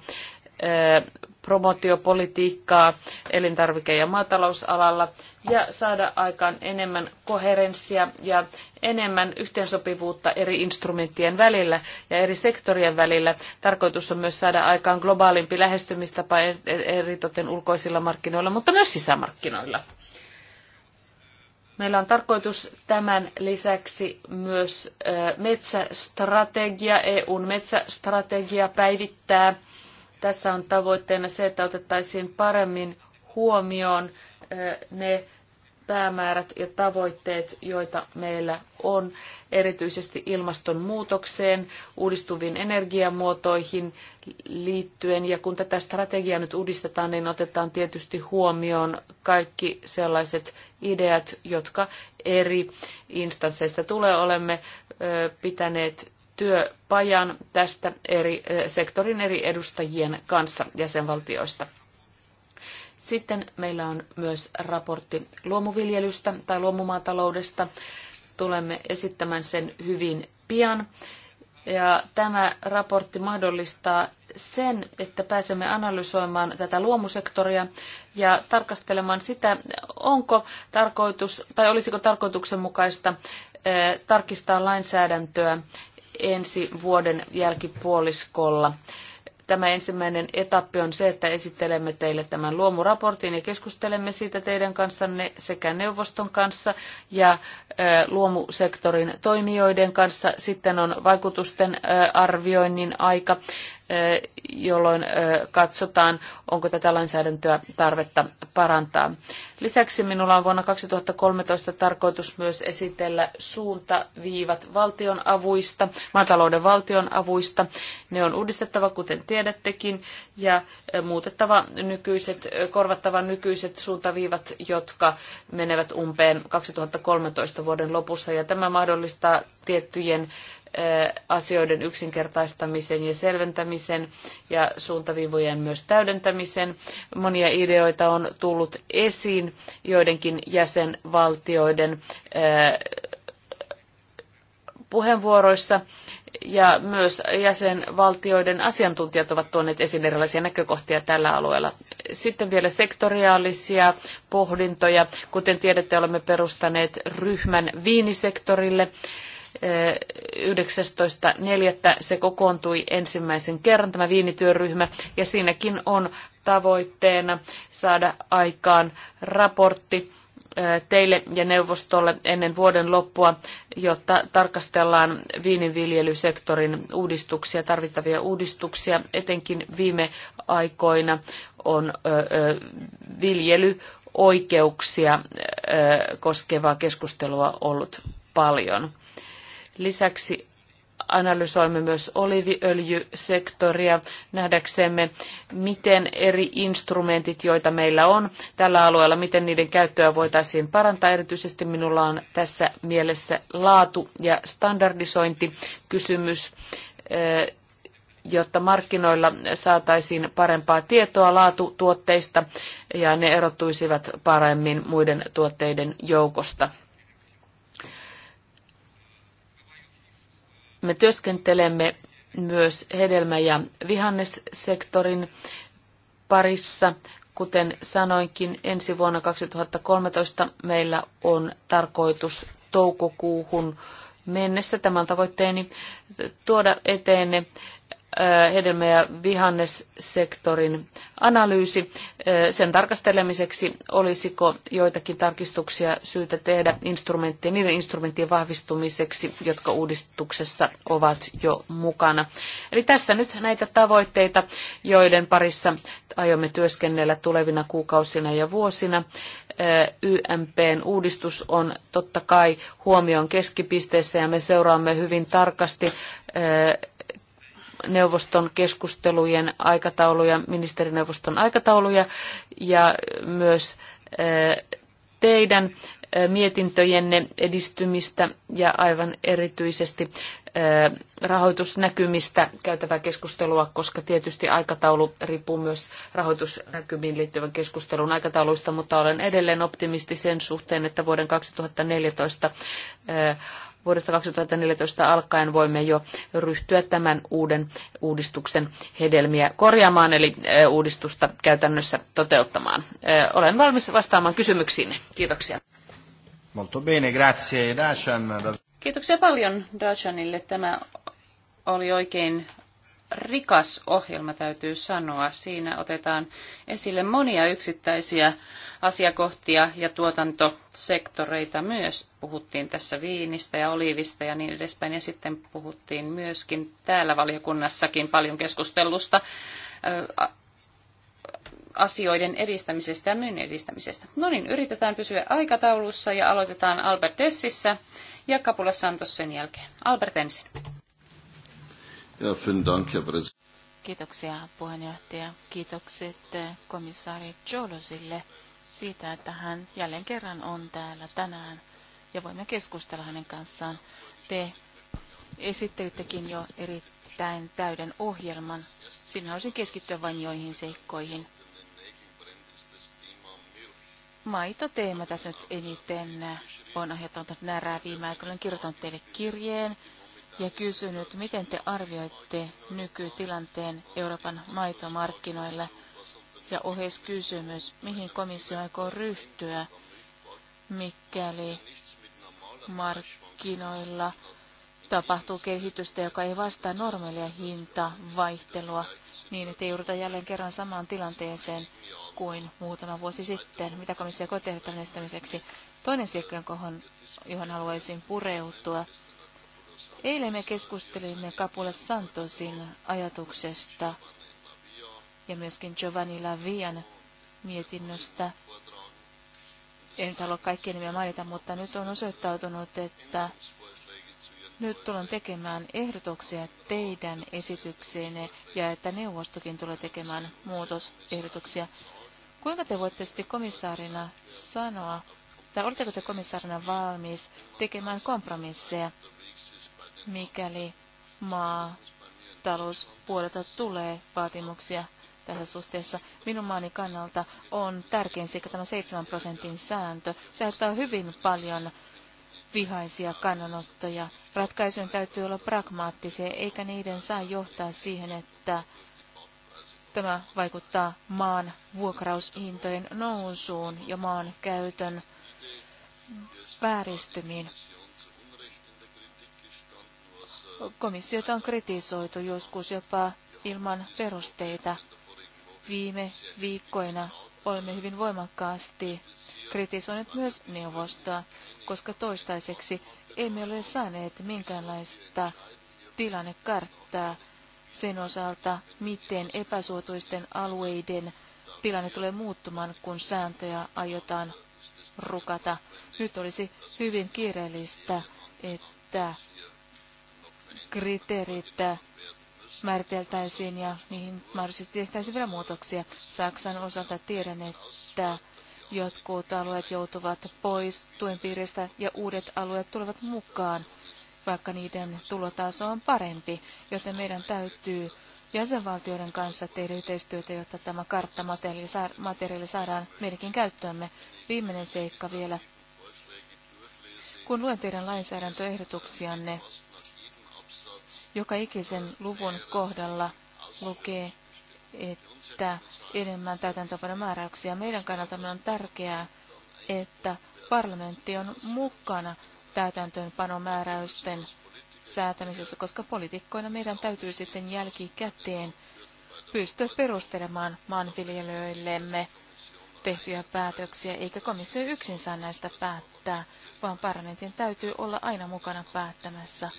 promotiopolitiikkaa elintarvike- ja maatalousalalla ja saada aikaan enemmän koherenssia ja enemmän yhteensopivuutta eri instrumenttien välillä ja eri sektorien välillä. Tarkoitus on myös saada aikaan globaalimpi lähestymistapa er- er- eritoten ulkoisilla markkinoilla, mutta myös sisämarkkinoilla. Meillä on tarkoitus tämän lisäksi myös metsästrategia, EUn metsästrategia päivittää tässä on tavoitteena se, että otettaisiin paremmin huomioon ne päämäärät ja tavoitteet, joita meillä on, erityisesti ilmastonmuutokseen, uudistuviin energiamuotoihin liittyen. Ja kun tätä strategiaa nyt uudistetaan, niin otetaan tietysti huomioon kaikki sellaiset ideat, jotka eri instansseista tulee. Olemme pitäneet työpajan tästä eri, sektorin eri edustajien kanssa jäsenvaltioista. Sitten meillä on myös raportti luomuviljelystä tai luomumaataloudesta. Tulemme esittämään sen hyvin pian. Ja tämä raportti mahdollistaa sen, että pääsemme analysoimaan tätä luomusektoria ja tarkastelemaan sitä, onko tarkoitus tai olisiko tarkoituksenmukaista tarkistaa lainsäädäntöä ensi vuoden jälkipuoliskolla. Tämä ensimmäinen etappi on se, että esittelemme teille tämän luomuraportin ja keskustelemme siitä teidän kanssanne sekä neuvoston kanssa ja luomusektorin toimijoiden kanssa. Sitten on vaikutusten arvioinnin aika jolloin katsotaan, onko tätä lainsäädäntöä tarvetta parantaa. Lisäksi minulla on vuonna 2013 tarkoitus myös esitellä suuntaviivat valtion avuista, maatalouden valtion avuista. Ne on uudistettava, kuten tiedättekin, ja muutettava nykyiset, korvattava nykyiset suuntaviivat, jotka menevät umpeen 2013 vuoden lopussa. Ja tämä mahdollistaa tiettyjen Eh, asioiden yksinkertaistamisen ja selventämisen ja suuntaviivojen myös täydentämisen. Monia ideoita on tullut esiin joidenkin jäsenvaltioiden eh, puheenvuoroissa ja myös jäsenvaltioiden asiantuntijat ovat tuoneet esiin erilaisia näkökohtia tällä alueella. Sitten vielä sektoriaalisia pohdintoja. Kuten tiedätte, olemme perustaneet ryhmän viinisektorille. sektorille 19.4. se kokoontui ensimmäisen kerran, tämä viinityöryhmä, ja siinäkin on tavoitteena saada aikaan raportti teille ja neuvostolle ennen vuoden loppua, jotta tarkastellaan viininviljelysektorin uudistuksia, tarvittavia uudistuksia. Etenkin viime aikoina on viljelyoikeuksia koskevaa keskustelua ollut paljon. Lisäksi analysoimme myös oliviöljysektoria nähdäksemme, miten eri instrumentit, joita meillä on tällä alueella, miten niiden käyttöä voitaisiin parantaa. Erityisesti minulla on tässä mielessä laatu- ja standardisointikysymys eh, jotta markkinoilla saataisiin parempaa tietoa laatutuotteista ja ne erottuisivat paremmin muiden tuotteiden joukosta. Me työskentelemme myös hedelmä- ja vihannessektorin parissa. Kuten sanoinkin, ensi vuonna 2013 meillä on tarkoitus toukokuuhun mennessä, tämän tavoitteeni, tuoda eteen hedelmä- ja vihannessektorin analyysi sen tarkastelemiseksi, olisiko joitakin tarkistuksia syytä tehdä instrumenttien, niiden instrumenttien vahvistumiseksi, jotka uudistuksessa ovat jo mukana. Eli tässä nyt näitä tavoitteita, joiden parissa aiomme työskennellä tulevina kuukausina ja vuosina. YMPn uudistus on totta kai huomion keskipisteessä ja me seuraamme hyvin tarkasti neuvoston keskustelujen aikatauluja, ministerineuvoston aikatauluja ja myös eh, teidän eh, mietintöjenne edistymistä ja aivan erityisesti eh, rahoitusnäkymistä käytävää keskustelua, koska tietysti aikataulu riippuu myös rahoitusnäkymiin liittyvän keskustelun aikatauluista, mutta olen edelleen optimisti sen suhteen, että vuoden 2014 vuodesta 2014 alkaen voimme jo ryhtyä tämän uuden uudistuksen hedelmiä korjaamaan, eli uudistusta käytännössä toteuttamaan. Olen valmis vastaamaan kysymyksiin. Kiitoksia. Molto bene, grazie Dacian. Kiitoksia paljon Dacianille. Tämä oli oikein rikas ohjelma, täytyy sanoa. Siinä otetaan esille monia yksittäisiä asiakohtia ja tuotantosektoreita myös. Puhuttiin tässä viinistä ja oliivista ja niin edespäin. Ja sitten puhuttiin myöskin täällä valiokunnassakin paljon keskustelusta asioiden edistämisestä ja myynnin edistämisestä. No niin, yritetään pysyä aikataulussa ja aloitetaan Albert Tessissä ja Kapula Santos sen jälkeen. Albert ensin. Ja, dank, Herr Kiitoksia puheenjohtaja. Kiitokset eh, komissaari Jolosille siitä, että hän jälleen kerran on täällä tänään ja voimme keskustella hänen kanssaan. Te esittelittekin jo erittäin täyden ohjelman. Sinä haluaisin keskittyä vain joihin seikkoihin. Maitoteema tässä nyt eniten on aiheuttanut närää viime aikoina. Olen kirjoittanut teille kirjeen ja kysynyt, miten te arvioitte nykytilanteen Euroopan maitomarkkinoilla ja oheiskysymys, mihin komissio aikoo ryhtyä, mikäli markkinoilla tapahtuu kehitystä, joka ei vastaa normaalia hintavaihtelua, niin ettei jouduta jälleen kerran samaan tilanteeseen kuin muutama vuosi sitten. Mitä komissio voi tehdä tämän estämiseksi? Toinen seikka, johon haluaisin pureutua, Eilen me keskustelimme Kapula Santosin ajatuksesta ja myöskin Giovanni Lavian mietinnöstä. En halua kaikkia nimiä mainita, mutta nyt on osoittautunut, että nyt tulen tekemään ehdotuksia teidän esitykseenne ja että neuvostokin tulee tekemään muutosehdotuksia. Kuinka te voitte sitten komissaarina sanoa, tai oletteko te komissaarina valmis tekemään kompromisseja mikäli maa talouspuolelta tulee vaatimuksia tässä suhteessa. Minun maani kannalta on tärkein sekä tämä 7 prosentin sääntö. Se aiheuttaa hyvin paljon vihaisia kannanottoja. Ratkaisujen täytyy olla pragmaattisia, eikä niiden saa johtaa siihen, että tämä vaikuttaa maan vuokraushintojen nousuun ja maan käytön vääristymiin. Komissiota on kritisoitu joskus jopa ilman perusteita. Viime viikkoina olemme hyvin voimakkaasti kritisoineet myös neuvostoa, koska toistaiseksi emme ole saaneet minkäänlaista tilannekarttaa sen osalta, miten epäsuotuisten alueiden tilanne tulee muuttumaan, kun sääntöjä aiotaan rukata. Nyt olisi hyvin kiireellistä, että kriteerit määriteltäisiin ja niihin mahdollisesti tehtäisiin vielä muutoksia. Saksan osalta tiedän, että jotkut alueet joutuvat pois tuen piiristä ja uudet alueet tulevat mukaan, vaikka niiden tulotaso on parempi, joten meidän täytyy jäsenvaltioiden kanssa tehdä yhteistyötä, jotta tämä karttamateriaali saadaan meidänkin käyttöömme. Viimeinen seikka vielä. Kun luen teidän lainsäädäntöehdotuksianne, joka ikisen luvun kohdalla lukee, että enemmän täytäntöönpanon määräyksiä. Meidän kannaltamme on tärkeää, että parlamentti on mukana täytäntöönpanon määräysten säätämisessä, koska poliitikkoina meidän täytyy sitten jälkikäteen pystyä perustelemaan maanviljelijöillemme tehtyjä päätöksiä, eikä komissio yksin saa näistä päättää, vaan parlamentin täytyy olla aina mukana päättämässä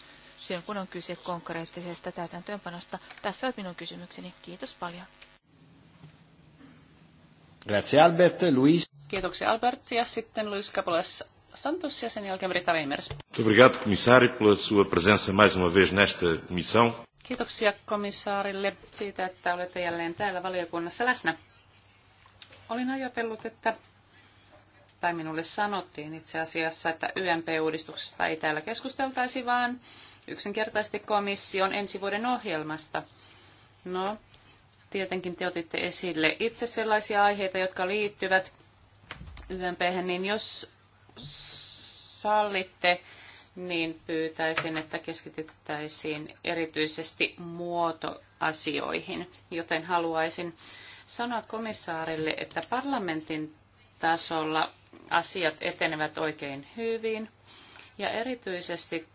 silloin kun on kyse konkreettisesta täytäntöönpanosta. Tässä on minun kysymykseni. Kiitos paljon. Grazie Albert, Luis. Kiitoksia Albert ja sitten Luis Capoles Santos ja sen jälkeen Brita Reimers. Obrigado, komissaari, pela sua presença mais uma vez nesta comissão. Kiitoksia komissaarille siitä, että olette jälleen täällä valiokunnassa läsnä. Olin ajatellut, että tai minulle sanottiin itse asiassa, että YMP-uudistuksesta ei täällä keskusteltaisi, vaan yksinkertaisesti komission ensi vuoden ohjelmasta. No, tietenkin te otitte esille itse sellaisia aiheita, jotka liittyvät YMP, niin jos sallitte, niin pyytäisin, että keskityttäisiin erityisesti muotoasioihin, joten haluaisin sanoa komissaarille, että parlamentin tasolla asiat etenevät oikein hyvin ja erityisesti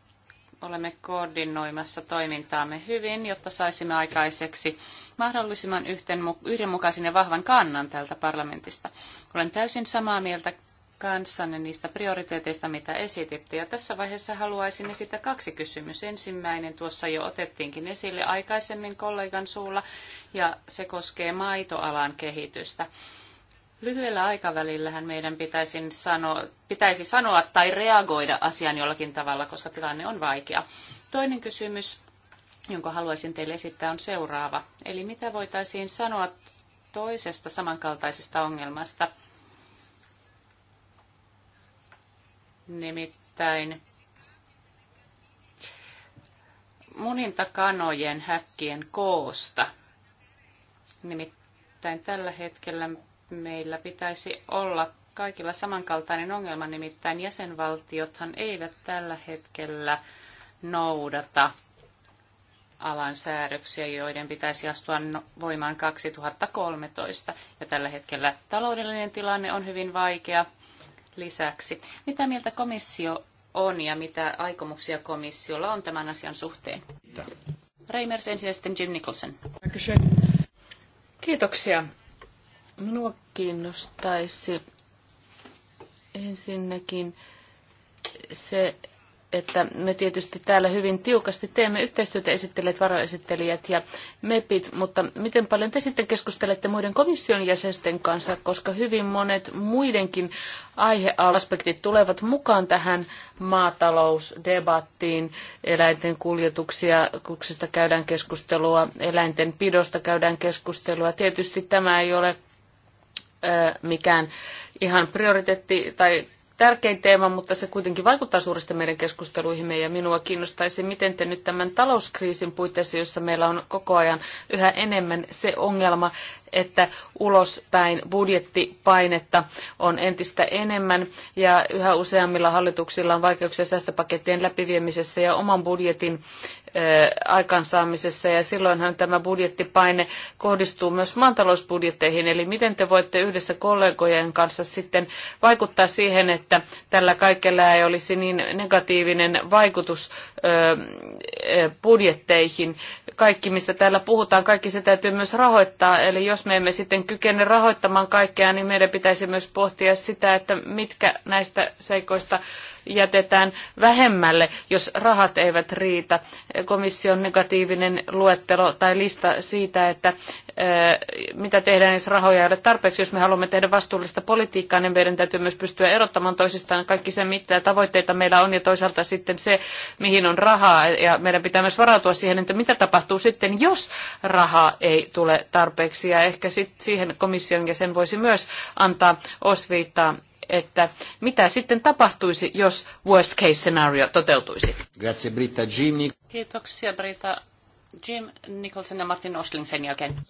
olemme koordinoimassa toimintaamme hyvin, jotta saisimme aikaiseksi mahdollisimman yhdenmukaisen ja vahvan kannan tältä parlamentista. Olen täysin samaa mieltä kanssanne niistä prioriteeteista, mitä esititte. Ja tässä vaiheessa haluaisin esittää kaksi kysymystä. Ensimmäinen tuossa jo otettiinkin esille aikaisemmin kollegan suulla, ja se koskee maitoalan kehitystä. Lyhyellä aikavälillähän meidän pitäisi sanoa, pitäisi sanoa tai reagoida asiaan jollakin tavalla, koska tilanne on vaikea. Toinen kysymys, jonka haluaisin teille esittää, on seuraava. Eli mitä voitaisiin sanoa toisesta samankaltaisesta ongelmasta? Nimittäin munintakanojen häkkien koosta. Nimittäin tällä hetkellä meillä pitäisi olla kaikilla samankaltainen ongelma, nimittäin jäsenvaltiothan eivät tällä hetkellä noudata alan säädöksiä, joiden pitäisi astua no- voimaan 2013. Ja tällä hetkellä taloudellinen tilanne on hyvin vaikea lisäksi. Mitä mieltä komissio on ja mitä aikomuksia komissiolla on tämän asian suhteen? Reimers ensin sitten Jim Nicholson. Kiitoksia. Minua kiinnostaisi ensinnäkin se, että me tietysti täällä hyvin tiukasti teemme yhteistyötä esittelijät, varoesittelijät ja MEPit, mutta miten paljon te sitten keskustelette muiden komission jäsenten kanssa, koska hyvin monet muidenkin aiheaspektit tulevat mukaan tähän maatalousdebattiin, eläinten kuljetuksia, kuksista käydään keskustelua, eläinten pidosta käydään keskustelua. Tietysti tämä ei ole mikään ihan prioriteetti tai tärkein teema, mutta se kuitenkin vaikuttaa suuresti meidän keskusteluihimme ja minua kiinnostaisi, miten te nyt tämän talouskriisin puitteissa, jossa meillä on koko ajan yhä enemmän se ongelma, että ulospäin budjettipainetta on entistä enemmän ja yhä useammilla hallituksilla on vaikeuksia säästöpakettien läpiviemisessä ja oman budjetin aikansaamisessa ja silloinhan tämä budjettipaine kohdistuu myös maatalousbudjetteihin. Eli miten te voitte yhdessä kollegojen kanssa sitten vaikuttaa siihen, että tällä kaikella ei olisi niin negatiivinen vaikutus budjetteihin, kaikki, mistä täällä puhutaan, kaikki se täytyy myös rahoittaa. Eli jos me emme sitten kykene rahoittamaan kaikkea, niin meidän pitäisi myös pohtia sitä, että mitkä näistä seikoista jätetään vähemmälle, jos rahat eivät riitä. Komission negatiivinen luettelo tai lista siitä, että mitä tehdään, jos rahoja ei ole tarpeeksi. Jos me haluamme tehdä vastuullista politiikkaa, niin meidän täytyy myös pystyä erottamaan toisistaan kaikki se, mitä tavoitteita meillä on ja toisaalta sitten se, mihin on rahaa. Ja meidän pitää myös varautua siihen, että mitä tapahtuu sitten, jos rahaa ei tule tarpeeksi. Ja ehkä sitten siihen komission ja sen voisi myös antaa osviittaa että mitä sitten tapahtuisi, jos worst case scenario toteutuisi. Grazie Britta Jim. Kiitoksia Britta Jim Nicholson ja Martin Osling sen jälkeen.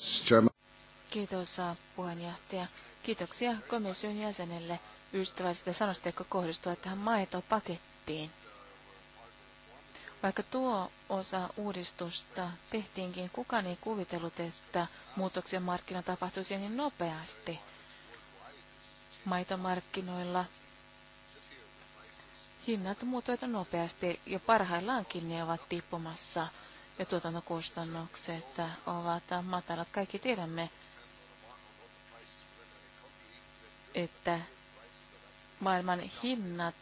Kiitos puheenjohtaja. Kiitoksia komission jäsenelle ystävällisestä sanosta, joka kohdistuu tähän maitopakettiin. Vaikka tuo osa uudistusta tehtiinkin, kukaan ei kuvitellut, että muutoksen markkina tapahtuisi niin nopeasti maitomarkkinoilla. Hinnat muuttuvat nopeasti ja parhaillaankin ne ovat tippumassa ja tuotantokustannukset ovat matalat. Kaikki tiedämme, että maailman hinnat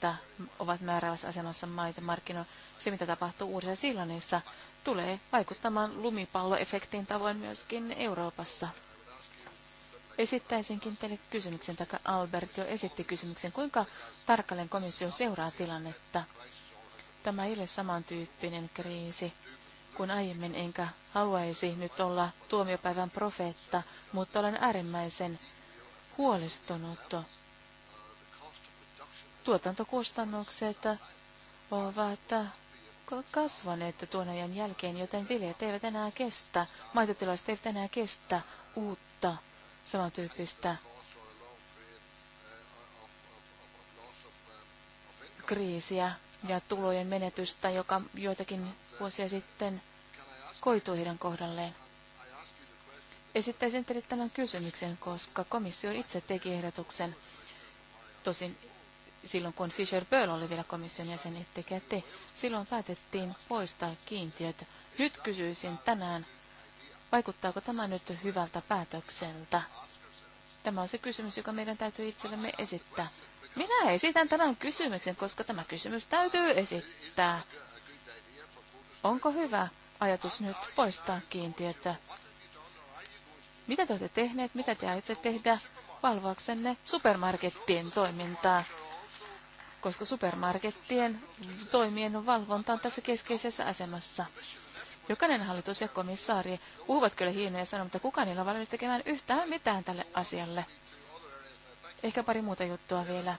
ovat määräävässä asemassa maitomarkkinoilla. Se, mitä tapahtuu Uudessa Sillanissa, tulee vaikuttamaan lumipalloefektiin tavoin myöskin Euroopassa. Esittäisinkin teille kysymyksen, tai Albert jo esitti kysymyksen, kuinka tarkalleen komissio seuraa tilannetta. Tämä ei ole samantyyppinen kriisi kuin aiemmin, enkä haluaisi nyt olla tuomiopäivän profeetta, mutta olen äärimmäisen huolestunut. Tuotantokustannukset ovat kasvaneet tuon ajan jälkeen, joten viljat eivät enää kestä, maitotilaiset eivät enää kestä uutta samantyyppistä kriisiä ja tulojen menetystä, joka joitakin vuosia sitten koitui heidän kohdalleen. Esittäisin teille tämän kysymyksen, koska komissio itse teki ehdotuksen, tosin silloin kun Fisher Böll oli vielä komission jäsen, ettekä niin te, silloin päätettiin poistaa kiintiöt. Nyt kysyisin tänään, vaikuttaako tämä nyt hyvältä päätökseltä? Tämä on se kysymys, joka meidän täytyy itsellemme esittää. Minä esitän tämän kysymyksen, koska tämä kysymys täytyy esittää. Onko hyvä ajatus nyt poistaa kiintiötä? Mitä te olette tehneet, mitä te aiotte tehdä valvoaksenne supermarkettien toimintaa? Koska supermarkettien toimien valvonta on tässä keskeisessä asemassa. Jokainen hallitus ja komissaari puhuvat kyllä hienoja sanoo, mutta kukaan niillä on valmis tekemään yhtään mitään tälle asialle. Ehkä pari muuta juttua vielä.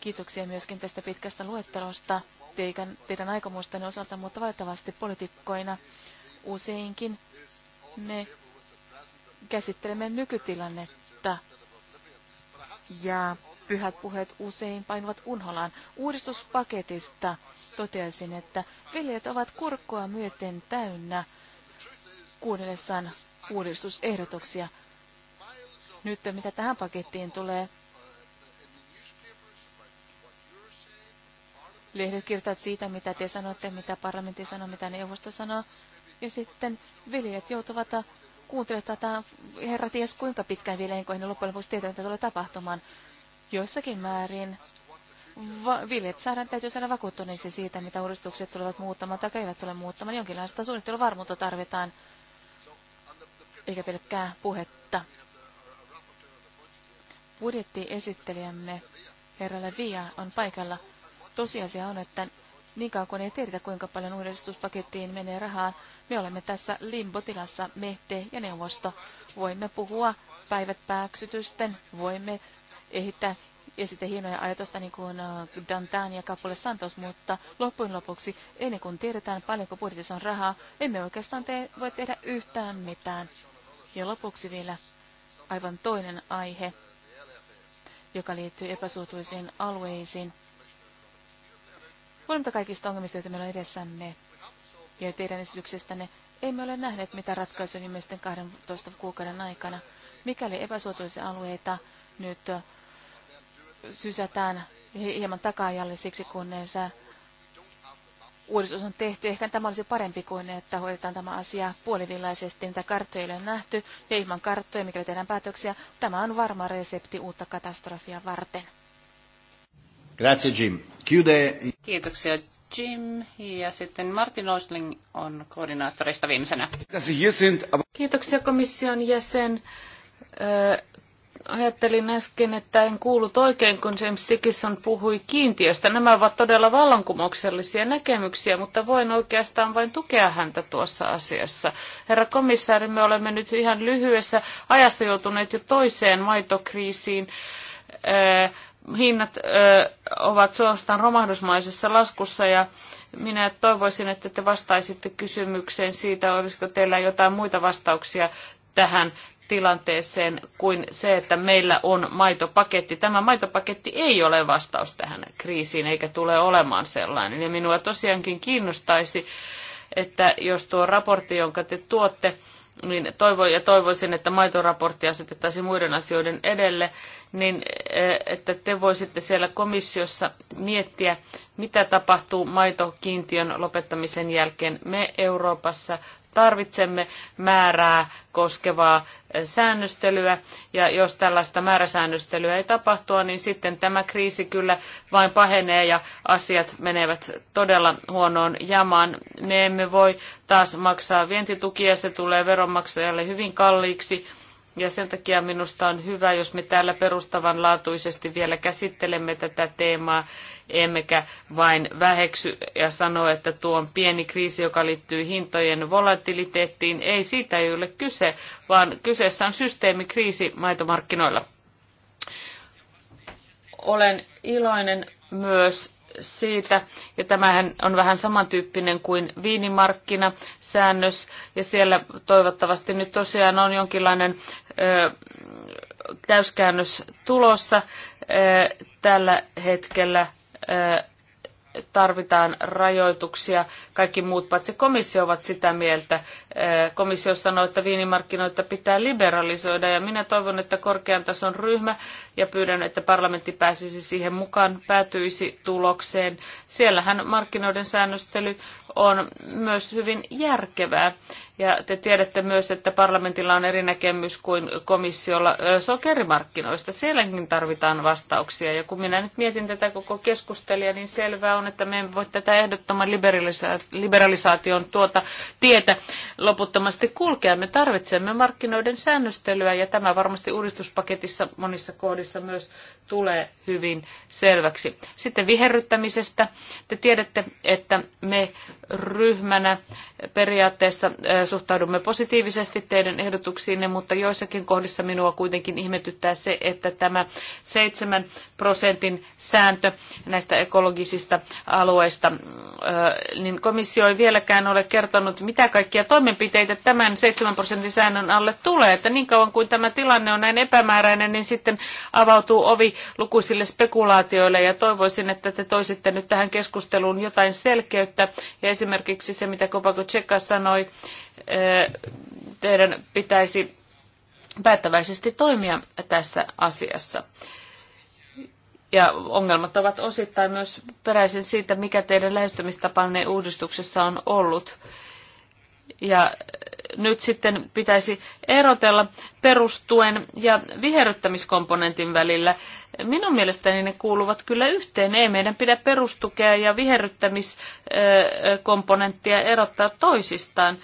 Kiitoksia myöskin tästä pitkästä luettelosta teidän, teidän aikomustanne osalta, mutta valitettavasti poliitikkoina useinkin me käsittelemme nykytilannetta ja pyhät puheet usein painuvat unholaan uudistuspaketista toteaisin, että viljelijät ovat kurkkoa myöten täynnä kuunnellessaan uudistusehdotuksia. Nyt mitä tähän pakettiin tulee, lehdet kirjoittavat siitä, mitä te sanotte, mitä parlamentti sanoo, mitä neuvosto sanoo. Ja sitten viljelijät joutuvat kuuntelemaan tätä herra ties kuinka pitkään vielä, kun he loppujen lopuksi tietävät, mitä tulee tapahtumaan. Joissakin määrin viljet saadaan, täytyy saada vakuuttuneeksi siitä, mitä uudistukset tulevat muuttamaan tai eivät tule muuttamaan. Jonkinlaista suunnitteluvarmuutta tarvitaan, eikä pelkkää puhetta. Budjettiesittelijämme herra Lavia on paikalla. Tosiasia on, että niin kauan kuin ei tiedetä, kuinka paljon uudistuspakettiin menee rahaa, me olemme tässä limbotilassa, me, te ja neuvosto. Voimme puhua päivät pääksytysten, voimme ehittää ja sitten hienoja ajatusta niin kuin äh, Dantan ja Kapule Santos, mutta loppujen lopuksi, ennen kuin tiedetään paljonko budjetissa on rahaa, emme oikeastaan te- voi tehdä yhtään mitään. Ja lopuksi vielä aivan toinen aihe, joka liittyy epäsuotuisiin alueisiin. Huolimatta kaikista ongelmista, joita meillä on edessämme ja teidän esityksestänne, emme ole nähneet mitä ratkaisuja viimeisten 12 kuukauden aikana. Mikäli epäsuotuisia alueita nyt äh, sysätään hieman siksi, kunnes uudistus on tehty. Ehkä tämä olisi parempi kuin, että hoidetaan tämä asia puolivillaisesti, mitä karttoja ei ole nähty, ja ilman karttoja, mikä tehdään päätöksiä. Tämä on varma resepti uutta katastrofia varten. Grazie, Jim. Chiude. Kiitoksia, Jim. Ja sitten Martin Osling on koordinaattorista viimeisenä. Kiitoksia komission jäsen Ajattelin äsken, että en kuullut oikein, kun James Dickinson puhui kiintiöstä. Nämä ovat todella vallankumouksellisia näkemyksiä, mutta voin oikeastaan vain tukea häntä tuossa asiassa. Herra komissaari, me olemme nyt ihan lyhyessä ajassa joutuneet jo toiseen maitokriisiin. Äh, hinnat ö, äh, ovat suorastaan romahdusmaisessa laskussa ja minä toivoisin, että te vastaisitte kysymykseen siitä, olisiko teillä jotain muita vastauksia tähän tilanteeseen kuin se, että meillä on maitopaketti. Tämä maitopaketti ei ole vastaus tähän kriisiin eikä tule olemaan sellainen. Ja minua tosiaankin kiinnostaisi, että jos tuo raportti, jonka te tuotte, niin toivoin ja toivoisin, että maitoraportti asetettaisiin muiden asioiden edelle, niin e, että te voisitte siellä komissiossa miettiä, mitä tapahtuu maitokiintiön lopettamisen jälkeen. Me Euroopassa tarvitsemme määrää koskevaa säännöstelyä, ja jos tällaista määräsäännöstelyä ei tapahtua, niin sitten tämä kriisi kyllä vain pahenee ja asiat menevät todella huonoon jamaan. Me emme voi taas maksaa vientitukia, se tulee veronmaksajalle hyvin kalliiksi, ja sen takia minusta on hyvä, jos me täällä perustavanlaatuisesti vielä käsittelemme tätä teemaa, emmekä vain väheksy ja sano, että tuo on pieni kriisi, joka liittyy hintojen volatiliteettiin. Ei siitä ei ole kyse, vaan kyseessä on systeemikriisi maitomarkkinoilla. Olen iloinen myös siitä, ja tämähän on vähän samantyyppinen kuin viinimarkkinasäännös, ja siellä toivottavasti nyt tosiaan on jonkinlainen ö, täyskäännös tulossa ö, tällä hetkellä. Ö, tarvitaan rajoituksia. Kaikki muut paitsi komissio ovat sitä mieltä. Eh, komissio sanoo, että viinimarkkinoita pitää liberalisoida ja minä toivon, että korkean tason ryhmä ja pyydän, että parlamentti pääsisi siihen mukaan, päätyisi tulokseen. Siellähän markkinoiden säännöstely on myös hyvin järkevää. Ja te tiedätte myös, että parlamentilla on eri näkemys kuin komissiolla sokerimarkkinoista. Sielläkin tarvitaan vastauksia. Ja kun minä nyt mietin tätä koko keskustelua, niin selvää on, että me emme voi tätä ehdottoman liberalisaation tuota tietä loputtomasti kulkea. Me tarvitsemme markkinoiden säännöstelyä ja tämä varmasti uudistuspaketissa monissa kohdissa myös tulee hyvin selväksi. Sitten viherryttämisestä. Te tiedätte, että me ryhmänä periaatteessa suhtaudumme positiivisesti teidän ehdotuksiinne, mutta joissakin kohdissa minua kuitenkin ihmetyttää se, että tämä 7 prosentin sääntö näistä ekologisista alueista, niin komissio ei vieläkään ole kertonut, mitä kaikkia toimenpiteitä tämän 7 prosentin säännön alle tulee. Että niin kauan kuin tämä tilanne on näin epämääräinen, niin sitten avautuu ovi lukuisille spekulaatioille ja toivoisin, että te toisitte nyt tähän keskusteluun jotain selkeyttä ja esimerkiksi se, mitä Kopako Tseka sanoi, eh, teidän pitäisi päättäväisesti toimia tässä asiassa. Ja ongelmat ovat osittain myös peräisin siitä, mikä teidän lähestymistapanne uudistuksessa on ollut. Ja nyt sitten pitäisi erotella perustuen ja viherryttämiskomponentin välillä. Minun mielestäni ne kuuluvat kyllä yhteen. Ei meidän pidä perustukea ja viherryttämiskomponenttia erottaa toisistaan.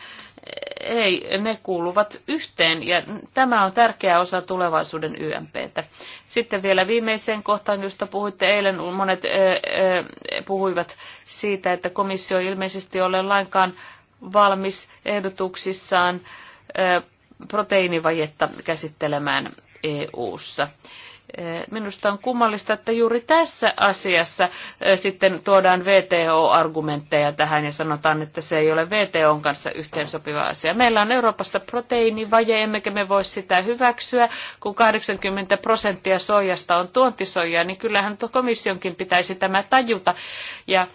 Ei, ne kuuluvat yhteen ja tämä on tärkeä osa tulevaisuuden YMPtä. Sitten vielä viimeiseen kohtaan, josta puhuitte eilen, monet ö, ö, puhuivat siitä, että komissio ei ilmeisesti ole lainkaan valmis ehdotuksissaan ö, proteiinivajetta käsittelemään EU-ssa. Ö, Minusta on kummallista, että juuri tässä asiassa sitten tuodaan VTO-argumentteja tähän ja sanotaan, että se ei ole VTOn kanssa yhteensopiva asia. Meillä on Euroopassa proteiinivaje, emmekä me voi sitä hyväksyä. Kun 80 prosenttia soijasta on tuontisoijaa, niin kyllähän komissionkin pitäisi tämä tajuta. Ja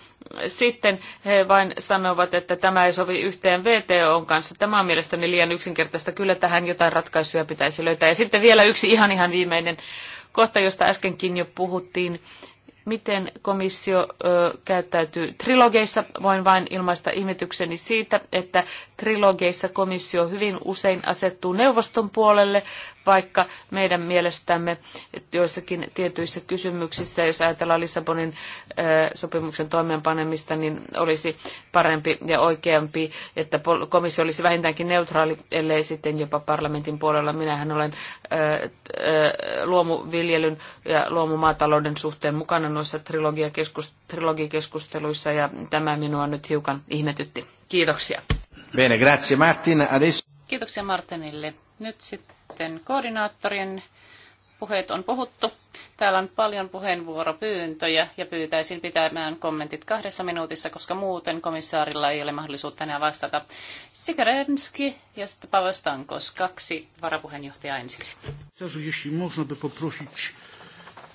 sitten he vain sanovat, että tämä ei sovi yhteen VTOn kanssa. Tämä on mielestäni liian yksinkertaista. Kyllä tähän jotain ratkaisuja pitäisi löytää. Ja sitten vielä yksi ihan ihan viimeinen kohta, josta äskenkin jo puhuttiin, miten komissio ö, käyttäytyy trilogeissa. Voin vain ilmaista ihmetykseni siitä, että trilogeissa komissio hyvin usein asettuu neuvoston puolelle, vaikka meidän mielestämme joissakin tietyissä kysymyksissä, jos ajatellaan Lissabonin ö, sopimuksen toimeenpanemista, niin olisi parempi ja oikeampi, että komissio olisi vähintäänkin neutraali, ellei sitten jopa parlamentin puolella. Minähän olen ö, ö, luomuviljelyn ja luomumaatalouden suhteen mukana noissa trilogikeskusteluissa ja tämä minua nyt hiukan ihmetytti. Kiitoksia. Bene, grazie Martin. Adesso... Kiitoksia Martinille. Nyt sitten koordinaattorien puheet on puhuttu. Täällä on paljon puheenvuoropyyntöjä ja pyytäisin pitämään kommentit kahdessa minuutissa, koska muuten komissaarilla ei ole mahdollisuutta enää vastata. Sikarenski ja sitten Pavostankos, kaksi varapuheenjohtajaa ensiksi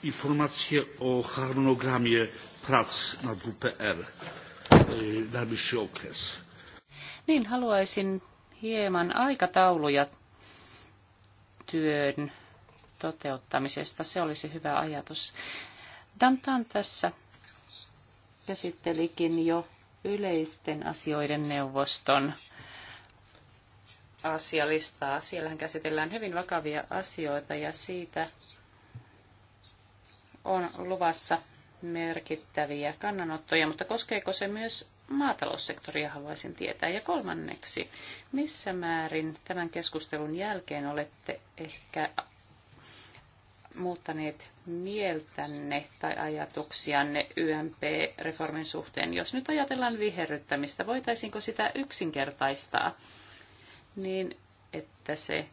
informację o harmonogramie prac nad WPR na najbliższy okres. Niin, haluaisin hieman aikatauluja työn toteuttamisesta. Se olisi hyvä ajatus. Dantan tässä käsittelikin jo yleisten asioiden neuvoston asialistaa. Siellähän käsitellään hyvin vakavia asioita ja siitä on luvassa merkittäviä kannanottoja, mutta koskeeko se myös maataloussektoria haluaisin tietää. Ja kolmanneksi, missä määrin tämän keskustelun jälkeen olette ehkä muuttaneet mieltänne tai ajatuksianne YMP-reformin suhteen? Jos nyt ajatellaan viherryttämistä, voitaisiinko sitä yksinkertaistaa niin, että se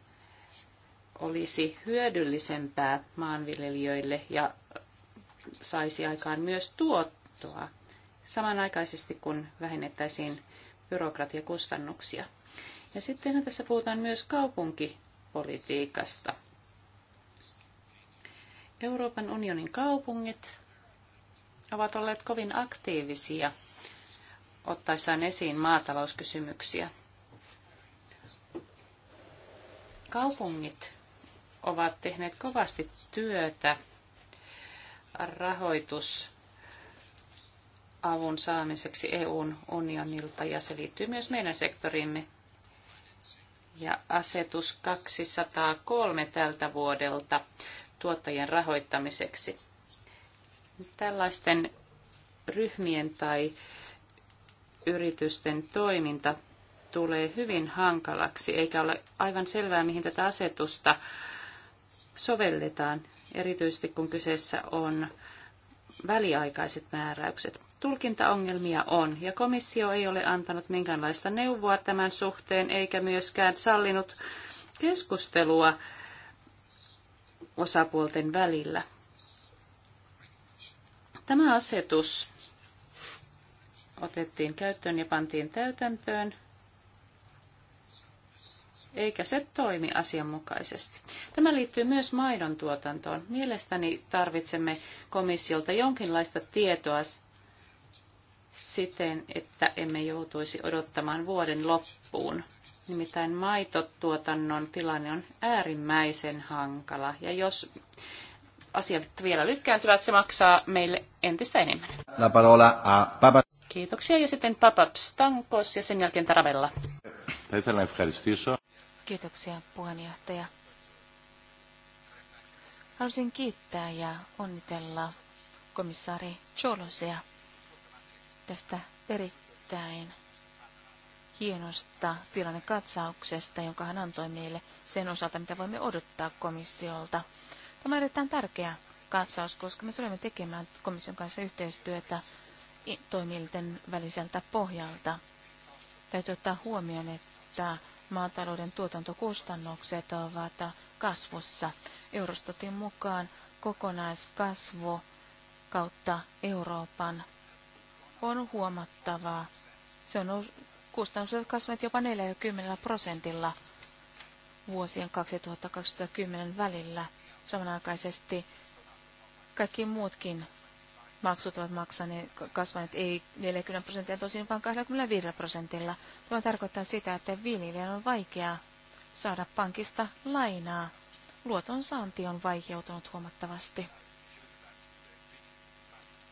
olisi hyödyllisempää maanviljelijöille ja saisi aikaan myös tuottoa samanaikaisesti, kun vähennettäisiin byrokratiakustannuksia. Ja sitten tässä puhutaan myös kaupunkipolitiikasta. Euroopan unionin kaupungit ovat olleet kovin aktiivisia ottaessaan esiin maatalouskysymyksiä. Kaupungit ovat tehneet kovasti työtä rahoitus avun saamiseksi EUn unionilta ja se liittyy myös meidän sektoriimme. Ja asetus 203 tältä vuodelta tuottajien rahoittamiseksi. Tällaisten ryhmien tai yritysten toiminta tulee hyvin hankalaksi, eikä ole aivan selvää, mihin tätä asetusta sovelletaan erityisesti kun kyseessä on väliaikaiset määräykset. Tulkintaongelmia on, ja komissio ei ole antanut minkäänlaista neuvoa tämän suhteen, eikä myöskään sallinut keskustelua osapuolten välillä. Tämä asetus otettiin käyttöön ja pantiin täytäntöön eikä se toimi asianmukaisesti. Tämä liittyy myös maidon tuotantoon. Mielestäni tarvitsemme komissiolta jonkinlaista tietoa siten, että emme joutuisi odottamaan vuoden loppuun. Nimittäin maitotuotannon tilanne on äärimmäisen hankala. Ja jos asiat vielä lykkääntyvät, se maksaa meille entistä enemmän. La parola a Papa. Kiitoksia ja sitten Papa Stankos ja sen jälkeen Taravella. Θα ήθελα Kiitoksia puheenjohtaja. Haluaisin kiittää ja onnitella komissaari Cholosia tästä erittäin hienosta tilannekatsauksesta, jonka hän antoi meille sen osalta, mitä voimme odottaa komissiolta. Tämä on erittäin tärkeä katsaus, koska me tulemme tekemään komission kanssa yhteistyötä toimielten väliseltä pohjalta. Täytyy ottaa huomioon, että maatalouden tuotantokustannukset ovat kasvussa. Eurostatin mukaan kokonaiskasvu kautta Euroopan on huomattavaa. Se on kustannukset kasvanut jopa 40 prosentilla vuosien 2020 välillä. Samanaikaisesti kaikki muutkin maksut ovat maksaneet, kasvaneet ei 40 prosenttia, tosin vaan 25 prosentilla. Tämä tarkoittaa sitä, että viljelijän on vaikeaa saada pankista lainaa. Luoton saanti on vaikeutunut huomattavasti.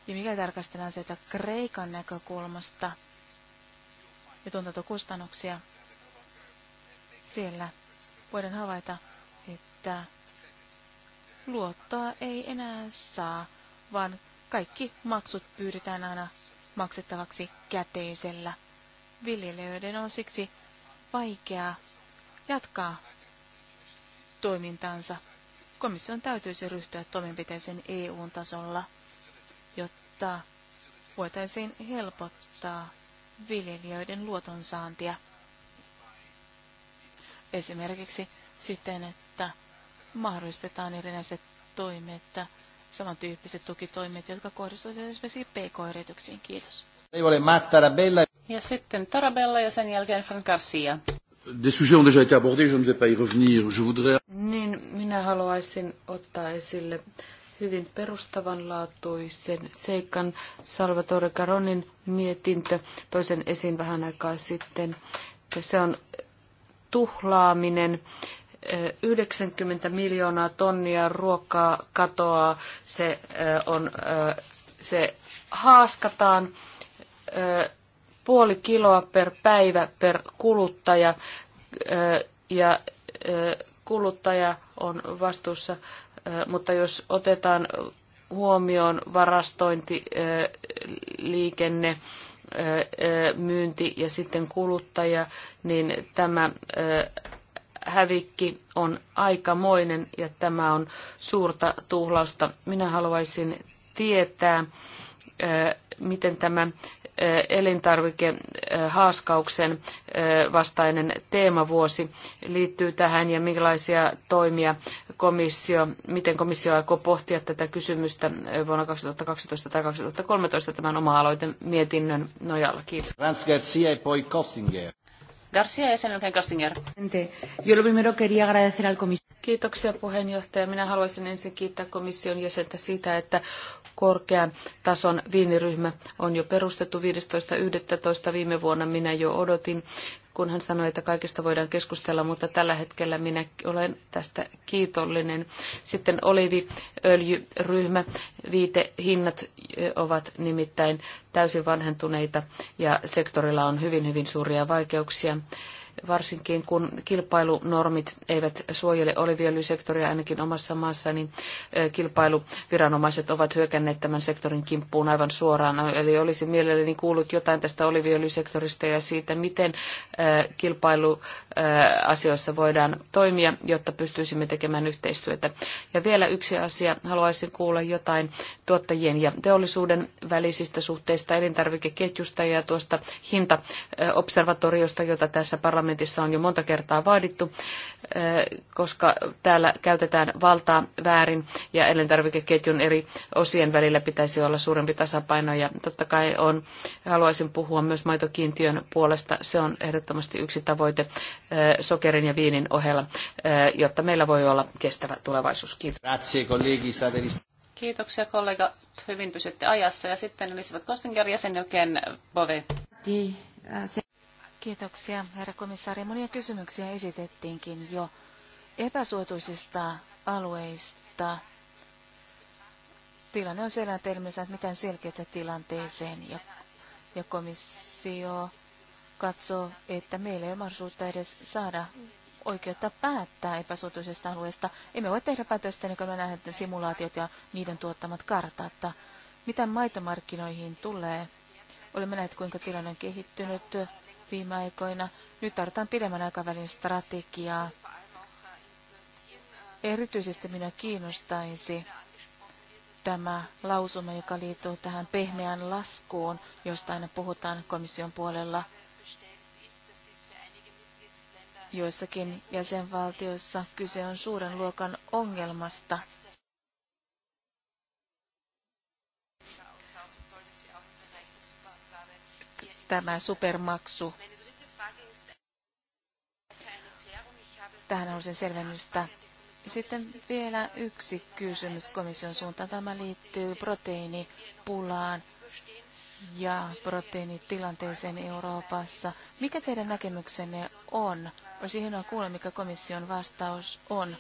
Ja mikä tarkastellaan sieltä Kreikan näkökulmasta ja tuntatukustannuksia, siellä voidaan havaita, että luottoa ei enää saa, vaan kaikki maksut pyydetään aina maksettavaksi käteisellä. Viljelijöiden on siksi vaikeaa jatkaa toimintaansa. Komission täytyisi ryhtyä toimenpiteeseen EU-tasolla, jotta voitaisiin helpottaa viljelijöiden luotonsaantia. Esimerkiksi siten, että mahdollistetaan erinäiset toimet samantyyppiset tukitoimet, jotka kohdistuvat esimerkiksi PK-yrityksiin. Kiitos. Ja sitten Tarabella ja sen jälkeen Frank Garcia. Des sujets ont déjà été abordés, je ne vais pas y revenir. Je voudrais... Niin, minä haluaisin ottaa esille hyvin perustavanlaatuisen seikan Salvatore Caronin mietintö, toisen esiin vähän aikaa sitten. Se on tuhlaaminen 90 miljoonaa tonnia ruokaa katoaa, se, on, se haaskataan puoli kiloa per päivä per kuluttaja ja kuluttaja on vastuussa, mutta jos otetaan huomioon varastointi, liikenne, myynti ja sitten kuluttaja, niin tämä hävikki on aikamoinen ja tämä on suurta tuhlausta. Minä haluaisin tietää, miten tämä elintarvikehaaskauksen vastainen teemavuosi liittyy tähän ja millaisia toimia komissio, miten komissio aikoo pohtia tätä kysymystä vuonna 2012 tai 2013 tämän oma-aloiten mietinnön nojalla. Kiitos. Garcia ja sen jälkeen Kastinger. Kiitoksia puheenjohtaja. Minä haluaisin ensin kiittää komission jäsentä siitä, että korkean tason viiniryhmä on jo perustettu 15.11. viime vuonna. Minä jo odotin kun hän sanoi, että kaikista voidaan keskustella, mutta tällä hetkellä minä olen tästä kiitollinen. Sitten oliviöljyryhmä, viitehinnat ovat nimittäin täysin vanhentuneita ja sektorilla on hyvin, hyvin suuria vaikeuksia varsinkin kun kilpailunormit eivät suojele oliviöljysektoria ainakin omassa maassa, niin kilpailuviranomaiset ovat hyökänneet tämän sektorin kimppuun aivan suoraan. No, eli olisi mielelläni kuullut jotain tästä oliviöljysektorista ja siitä, miten kilpailuasioissa voidaan toimia, jotta pystyisimme tekemään yhteistyötä. Ja vielä yksi asia, haluaisin kuulla jotain tuottajien ja teollisuuden välisistä suhteista elintarvikeketjusta ja tuosta hintaobservatoriosta, jota tässä parlamentissa parlamentissa on jo monta kertaa vaadittu, eh, koska täällä käytetään valtaa väärin ja elintarvikeketjun eri osien välillä pitäisi olla suurempi tasapaino. Ja totta kai on, haluaisin puhua myös maitokiintiön puolesta. Se on ehdottomasti yksi tavoite eh, sokerin ja viinin ohella, eh, jotta meillä voi olla kestävä tulevaisuus. Kiitos. Kiitoksia kollega, hyvin pysytte ajassa. Ja sitten olisivat Kostinger ja sen jälkeen Bove. Kiitoksia, herra komissaari. Monia kysymyksiä esitettiinkin jo epäsuotuisista alueista. Tilanne on siellä termissä, että miten selkeyttä tilanteeseen ja, ja komissio katsoo, että meillä ei ole mahdollisuutta edes saada oikeutta päättää epäsuotuisesta alueesta. Emme voi tehdä päätöstä niin kuin me nähdään simulaatiot ja niiden tuottamat kartat. Mitä maitomarkkinoihin tulee? Olemme nähneet, kuinka tilanne on kehittynyt viime aikoina. Nyt tarvitaan pidemmän aikavälin strategiaa. Erityisesti minä kiinnostaisi tämä lausuma, joka liittyy tähän pehmeään laskuun, josta aina puhutaan komission puolella. Joissakin jäsenvaltioissa kyse on suuren luokan ongelmasta – tämä supermaksu. Tähän haluaisin selvennystä. Sitten vielä yksi kysymys komission suuntaan. Tämä liittyy proteiinipulaan ja proteiinitilanteeseen Euroopassa. Mikä teidän näkemyksenne on? Olisi hienoa kuulla, mikä komission vastaus on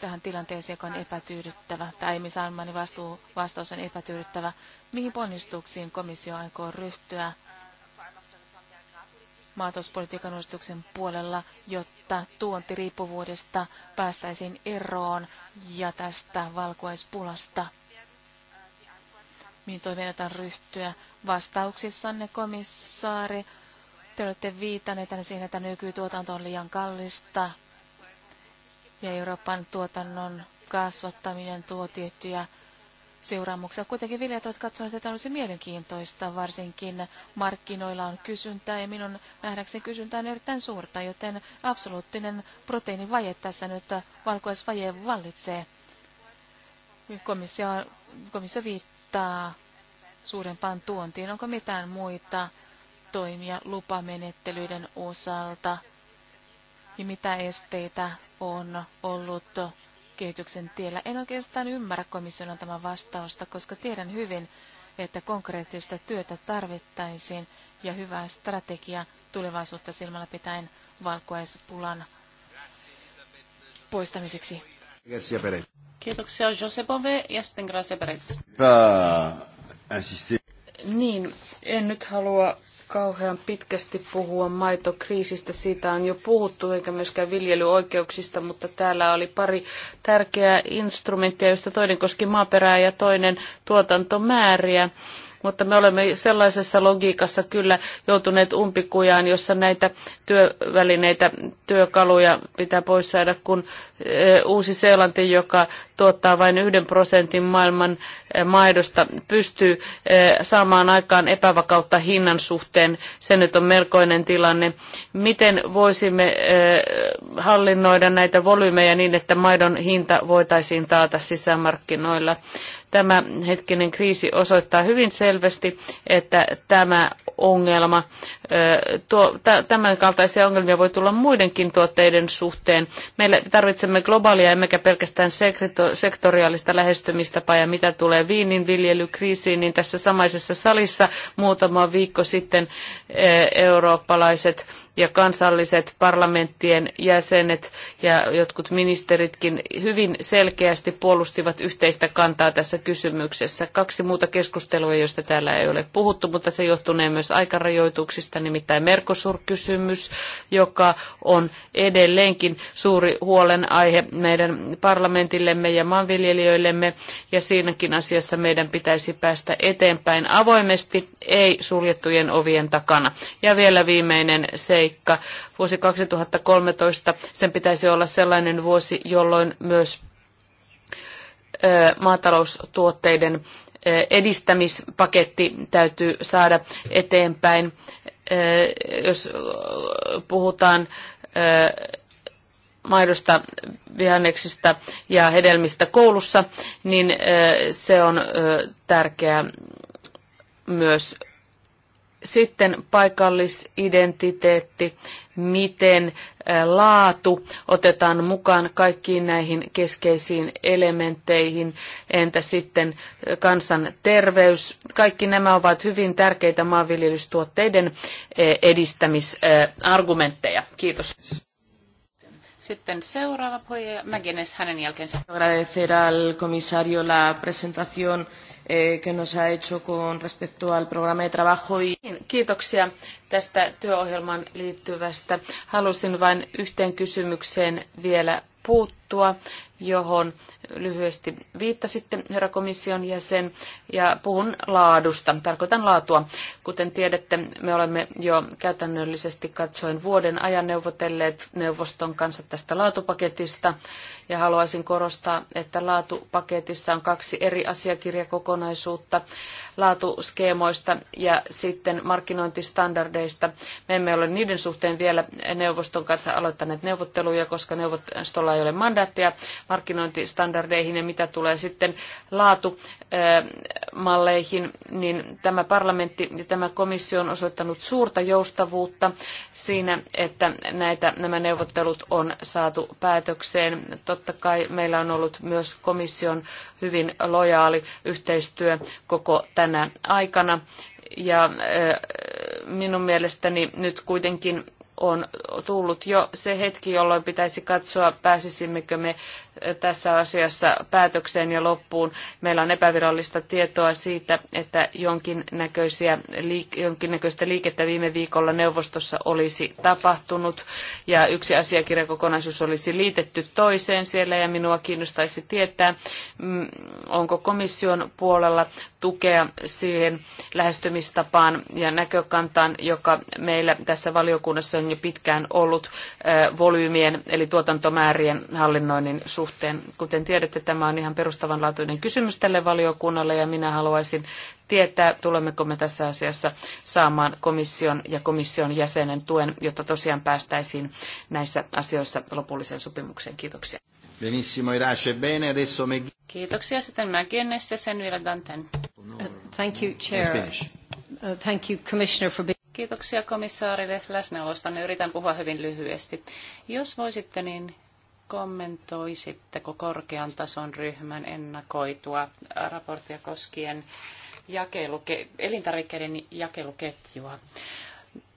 tähän tilanteeseen, joka on epätyydyttävä, tai Emi Salmanin vastaus on epätyydyttävä. Mihin ponnistuksiin komissio aikoo ryhtyä maatalouspolitiikan uudistuksen puolella, jotta tuontiriippuvuudesta päästäisiin eroon ja tästä valkuaispulasta. Mihin toiminnataan ryhtyä? Vastauksissanne, komissaari, te olette viitanneet siihen, että nykytuotanto on liian kallista ja Euroopan tuotannon kasvattaminen tuo tiettyjä seuraamuksia. Kuitenkin viljat ovat katsoneet, että tämä olisi mielenkiintoista, varsinkin markkinoilla on kysyntää ja minun nähdäkseni kysyntä on erittäin suurta, joten absoluuttinen proteiinivaje tässä nyt valkoisvaje vallitsee. Komissio, komissio viittaa suurempaan tuontiin. Onko mitään muita toimia lupamenettelyiden osalta ja mitä esteitä on ollut kehityksen tiellä. En oikeastaan ymmärrä komission antama vastausta, koska tiedän hyvin, että konkreettista työtä tarvittaisiin ja hyvää strategiaa tulevaisuutta silmällä pitäen valkuaispulan poistamiseksi. Kiitoksia Jose Bove ja sitten Gracia Perez. Niin, en nyt halua kauhean pitkästi puhua maitokriisistä. Siitä on jo puhuttu, eikä myöskään viljelyoikeuksista, mutta täällä oli pari tärkeää instrumenttia, joista toinen koski maaperää ja toinen tuotantomääriä mutta me olemme sellaisessa logiikassa kyllä joutuneet umpikujaan, jossa näitä työvälineitä, työkaluja pitää pois saada, kun eh, Uusi-Seelanti, joka tuottaa vain yhden prosentin maailman eh, maidosta, pystyy eh, saamaan aikaan epävakautta hinnan suhteen. Se nyt on melkoinen tilanne. Miten voisimme hallinnoida näitä volyymeja niin, että maidon hinta voitaisiin taata sisämarkkinoilla? Tämä hetkinen kriisi osoittaa hyvin selvästi, että tämä ongelma tämän kaltaisia ongelmia voi tulla muidenkin tuotteiden suhteen. Meillä tarvitsemme globaalia emmekä pelkästään sektoriaalista lähestymistapaa ja mitä tulee viinin viljelykriisiin, niin tässä samaisessa salissa muutama viikko sitten eurooppalaiset ja kansalliset parlamenttien jäsenet ja jotkut ministeritkin hyvin selkeästi puolustivat yhteistä kantaa tässä kysymyksessä. Kaksi muuta keskustelua, joista täällä ei ole puhuttu, mutta se johtunee myös aikarajoituksista nimittäin Mercosur-kysymys, joka on edelleenkin suuri huolenaihe meidän parlamentillemme ja maanviljelijöillemme, ja siinäkin asiassa meidän pitäisi päästä eteenpäin avoimesti, ei suljettujen ovien takana. Ja vielä viimeinen seikka. Vuosi 2013, sen pitäisi olla sellainen vuosi, jolloin myös maataloustuotteiden edistämispaketti täytyy saada eteenpäin jos puhutaan maidosta, vihanneksista ja hedelmistä koulussa, niin se on tärkeää myös. Sitten paikallisidentiteetti miten äh, laatu otetaan mukaan kaikkiin näihin keskeisiin elementteihin, entä sitten äh, kansan terveys. Kaikki nämä ovat hyvin tärkeitä maanviljelystuotteiden äh, edistämisargumentteja. Kiitos. Sitten seuraava puhuja, Mäkenes hänen jälkeensä. Agradecer al comisario la presentación eh, que nos ha hecho con respecto al programa de trabajo. Y... Niin, kiitoksia tästä työohjelman liittyvästä. Halusin vain yhteen kysymykseen vielä puuttua juttua, johon lyhyesti viittasitte, herra komission jäsen, ja puhun laadusta, tarkoitan laatua. Kuten tiedätte, me olemme jo käytännöllisesti katsoen vuoden ajan neuvotelleet neuvoston kanssa tästä laatupaketista, ja haluaisin korostaa, että laatupaketissa on kaksi eri asiakirjakokonaisuutta laatuskeemoista ja sitten markkinointistandardeista. Me emme ole niiden suhteen vielä neuvoston kanssa aloittaneet neuvotteluja, koska neuvostolla ei ole mandaattia standardeja markkinointistandardeihin ja mitä tulee sitten laatumalleihin, niin tämä parlamentti ja tämä komissio on osoittanut suurta joustavuutta siinä, että näitä, nämä neuvottelut on saatu päätökseen. Totta kai meillä on ollut myös komission hyvin lojaali yhteistyö koko tänä aikana. Ja minun mielestäni nyt kuitenkin on tullut jo se hetki, jolloin pitäisi katsoa, pääsisimmekö me tässä asiassa päätökseen ja loppuun. Meillä on epävirallista tietoa siitä, että jonkinnäköisiä, jonkinnäköistä liikettä viime viikolla neuvostossa olisi tapahtunut ja yksi asiakirjakokonaisuus olisi liitetty toiseen siellä ja minua kiinnostaisi tietää, mm, onko komission puolella tukea siihen lähestymistapaan ja näkökantaan, joka meillä tässä valiokunnassa on jo pitkään ollut volyymien eli tuotantomäärien hallinnoinnin suhteen suhteen. Kuten tiedätte, tämä on ihan perustavanlaatuinen kysymys tälle valiokunnalle ja minä haluaisin tietää, tulemmeko me tässä asiassa saamaan komission ja komission jäsenen tuen, jotta tosiaan päästäisiin näissä asioissa lopulliseen sopimukseen. Kiitoksia. Benissimo, Irace. Bene, adesso me... Kiitoksia. Sitten McGuinness ja sen vielä Danten. Uh, thank you, Chair. Uh, thank you, Commissioner, for being... Kiitoksia komissaarille läsnäolosta. Yritän puhua hyvin lyhyesti. Jos voisitte, niin kommentoisitteko korkean tason ryhmän ennakoitua raporttia koskien jakeluke- elintarvikkeiden jakeluketjua?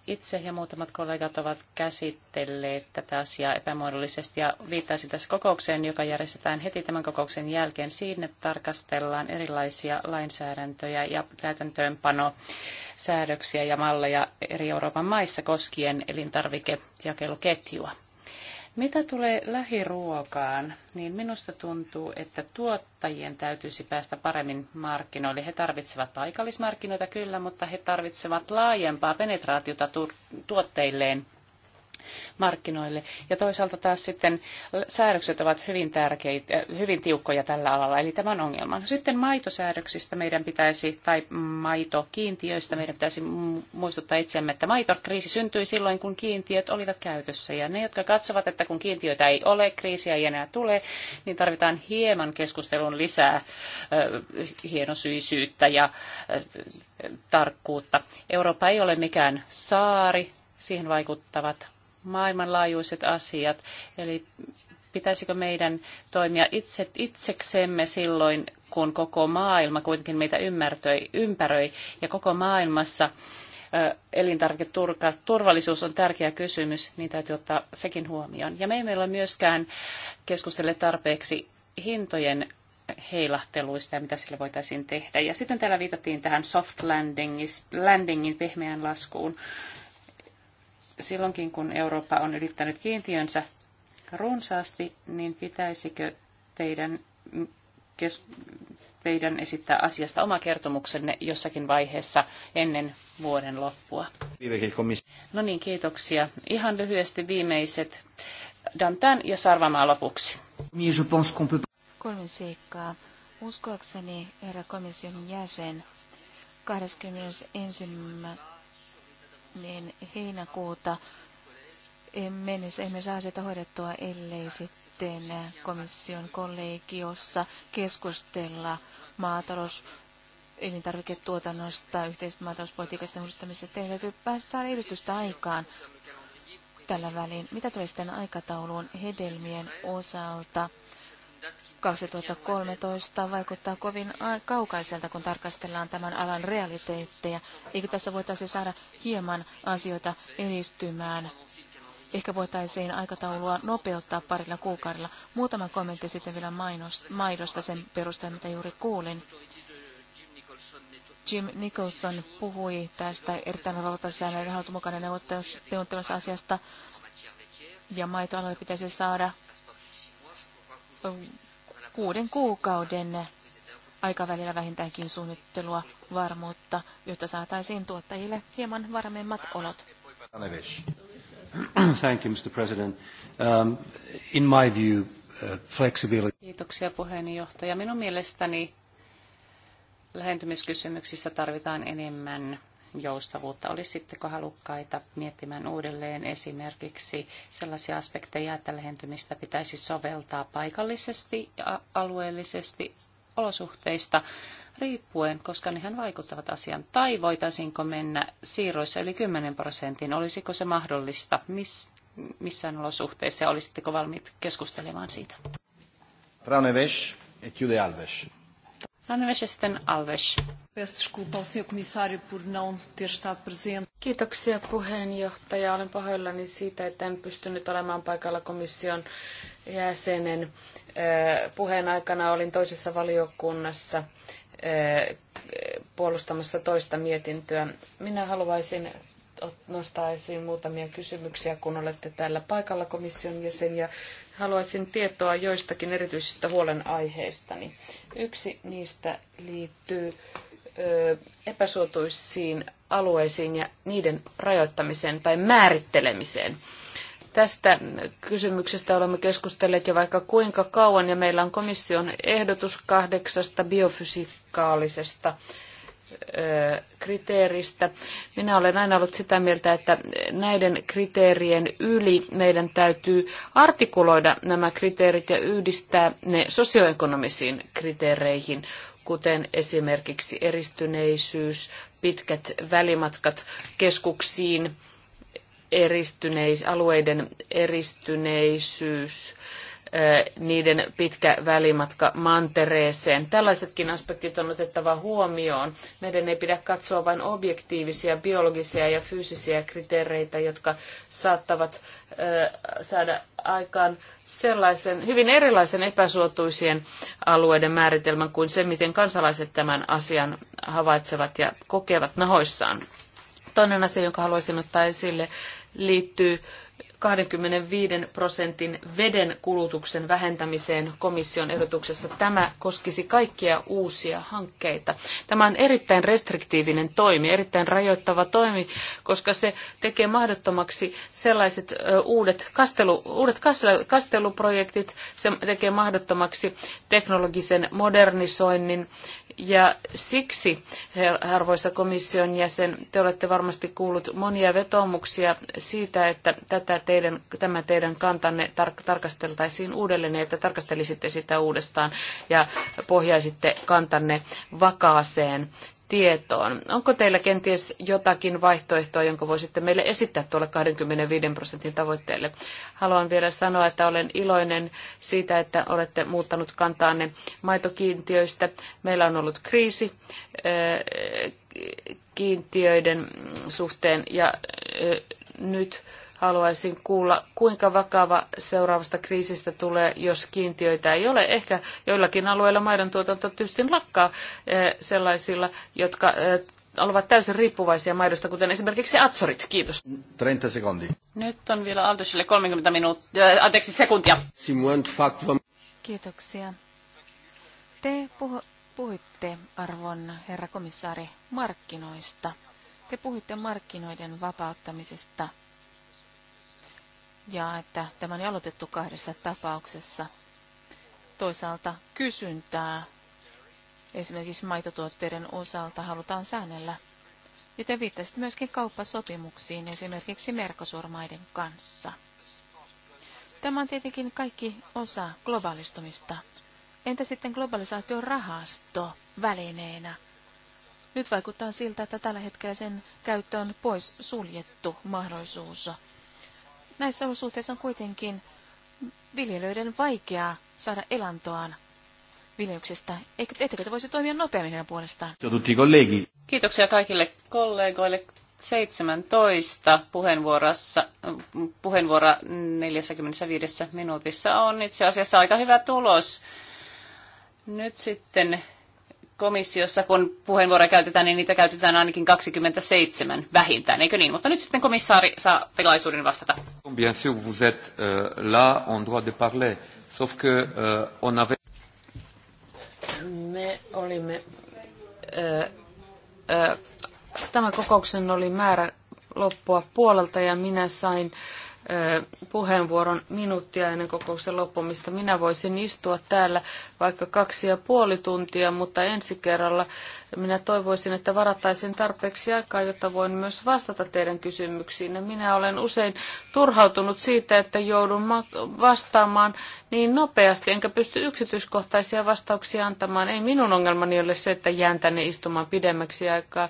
Itse ja muutamat kollegat ovat käsitelleet tätä asiaa epämuodollisesti ja viittaisin tässä kokoukseen, joka järjestetään heti tämän kokouksen jälkeen. Siinä tarkastellaan erilaisia lainsäädäntöjä ja täytäntöönpano säädöksiä ja malleja eri Euroopan maissa koskien elintarvikejakeluketjua. Mitä tulee lähiruokaan, niin minusta tuntuu, että tuottajien täytyisi päästä paremmin markkinoille. He tarvitsevat paikallismarkkinoita kyllä, mutta he tarvitsevat laajempaa penetraatiota tuotteilleen markkinoille. Ja toisaalta taas sitten säädökset ovat hyvin, tärkeitä, äh, hyvin tiukkoja tällä alalla, eli tämä on ongelma. No sitten maitosäädöksistä meidän pitäisi, tai maitokiintiöistä meidän pitäisi muistuttaa itseämme, että maitokriisi syntyi silloin, kun kiintiöt olivat käytössä. Ja ne, jotka katsovat, että kun kiintiöitä ei ole, kriisiä ei enää tule, niin tarvitaan hieman keskustelun lisää äh, hienosyisyyttä ja äh, tarkkuutta. Eurooppa ei ole mikään saari, siihen vaikuttavat maailmanlaajuiset asiat. Eli pitäisikö meidän toimia itse, itseksemme silloin, kun koko maailma kuitenkin meitä ymmärtöi, ympäröi ja koko maailmassa elintarviketurvallisuus on tärkeä kysymys, niin täytyy ottaa sekin huomioon. Ja me emme ole myöskään keskustelleet tarpeeksi hintojen heilahteluista ja mitä sille voitaisiin tehdä. Ja sitten täällä viitattiin tähän soft landingin, landingin pehmeään laskuun silloinkin, kun Eurooppa on ylittänyt kiintiönsä runsaasti, niin pitäisikö teidän, kes, teidän esittää asiasta oma kertomuksenne jossakin vaiheessa ennen vuoden loppua? No niin, kiitoksia. Ihan lyhyesti viimeiset Dantan ja Sarvamaa lopuksi. Kolme seikkaa. Uskoakseni, herra komission jäsen, 21 niin heinäkuuta mennessä emme saa sitä hoidettua, ellei sitten komission kollegiossa keskustella maatalous elintarviketuotannosta, yhteisestä maatalouspolitiikasta uudistamisesta. Teidän täytyy päästä saada edistystä aikaan tällä välin. Mitä tulee sitten aikatauluun hedelmien osalta? 2013 vaikuttaa kovin kaukaiselta, kun tarkastellaan tämän alan realiteetteja. Eikö tässä voitaisiin saada hieman asioita edistymään? Ehkä voitaisiin aikataulua nopeuttaa parilla kuukaudella. Muutama kommentti sitten vielä maidosta sen perusteella, mitä juuri kuulin. Jim Nicholson puhui tästä erittäin valtaisäännön rahoitu mukana neuvottelemassa asiasta, ja maitoalue pitäisi saada kuuden kuukauden aikavälillä vähintäänkin suunnittelua varmuutta, jotta saataisiin tuottajille hieman varmemmat olot. Thank you, Mr. President. Um, in my view, uh, flexibility... Kiitoksia puheenjohtaja. Minun mielestäni lähentymiskysymyksissä tarvitaan enemmän joustavuutta. Olisitteko halukkaita miettimään uudelleen esimerkiksi sellaisia aspekteja, että lähentymistä pitäisi soveltaa paikallisesti ja alueellisesti olosuhteista riippuen, koska nehän vaikuttavat asian. Tai voitaisiinko mennä siirroissa yli 10 prosentin? Olisiko se mahdollista Mis, missään olosuhteissa? Olisitteko valmiit keskustelemaan siitä? Ranevesh ja Alves. Anves ja Alves. Kiitoksia puheenjohtaja. Olen pahoillani siitä, että en pystynyt olemaan paikalla komission jäsenen. Eh, puheen aikana olin toisessa valiokunnassa eh, puolustamassa toista mietintöä. Minä haluaisin nostaa esiin muutamia kysymyksiä, kun olette täällä paikalla komission jäsen ja haluaisin tietoa joistakin erityisistä huolenaiheistani. Yksi niistä liittyy epäsuotuisiin alueisiin ja niiden rajoittamiseen tai määrittelemiseen. Tästä kysymyksestä olemme keskustelleet jo vaikka kuinka kauan ja meillä on komission ehdotus kahdeksasta biofysikaalisesta kriteeristä. Minä olen aina ollut sitä mieltä, että näiden kriteerien yli meidän täytyy artikuloida nämä kriteerit ja yhdistää ne sosioekonomisiin kriteereihin, kuten esimerkiksi eristyneisyys, pitkät välimatkat keskuksiin, eristyneis, alueiden eristyneisyys, niiden pitkä välimatka mantereeseen. Tällaisetkin aspektit on otettava huomioon. Meidän ei pidä katsoa vain objektiivisia biologisia ja fyysisiä kriteereitä, jotka saattavat saada aikaan sellaisen hyvin erilaisen epäsuotuisien alueiden määritelmän kuin se, miten kansalaiset tämän asian havaitsevat ja kokevat nahoissaan. Toinen asia, jonka haluaisin ottaa esille, liittyy 25 prosentin veden kulutuksen vähentämiseen komission ehdotuksessa. Tämä koskisi kaikkia uusia hankkeita. Tämä on erittäin restriktiivinen toimi, erittäin rajoittava toimi, koska se tekee mahdottomaksi sellaiset uudet, kastelu, uudet kasteluprojektit, se tekee mahdottomaksi teknologisen modernisoinnin ja siksi, arvoisa komission jäsen, te olette varmasti kuullut monia vetoomuksia siitä, että tätä teidän, tämä teidän kantanne tar- tarkasteltaisiin uudelleen, että tarkastelisitte sitä uudestaan ja pohjaisitte kantanne vakaaseen tietoon. Onko teillä kenties jotakin vaihtoehtoa, jonka voisitte meille esittää tuolle 25 prosentin tavoitteelle? Haluan vielä sanoa, että olen iloinen siitä, että olette muuttanut kantaanne maitokiintiöistä. Meillä on ollut kriisi äh, kiintiöiden suhteen ja äh, nyt haluaisin kuulla, kuinka vakava seuraavasta kriisistä tulee, jos kiintiöitä ei ole. Ehkä joillakin alueilla maidontuotanto tuotanto tietysti lakkaa eh, sellaisilla, jotka eh, ovat täysin riippuvaisia maidosta, kuten esimerkiksi Atsorit. Kiitos. 30 sekuntia. Nyt on vielä Aaltosille 30 minuuttia, eh, anteeksi sekuntia. Kiitoksia. Te puhu, puhuitte, arvon herra komissaari, markkinoista. Te puhuitte markkinoiden vapauttamisesta – ja että tämä on aloitettu kahdessa tapauksessa. Toisaalta kysyntää esimerkiksi maitotuotteiden osalta halutaan säännellä. Ja te viittasit myöskin kauppasopimuksiin esimerkiksi merkosurmaiden kanssa. Tämä on tietenkin kaikki osa globaalistumista. Entä sitten globalisaation rahasto välineenä? Nyt vaikuttaa siltä, että tällä hetkellä sen käyttö on pois suljettu mahdollisuus näissä olosuhteissa on kuitenkin viljelöiden vaikeaa saada elantoaan viljelyksestä. Eikö ettekö te voisi toimia nopeammin heidän puolestaan? Kiitoksia kaikille kollegoille. 17 puheenvuorossa, puheenvuoro 45 minuutissa on itse asiassa aika hyvä tulos. Nyt sitten komissiossa, kun puheenvuoroja käytetään, niin niitä käytetään ainakin 27 vähintään, eikö niin? Mutta nyt sitten komissaari saa tilaisuuden vastata. Bien sûr, vous êtes euh, là, on doit de parler. Sauf que euh, on avait... Me olimme... Ö, äh, ö, äh, tämän kokouksen oli määrä loppua puolelta ja minä sain puheenvuoron minuuttia ennen kokouksen loppumista. Minä voisin istua täällä vaikka kaksi ja puoli tuntia, mutta ensi kerralla minä toivoisin, että varattaisin tarpeeksi aikaa, jotta voin myös vastata teidän kysymyksiin. Minä olen usein turhautunut siitä, että joudun vastaamaan niin nopeasti, enkä pysty yksityiskohtaisia vastauksia antamaan. Ei minun ongelmani ole se, että jään tänne istumaan pidemmäksi aikaa,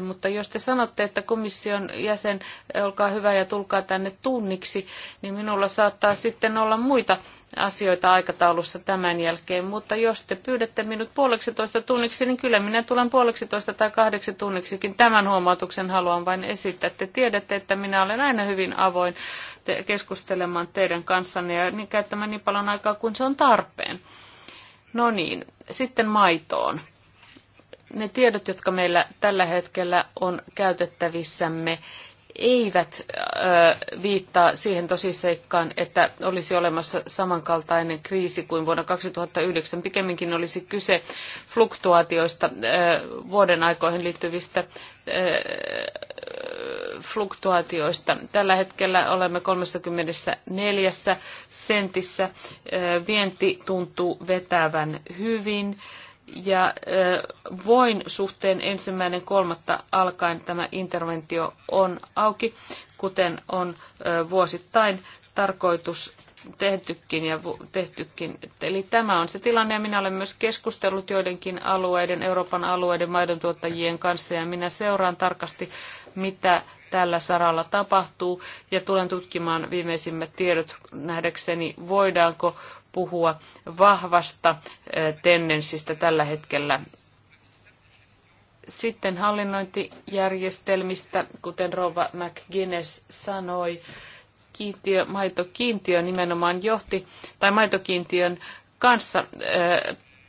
mutta jos te sanotte, että komission jäsen, olkaa hyvä ja tulkaa tänne tunniksi, niin minulla saattaa sitten olla muita asioita aikataulussa tämän jälkeen, mutta jos te pyydätte minut puoleksitoista tunniksi, niin kyllä minä tulen puoleksitoista tai kahdeksi tunniksikin. Tämän huomautuksen haluan vain esittää. Te tiedätte, että minä olen aina hyvin avoin te- keskustelemaan teidän kanssanne ja niin käyttämään niin paljon aikaa kuin se on tarpeen. No niin, sitten maitoon. Ne tiedot, jotka meillä tällä hetkellä on käytettävissämme, eivät viittaa siihen tosiseikkaan, että olisi olemassa samankaltainen kriisi kuin vuonna 2009. Pikemminkin olisi kyse fluktuaatioista, vuoden aikoihin liittyvistä fluktuaatioista. Tällä hetkellä olemme 34 sentissä. Vienti tuntuu vetävän hyvin ja voin suhteen ensimmäinen kolmatta alkaen tämä interventio on auki, kuten on vuosittain tarkoitus tehtykin ja tehtykin. Eli tämä on se tilanne ja minä olen myös keskustellut joidenkin alueiden, Euroopan alueiden maidontuottajien kanssa ja minä seuraan tarkasti, mitä tällä saralla tapahtuu ja tulen tutkimaan viimeisimmät tiedot nähdäkseni, voidaanko puhua vahvasta tendenssistä tällä hetkellä. Sitten hallinnointijärjestelmistä, kuten Rova McGuinness sanoi, kiintiö, maitokiintiö nimenomaan johti, tai maitokiintiön kanssa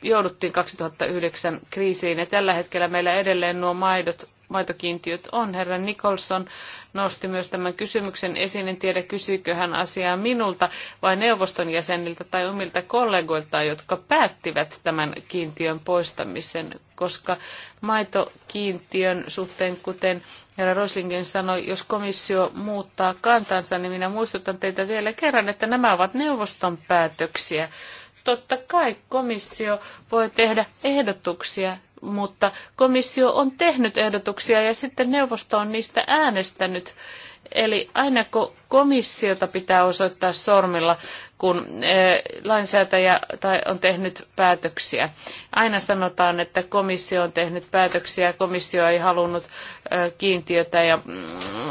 jouduttiin 2009 kriisiin, ja tällä hetkellä meillä edelleen nuo maidot, maitokiintiöt on. Herra Nicholson nosti myös tämän kysymyksen esiin. En tiedä, kysyikö hän asiaa minulta vai neuvoston jäseniltä tai omilta kollegoilta, jotka päättivät tämän kiintiön poistamisen, koska maitokiintiön suhteen, kuten herra Roslingen sanoi, jos komissio muuttaa kantansa, niin minä muistutan teitä vielä kerran, että nämä ovat neuvoston päätöksiä totta kai komissio voi tehdä ehdotuksia mutta komissio on tehnyt ehdotuksia ja sitten neuvosto on niistä äänestänyt. Eli aina kun komissiota pitää osoittaa sormilla, kun eh, lainsäätäjä tai on tehnyt päätöksiä. Aina sanotaan, että komissio on tehnyt päätöksiä, komissio ei halunnut eh, kiintiötä ja mm,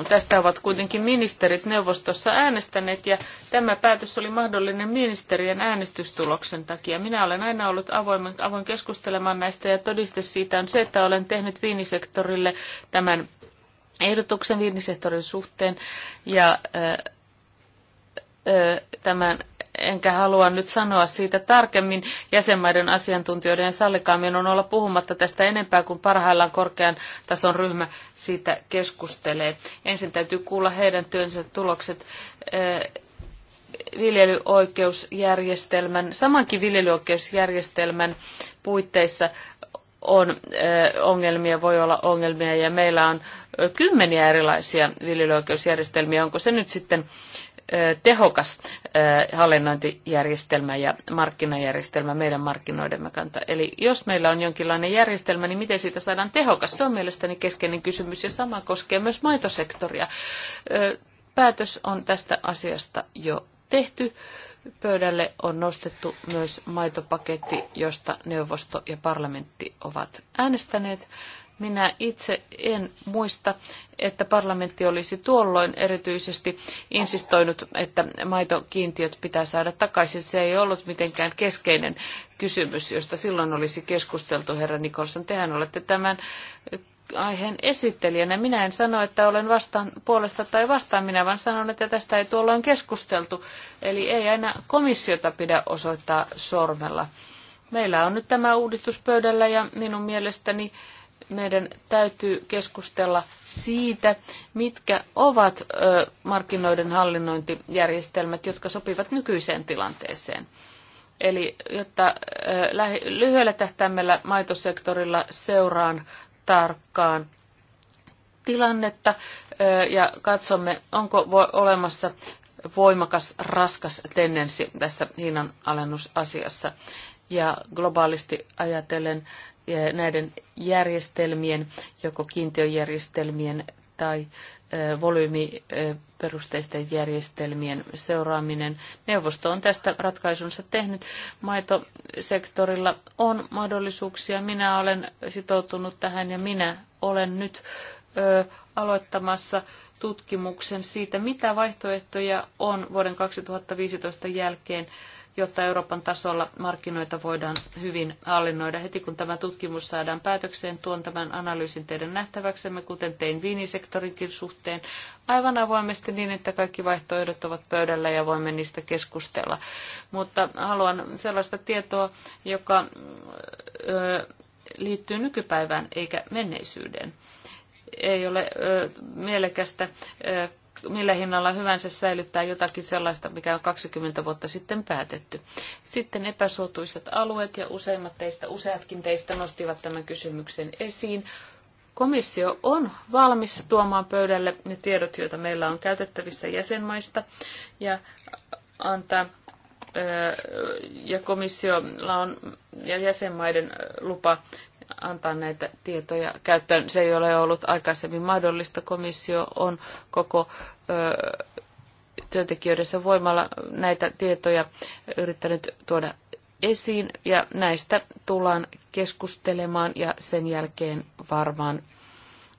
tästä ovat kuitenkin ministerit neuvostossa äänestäneet ja tämä päätös oli mahdollinen ministerien äänestystuloksen takia. Minä olen aina ollut avoin, avoin keskustelemaan näistä ja todiste siitä on se, että olen tehnyt viinisektorille tämän ehdotuksen viinisektorin suhteen ja eh, tämän enkä halua nyt sanoa siitä tarkemmin. Jäsenmaiden asiantuntijoiden sallikaa minun olla puhumatta tästä enempää, kun parhaillaan korkean tason ryhmä siitä keskustelee. Ensin täytyy kuulla heidän työnsä tulokset viljelyoikeusjärjestelmän, samankin viljelyoikeusjärjestelmän puitteissa on ongelmia, voi olla ongelmia ja meillä on kymmeniä erilaisia viljelyoikeusjärjestelmiä. Onko se nyt sitten tehokas hallinnointijärjestelmä ja markkinajärjestelmä meidän markkinoidemme kanta. Eli jos meillä on jonkinlainen järjestelmä, niin miten siitä saadaan tehokas? Se on mielestäni keskeinen kysymys ja sama koskee myös maitosektoria. Päätös on tästä asiasta jo tehty. Pöydälle on nostettu myös maitopaketti, josta neuvosto ja parlamentti ovat äänestäneet. Minä itse en muista, että parlamentti olisi tuolloin erityisesti insistoinut, että maitokiintiöt pitää saada takaisin. Se ei ollut mitenkään keskeinen kysymys, josta silloin olisi keskusteltu, herra Nikolson. Tehän olette tämän aiheen esittelijänä. Minä en sano, että olen vastaan, puolesta tai vastaan, minä vaan sanon, että tästä ei tuolloin keskusteltu. Eli ei aina komissiota pidä osoittaa sormella. Meillä on nyt tämä uudistus pöydällä ja minun mielestäni meidän täytyy keskustella siitä, mitkä ovat markkinoiden hallinnointijärjestelmät, jotka sopivat nykyiseen tilanteeseen. Eli jotta lyhyellä tähtäimellä maitosektorilla seuraan tarkkaan tilannetta ja katsomme, onko olemassa voimakas, raskas tendenssi tässä hinnan alennusasiassa. Ja globaalisti ajatellen Eh, näiden järjestelmien, joko kiintiöjärjestelmien tai eh, volyymiperusteisten järjestelmien seuraaminen. Neuvosto on tästä ratkaisunsa tehnyt. Maitosektorilla on mahdollisuuksia. Minä olen sitoutunut tähän ja minä olen nyt aloittamassa tutkimuksen siitä, mitä vaihtoehtoja on vuoden 2015 jälkeen jotta Euroopan tasolla markkinoita voidaan hyvin hallinnoida. Heti kun tämä tutkimus saadaan päätökseen, tuon tämän analyysin teidän nähtäväksemme, kuten tein viinisektorinkin suhteen, aivan avoimesti niin, että kaikki vaihtoehdot ovat pöydällä ja voimme niistä keskustella. Mutta haluan sellaista tietoa, joka liittyy nykypäivään eikä menneisyyteen ei ole ö, mielekästä ö, millä hinnalla hyvänsä säilyttää jotakin sellaista, mikä on 20 vuotta sitten päätetty. Sitten epäsuotuisat alueet ja useimmat teistä, useatkin teistä nostivat tämän kysymyksen esiin. Komissio on valmis tuomaan pöydälle ne tiedot, joita meillä on käytettävissä jäsenmaista ja antaa ja komissiolla on ja jäsenmaiden lupa antaa näitä tietoja käyttöön. Se ei ole ollut aikaisemmin mahdollista. Komissio on koko ö, työntekijöidensä voimalla näitä tietoja yrittänyt tuoda esiin ja näistä tullaan keskustelemaan ja sen jälkeen varmaan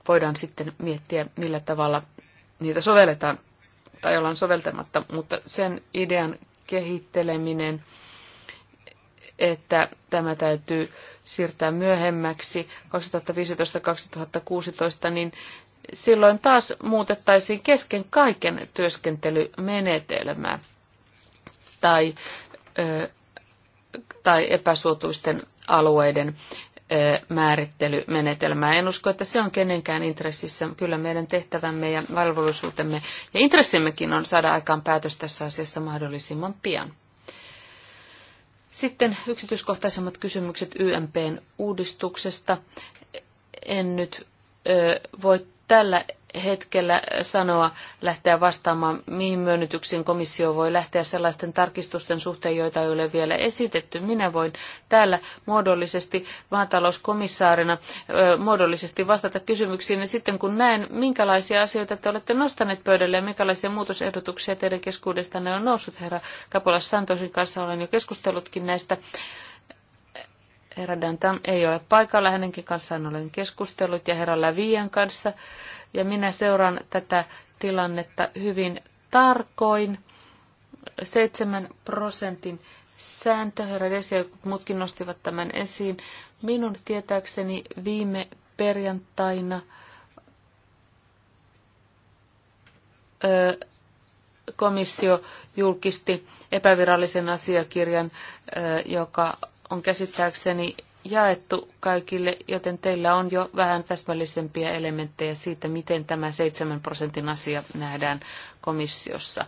voidaan sitten miettiä, millä tavalla niitä sovelletaan tai ollaan soveltamatta, mutta sen idean kehitteleminen että tämä täytyy siirtää myöhemmäksi 2015-2016, niin silloin taas muutettaisiin kesken kaiken työskentelymenetelmää tai, ö, tai epäsuotuisten alueiden määrittelymenetelmää. En usko, että se on kenenkään intressissä. Kyllä meidän tehtävämme ja valvollisuutemme ja intressimmekin on saada aikaan päätös tässä asiassa mahdollisimman pian. Sitten yksityiskohtaisemmat kysymykset YMPn uudistuksesta. En nyt ö, voi tällä hetkellä sanoa lähteä vastaamaan, mihin myönnytyksiin komissio voi lähteä sellaisten tarkistusten suhteen, joita ei ole vielä esitetty. Minä voin täällä muodollisesti maatalouskomissaarina muodollisesti vastata kysymyksiin ja sitten kun näen, minkälaisia asioita te olette nostaneet pöydälle ja minkälaisia muutosehdotuksia teidän keskuudestanne on noussut, herra Kapolas Santosin kanssa olen jo keskustellutkin näistä Herra Dantam ei ole paikalla, hänenkin kanssaan olen keskustellut ja herra Lävian kanssa. Ja minä seuraan tätä tilannetta hyvin tarkoin. 7 prosentin sääntö, herra Desi mutkin muutkin nostivat tämän esiin. Minun tietääkseni viime perjantaina ö, komissio julkisti epävirallisen asiakirjan, joka on käsittääkseni jaettu kaikille, joten teillä on jo vähän täsmällisempiä elementtejä siitä, miten tämä 7 prosentin asia nähdään komissiossa.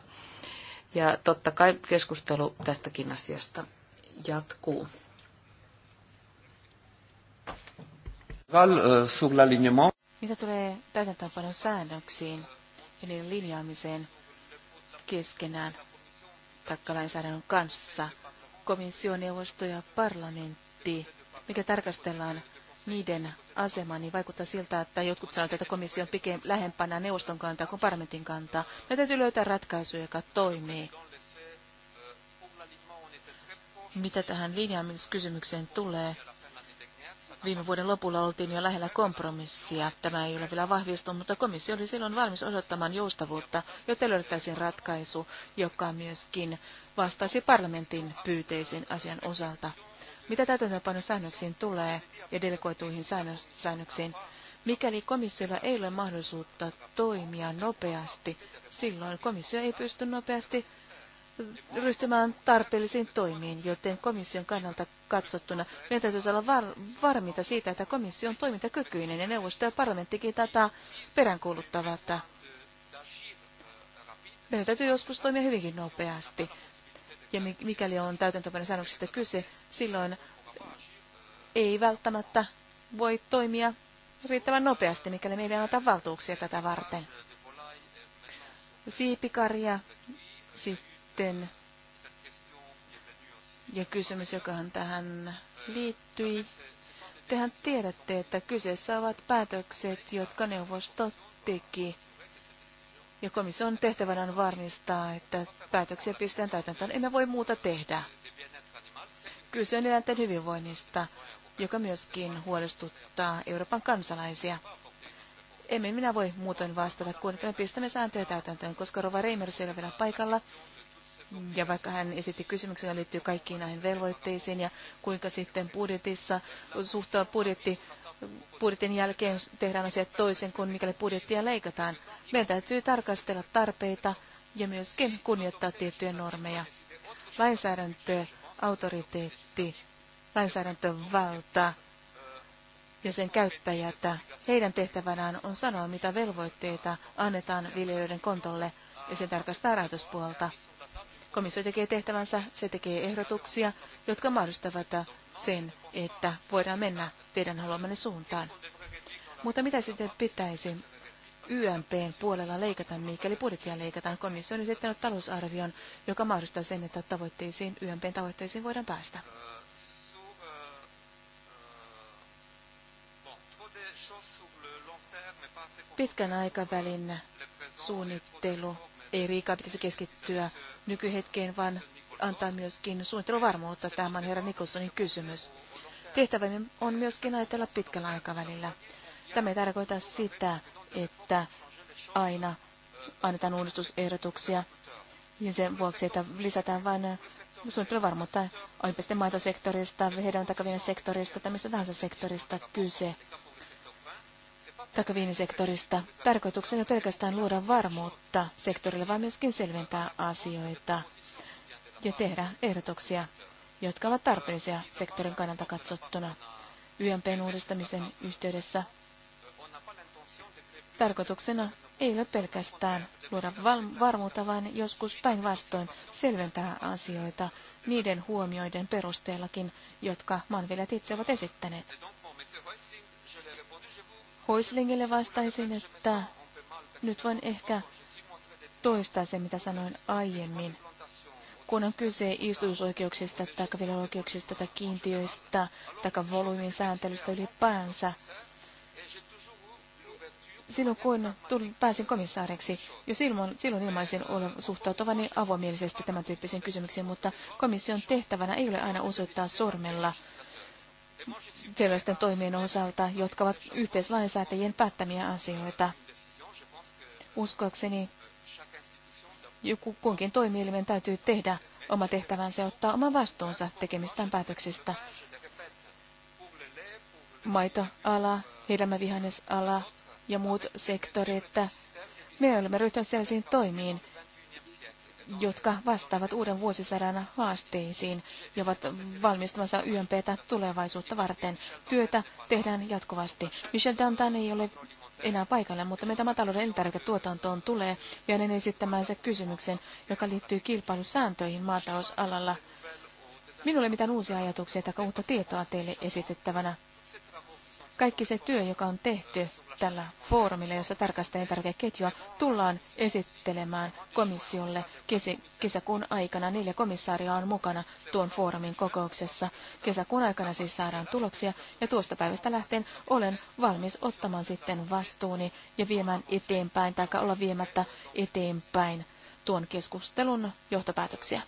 Ja totta kai keskustelu tästäkin asiasta jatkuu. Äh, Mitä tulee täytäntöönpanon säännöksiin ja niiden linjaamiseen keskenään takkalainsäädännön kanssa – komissio, neuvosto ja parlamentti, mikä tarkastellaan niiden asemaa, niin vaikuttaa siltä, että jotkut sanovat, että komissio on pikemmin lähempänä neuvoston kantaa kuin parlamentin kantaa. Me täytyy löytää ratkaisu, joka toimii. Mitä tähän linjaamiskysymykseen tulee, viime vuoden lopulla oltiin jo lähellä kompromissia. Tämä ei ole vielä vahvistunut, mutta komissio oli silloin valmis osoittamaan joustavuutta, jotta löydettäisiin ratkaisu, joka myöskin vastaisi parlamentin pyyteisiin asian osalta. Mitä täytäntöönpanosäännöksiin tulee ja delegoituihin säännöksiin, mikäli komissiolla ei ole mahdollisuutta toimia nopeasti, silloin komissio ei pysty nopeasti ryhtymään tarpeellisiin toimiin, joten komission kannalta katsottuna meidän täytyy olla var, varmita siitä, että komissio on toimintakykyinen ja neuvosto ja parlamenttikin tätä peräänkuuluttavat. Meidän täytyy joskus toimia hyvinkin nopeasti. Ja mikäli on täytäntöpäinen säännöksistä kyse, silloin ei välttämättä voi toimia riittävän nopeasti, mikäli meidän annetaan valtuuksia tätä varten. Siipikarja sitten sitten ja kysymys, jokahan tähän liittyi. Tehän tiedätte, että kyseessä ovat päätökset, jotka neuvosto teki. Ja komission tehtävänä on varmistaa, että päätöksiä pistetään täytäntöön. Emme voi muuta tehdä. Kyse on eläinten hyvinvoinnista, joka myöskin huolestuttaa Euroopan kansalaisia. Emme minä voi muutoin vastata, kun me pistämme sääntöjä täytäntöön, koska Rova Reimers ei ole vielä paikalla. Ja vaikka hän esitti kysymyksen, joka liittyy kaikkiin näihin velvoitteisiin ja kuinka sitten budjetissa suhtaa budjetti, budjetin jälkeen tehdään asiat toisen kuin mikäli budjettia leikataan. Meidän täytyy tarkastella tarpeita ja myöskin kunnioittaa tiettyjä normeja. Lainsäädäntö, autoriteetti, lainsäädäntövalta ja sen käyttäjät, heidän tehtävänään on sanoa, mitä velvoitteita annetaan viljelijöiden kontolle ja sen tarkastaa rahoituspuolta. Komissio tekee tehtävänsä, se tekee ehdotuksia, jotka mahdollistavat sen, että voidaan mennä teidän haluamanne suuntaan. Mutta mitä sitten pitäisi YMPn puolella leikata, mikäli budjettia leikataan? Komissio on esittänyt talousarvion, joka mahdollistaa sen, että tavoitteisiin, YMPn tavoitteisiin voidaan päästä. Pitkän aikavälin suunnittelu ei riikaa pitäisi keskittyä nykyhetkeen, vaan antaa myöskin suunnitteluvarmuutta. Tämä on herra Nikolsonin kysymys. Tehtävämme on myöskin ajatella pitkällä aikavälillä. Tämä ei tarkoita sitä, että aina annetaan uudistusehdotuksia ja sen vuoksi, että lisätään vain suunnitteluvarmuutta, olipa sitten maitosektorista, hedelmän takavienen sektorista tai mistä tahansa sektorista kyse takaviinisektorista. Tarkoituksena pelkästään luoda varmuutta sektorille, vaan myöskin selventää asioita ja tehdä ehdotuksia, jotka ovat tarpeellisia sektorin kannalta katsottuna. YMPn uudistamisen yhteydessä tarkoituksena ei ole pelkästään luoda varmuutta, vaan joskus päinvastoin selventää asioita niiden huomioiden perusteellakin, jotka maanviljat itse ovat esittäneet. Hoislingille vastaisin, että nyt voin ehkä toistaa se, mitä sanoin aiemmin. Kun on kyse istutusoikeuksista tai viljelyoikeuksista tai kiintiöistä tai volyymin sääntelystä ylipäänsä, silloin kun tulin, pääsin komissaariksi, jo silloin, silloin ilmaisin olen suhtautuvani avomielisesti tämän tyyppisiin kysymyksiin, mutta komission tehtävänä ei ole aina osoittaa sormella sellaisten toimien osalta, jotka ovat yhteislainsäätäjien päättämiä asioita. Uskoakseni joku kunkin toimielimen täytyy tehdä oma tehtävänsä ja ottaa oman vastuunsa tekemistään päätöksistä. Maitoala, hedelmävihannesala ja muut sektorit. Me olemme ryhtyneet sellaisiin toimiin, jotka vastaavat uuden vuosisadan haasteisiin ja ovat valmistamassa YMPtä tulevaisuutta varten. Työtä tehdään jatkuvasti. Michel Dantan ei ole enää paikalla, mutta mitä maatalouden elintarviketuotantoon tulee, ja hänen se kysymyksen, joka liittyy kilpailusääntöihin maatalousalalla. Minulle mitään uusia ajatuksia tai uutta tietoa teille esitettävänä. Kaikki se työ, joka on tehty tällä foorumilla, jossa tarkastetaan ketjua, tullaan esittelemään komissiolle kesi- kesäkuun aikana. Neljä komissaaria on mukana tuon foorumin kokouksessa. Kesäkuun aikana siis saadaan tuloksia ja tuosta päivästä lähtien olen valmis ottamaan sitten vastuuni ja viemään eteenpäin tai olla viemättä eteenpäin tuon keskustelun johtopäätöksiä.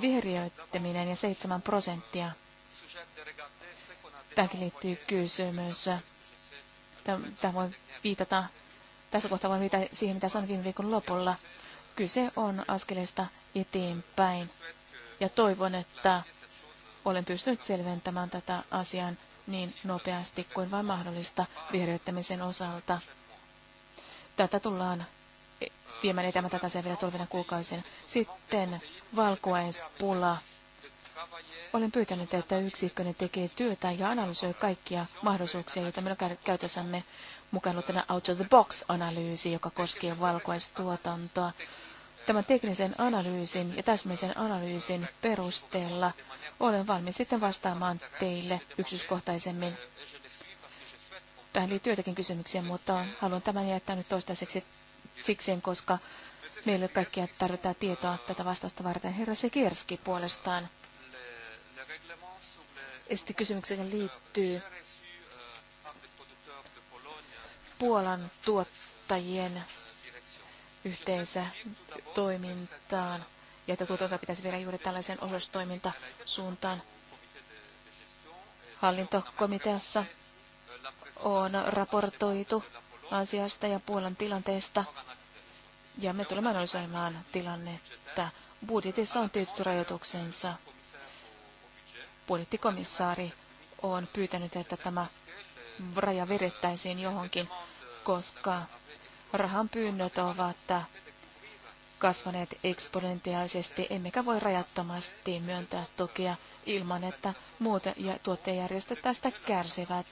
Viheriöittäminen ja 7 prosenttia Tämäkin liittyy kysymys Tämä voi viitata, tässä kohtaa voi viitata siihen, mitä sanoin viime viikon lopulla. Kyse on askeleesta eteenpäin. Ja toivon, että olen pystynyt selventämään tätä asiaa niin nopeasti kuin vain mahdollista vihreyttämisen osalta. Tätä tullaan e- viemään etämään tätä asiaa vielä tulevina kuukausina. Sitten valkuaispula. Olen pyytänyt, että yksikkönne tekee työtä ja analysoi kaikkia mahdollisuuksia, joita meillä käytössämme mukaan tämä out of the box analyysi, joka koskee valkuaistuotantoa. Tämän teknisen analyysin ja täsmäisen analyysin perusteella olen valmis sitten vastaamaan teille yksityiskohtaisemmin. Tähän liittyy joitakin kysymyksiä, mutta haluan tämän jättää nyt toistaiseksi sikseen, koska meille kaikkia tarvitaan tietoa tätä vastausta varten. Herra Sekirski puolestaan esitti kysymyksen, joka liittyy Puolan tuottajien yhteensä toimintaan ja että tuotantoa pitäisi viedä juuri tällaiseen osuustoimintasuuntaan. Hallintokomiteassa on raportoitu asiasta ja Puolan tilanteesta ja me tulemme analysoimaan tilannetta. Budjetissa on tietyt rajoituksensa budjettikomissaari on pyytänyt, että tämä raja vedettäisiin johonkin, koska rahan pyynnöt ovat kasvaneet eksponentiaalisesti, emmekä voi rajattomasti myöntää tukea ilman, että muut ja tuottajajärjestöt tästä kärsivät,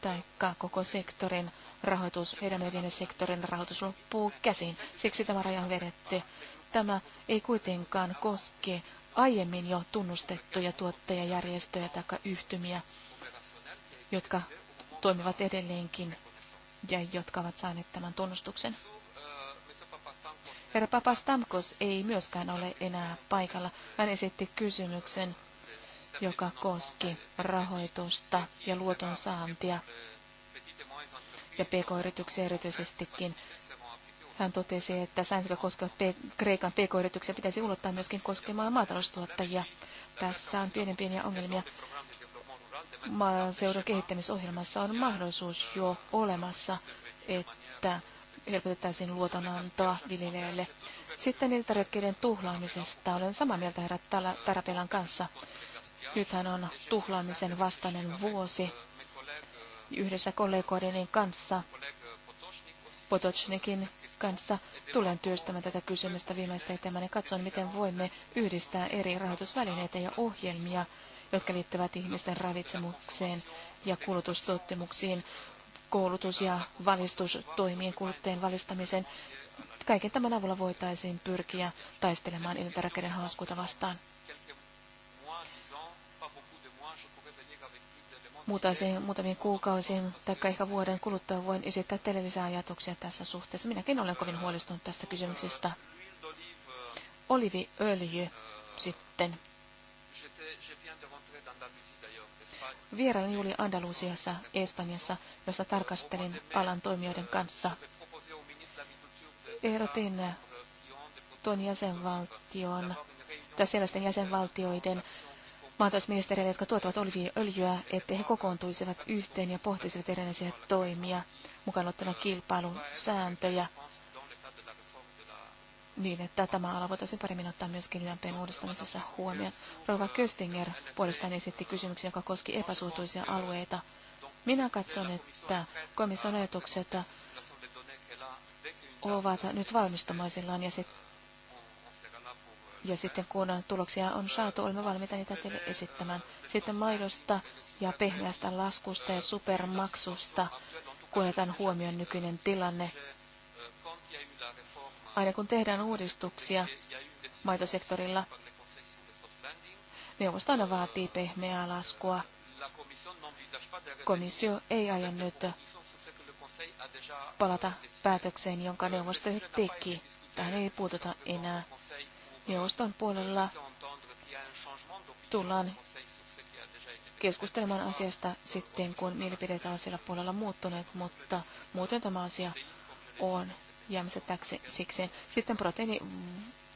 tai koko sektorin rahoitus, heidän sektorin rahoitus loppuu käsin. Siksi tämä raja on vedetty. Tämä ei kuitenkaan koske aiemmin jo tunnustettuja tuottajajärjestöjä tai yhtymiä, jotka toimivat edelleenkin ja jotka ovat saaneet tämän tunnustuksen. Herra Stamkos ei myöskään ole enää paikalla. Hän esitti kysymyksen, joka koski rahoitusta ja luoton saantia ja pk-yrityksiä erityisestikin. Hän totesi, että sääntely koskevat Kreikan pk-yrityksiä pitäisi ulottaa myöskin koskemaan maataloustuottajia. Tässä on pienen pieniä ongelmia. Maaseudun kehittämisohjelmassa on mahdollisuus jo olemassa, että helpotettaisiin luotonantoa viljelijöille. Sitten elintarvikkeiden tuhlaamisesta olen samaa mieltä herra Tarapelan kanssa. Nythän on tuhlaamisen vastainen vuosi. Yhdessä kollegoideni kanssa Potocnikin kanssa tulen työstämään tätä kysymystä viimeistä eteenpäin ja katson, miten voimme yhdistää eri rahoitusvälineitä ja ohjelmia, jotka liittyvät ihmisten ravitsemukseen ja kulutustottumuksiin, koulutus- ja valistustoimien kulutteen valistamiseen. Kaiken tämän avulla voitaisiin pyrkiä taistelemaan elintarvikkeiden haaskuita vastaan. muutamiin, muutamiin kuukausiin tai ehkä vuoden kuluttua voin esittää teille lisää ajatuksia tässä suhteessa. Minäkin olen kovin huolestunut tästä kysymyksestä. Oliviöljy sitten. Vierailin juuri Andalusiassa, Espanjassa, jossa tarkastelin alan toimijoiden kanssa. Ehdotin tuon jäsenvaltion tai sellaisten jäsenvaltioiden maatalousministeriöille, jotka tuottavat öljyä, että he kokoontuisivat yhteen ja pohtisivat erinäisiä toimia, mukaan ottamaan kilpailun sääntöjä, niin että tämä ala voitaisiin paremmin ottaa myöskin YMPn uudistamisessa huomioon. Rova Köstinger puolestaan esitti kysymyksen, joka koski epäsuotuisia alueita. Minä katson, että komission ajatukset ovat nyt valmistumaisillaan ja se ja sitten kun tuloksia on saatu, olemme valmiita niitä teille esittämään. Sitten maidosta ja pehmeästä laskusta ja supermaksusta, kun otetaan huomioon nykyinen tilanne. Aina kun tehdään uudistuksia maitosektorilla, neuvosto aina vaatii pehmeää laskua. Komissio ei aio nyt palata päätökseen, jonka neuvosto teki. Tähän ei puututa enää neuvoston puolella tullaan keskustelemaan asiasta sitten, kun mielipiteet on siellä puolella muuttuneet, mutta muuten tämä asia on jäämässä täksi siksi. Sitten proteiini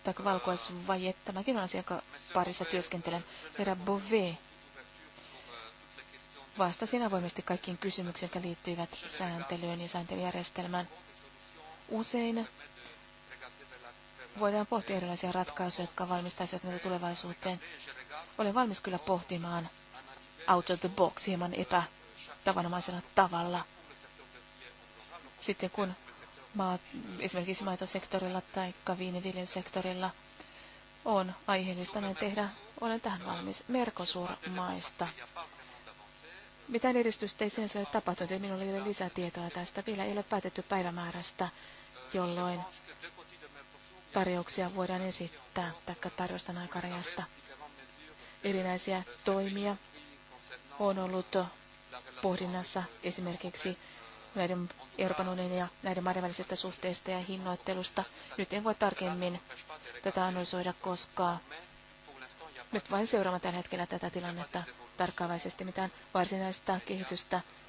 tai valkoisvaje, tämäkin on asia, joka parissa työskentelen. Herra Bove vastasin avoimesti kaikkiin kysymyksiin, jotka liittyivät sääntelyyn ja sääntelyjärjestelmään. Usein voidaan pohtia erilaisia ratkaisuja, jotka valmistaisivat meitä tulevaisuuteen. Olen valmis kyllä pohtimaan out of the box hieman epätavanomaisena tavalla. Sitten kun maa esimerkiksi maitosektorilla tai viiniviljelysektorilla on aiheellista näin tehdä, olen tähän valmis. Merkosuurmaista. maista Mitään edistystä ei sinänsä ole tapahtunut, ja minulla ei ole lisätietoa tästä. Vielä ei ole päätetty päivämäärästä, jolloin tarjouksia voidaan esittää, taikka tarjostan aikarajasta. Erinäisiä toimia on ollut pohdinnassa esimerkiksi näiden Euroopan unionin ja näiden maiden välisestä suhteesta ja hinnoittelusta. Nyt en voi tarkemmin tätä analysoida, koska nyt vain seuraamme tällä hetkellä tätä tilannetta tarkkaavaisesti. Mitään varsinaista kehitystä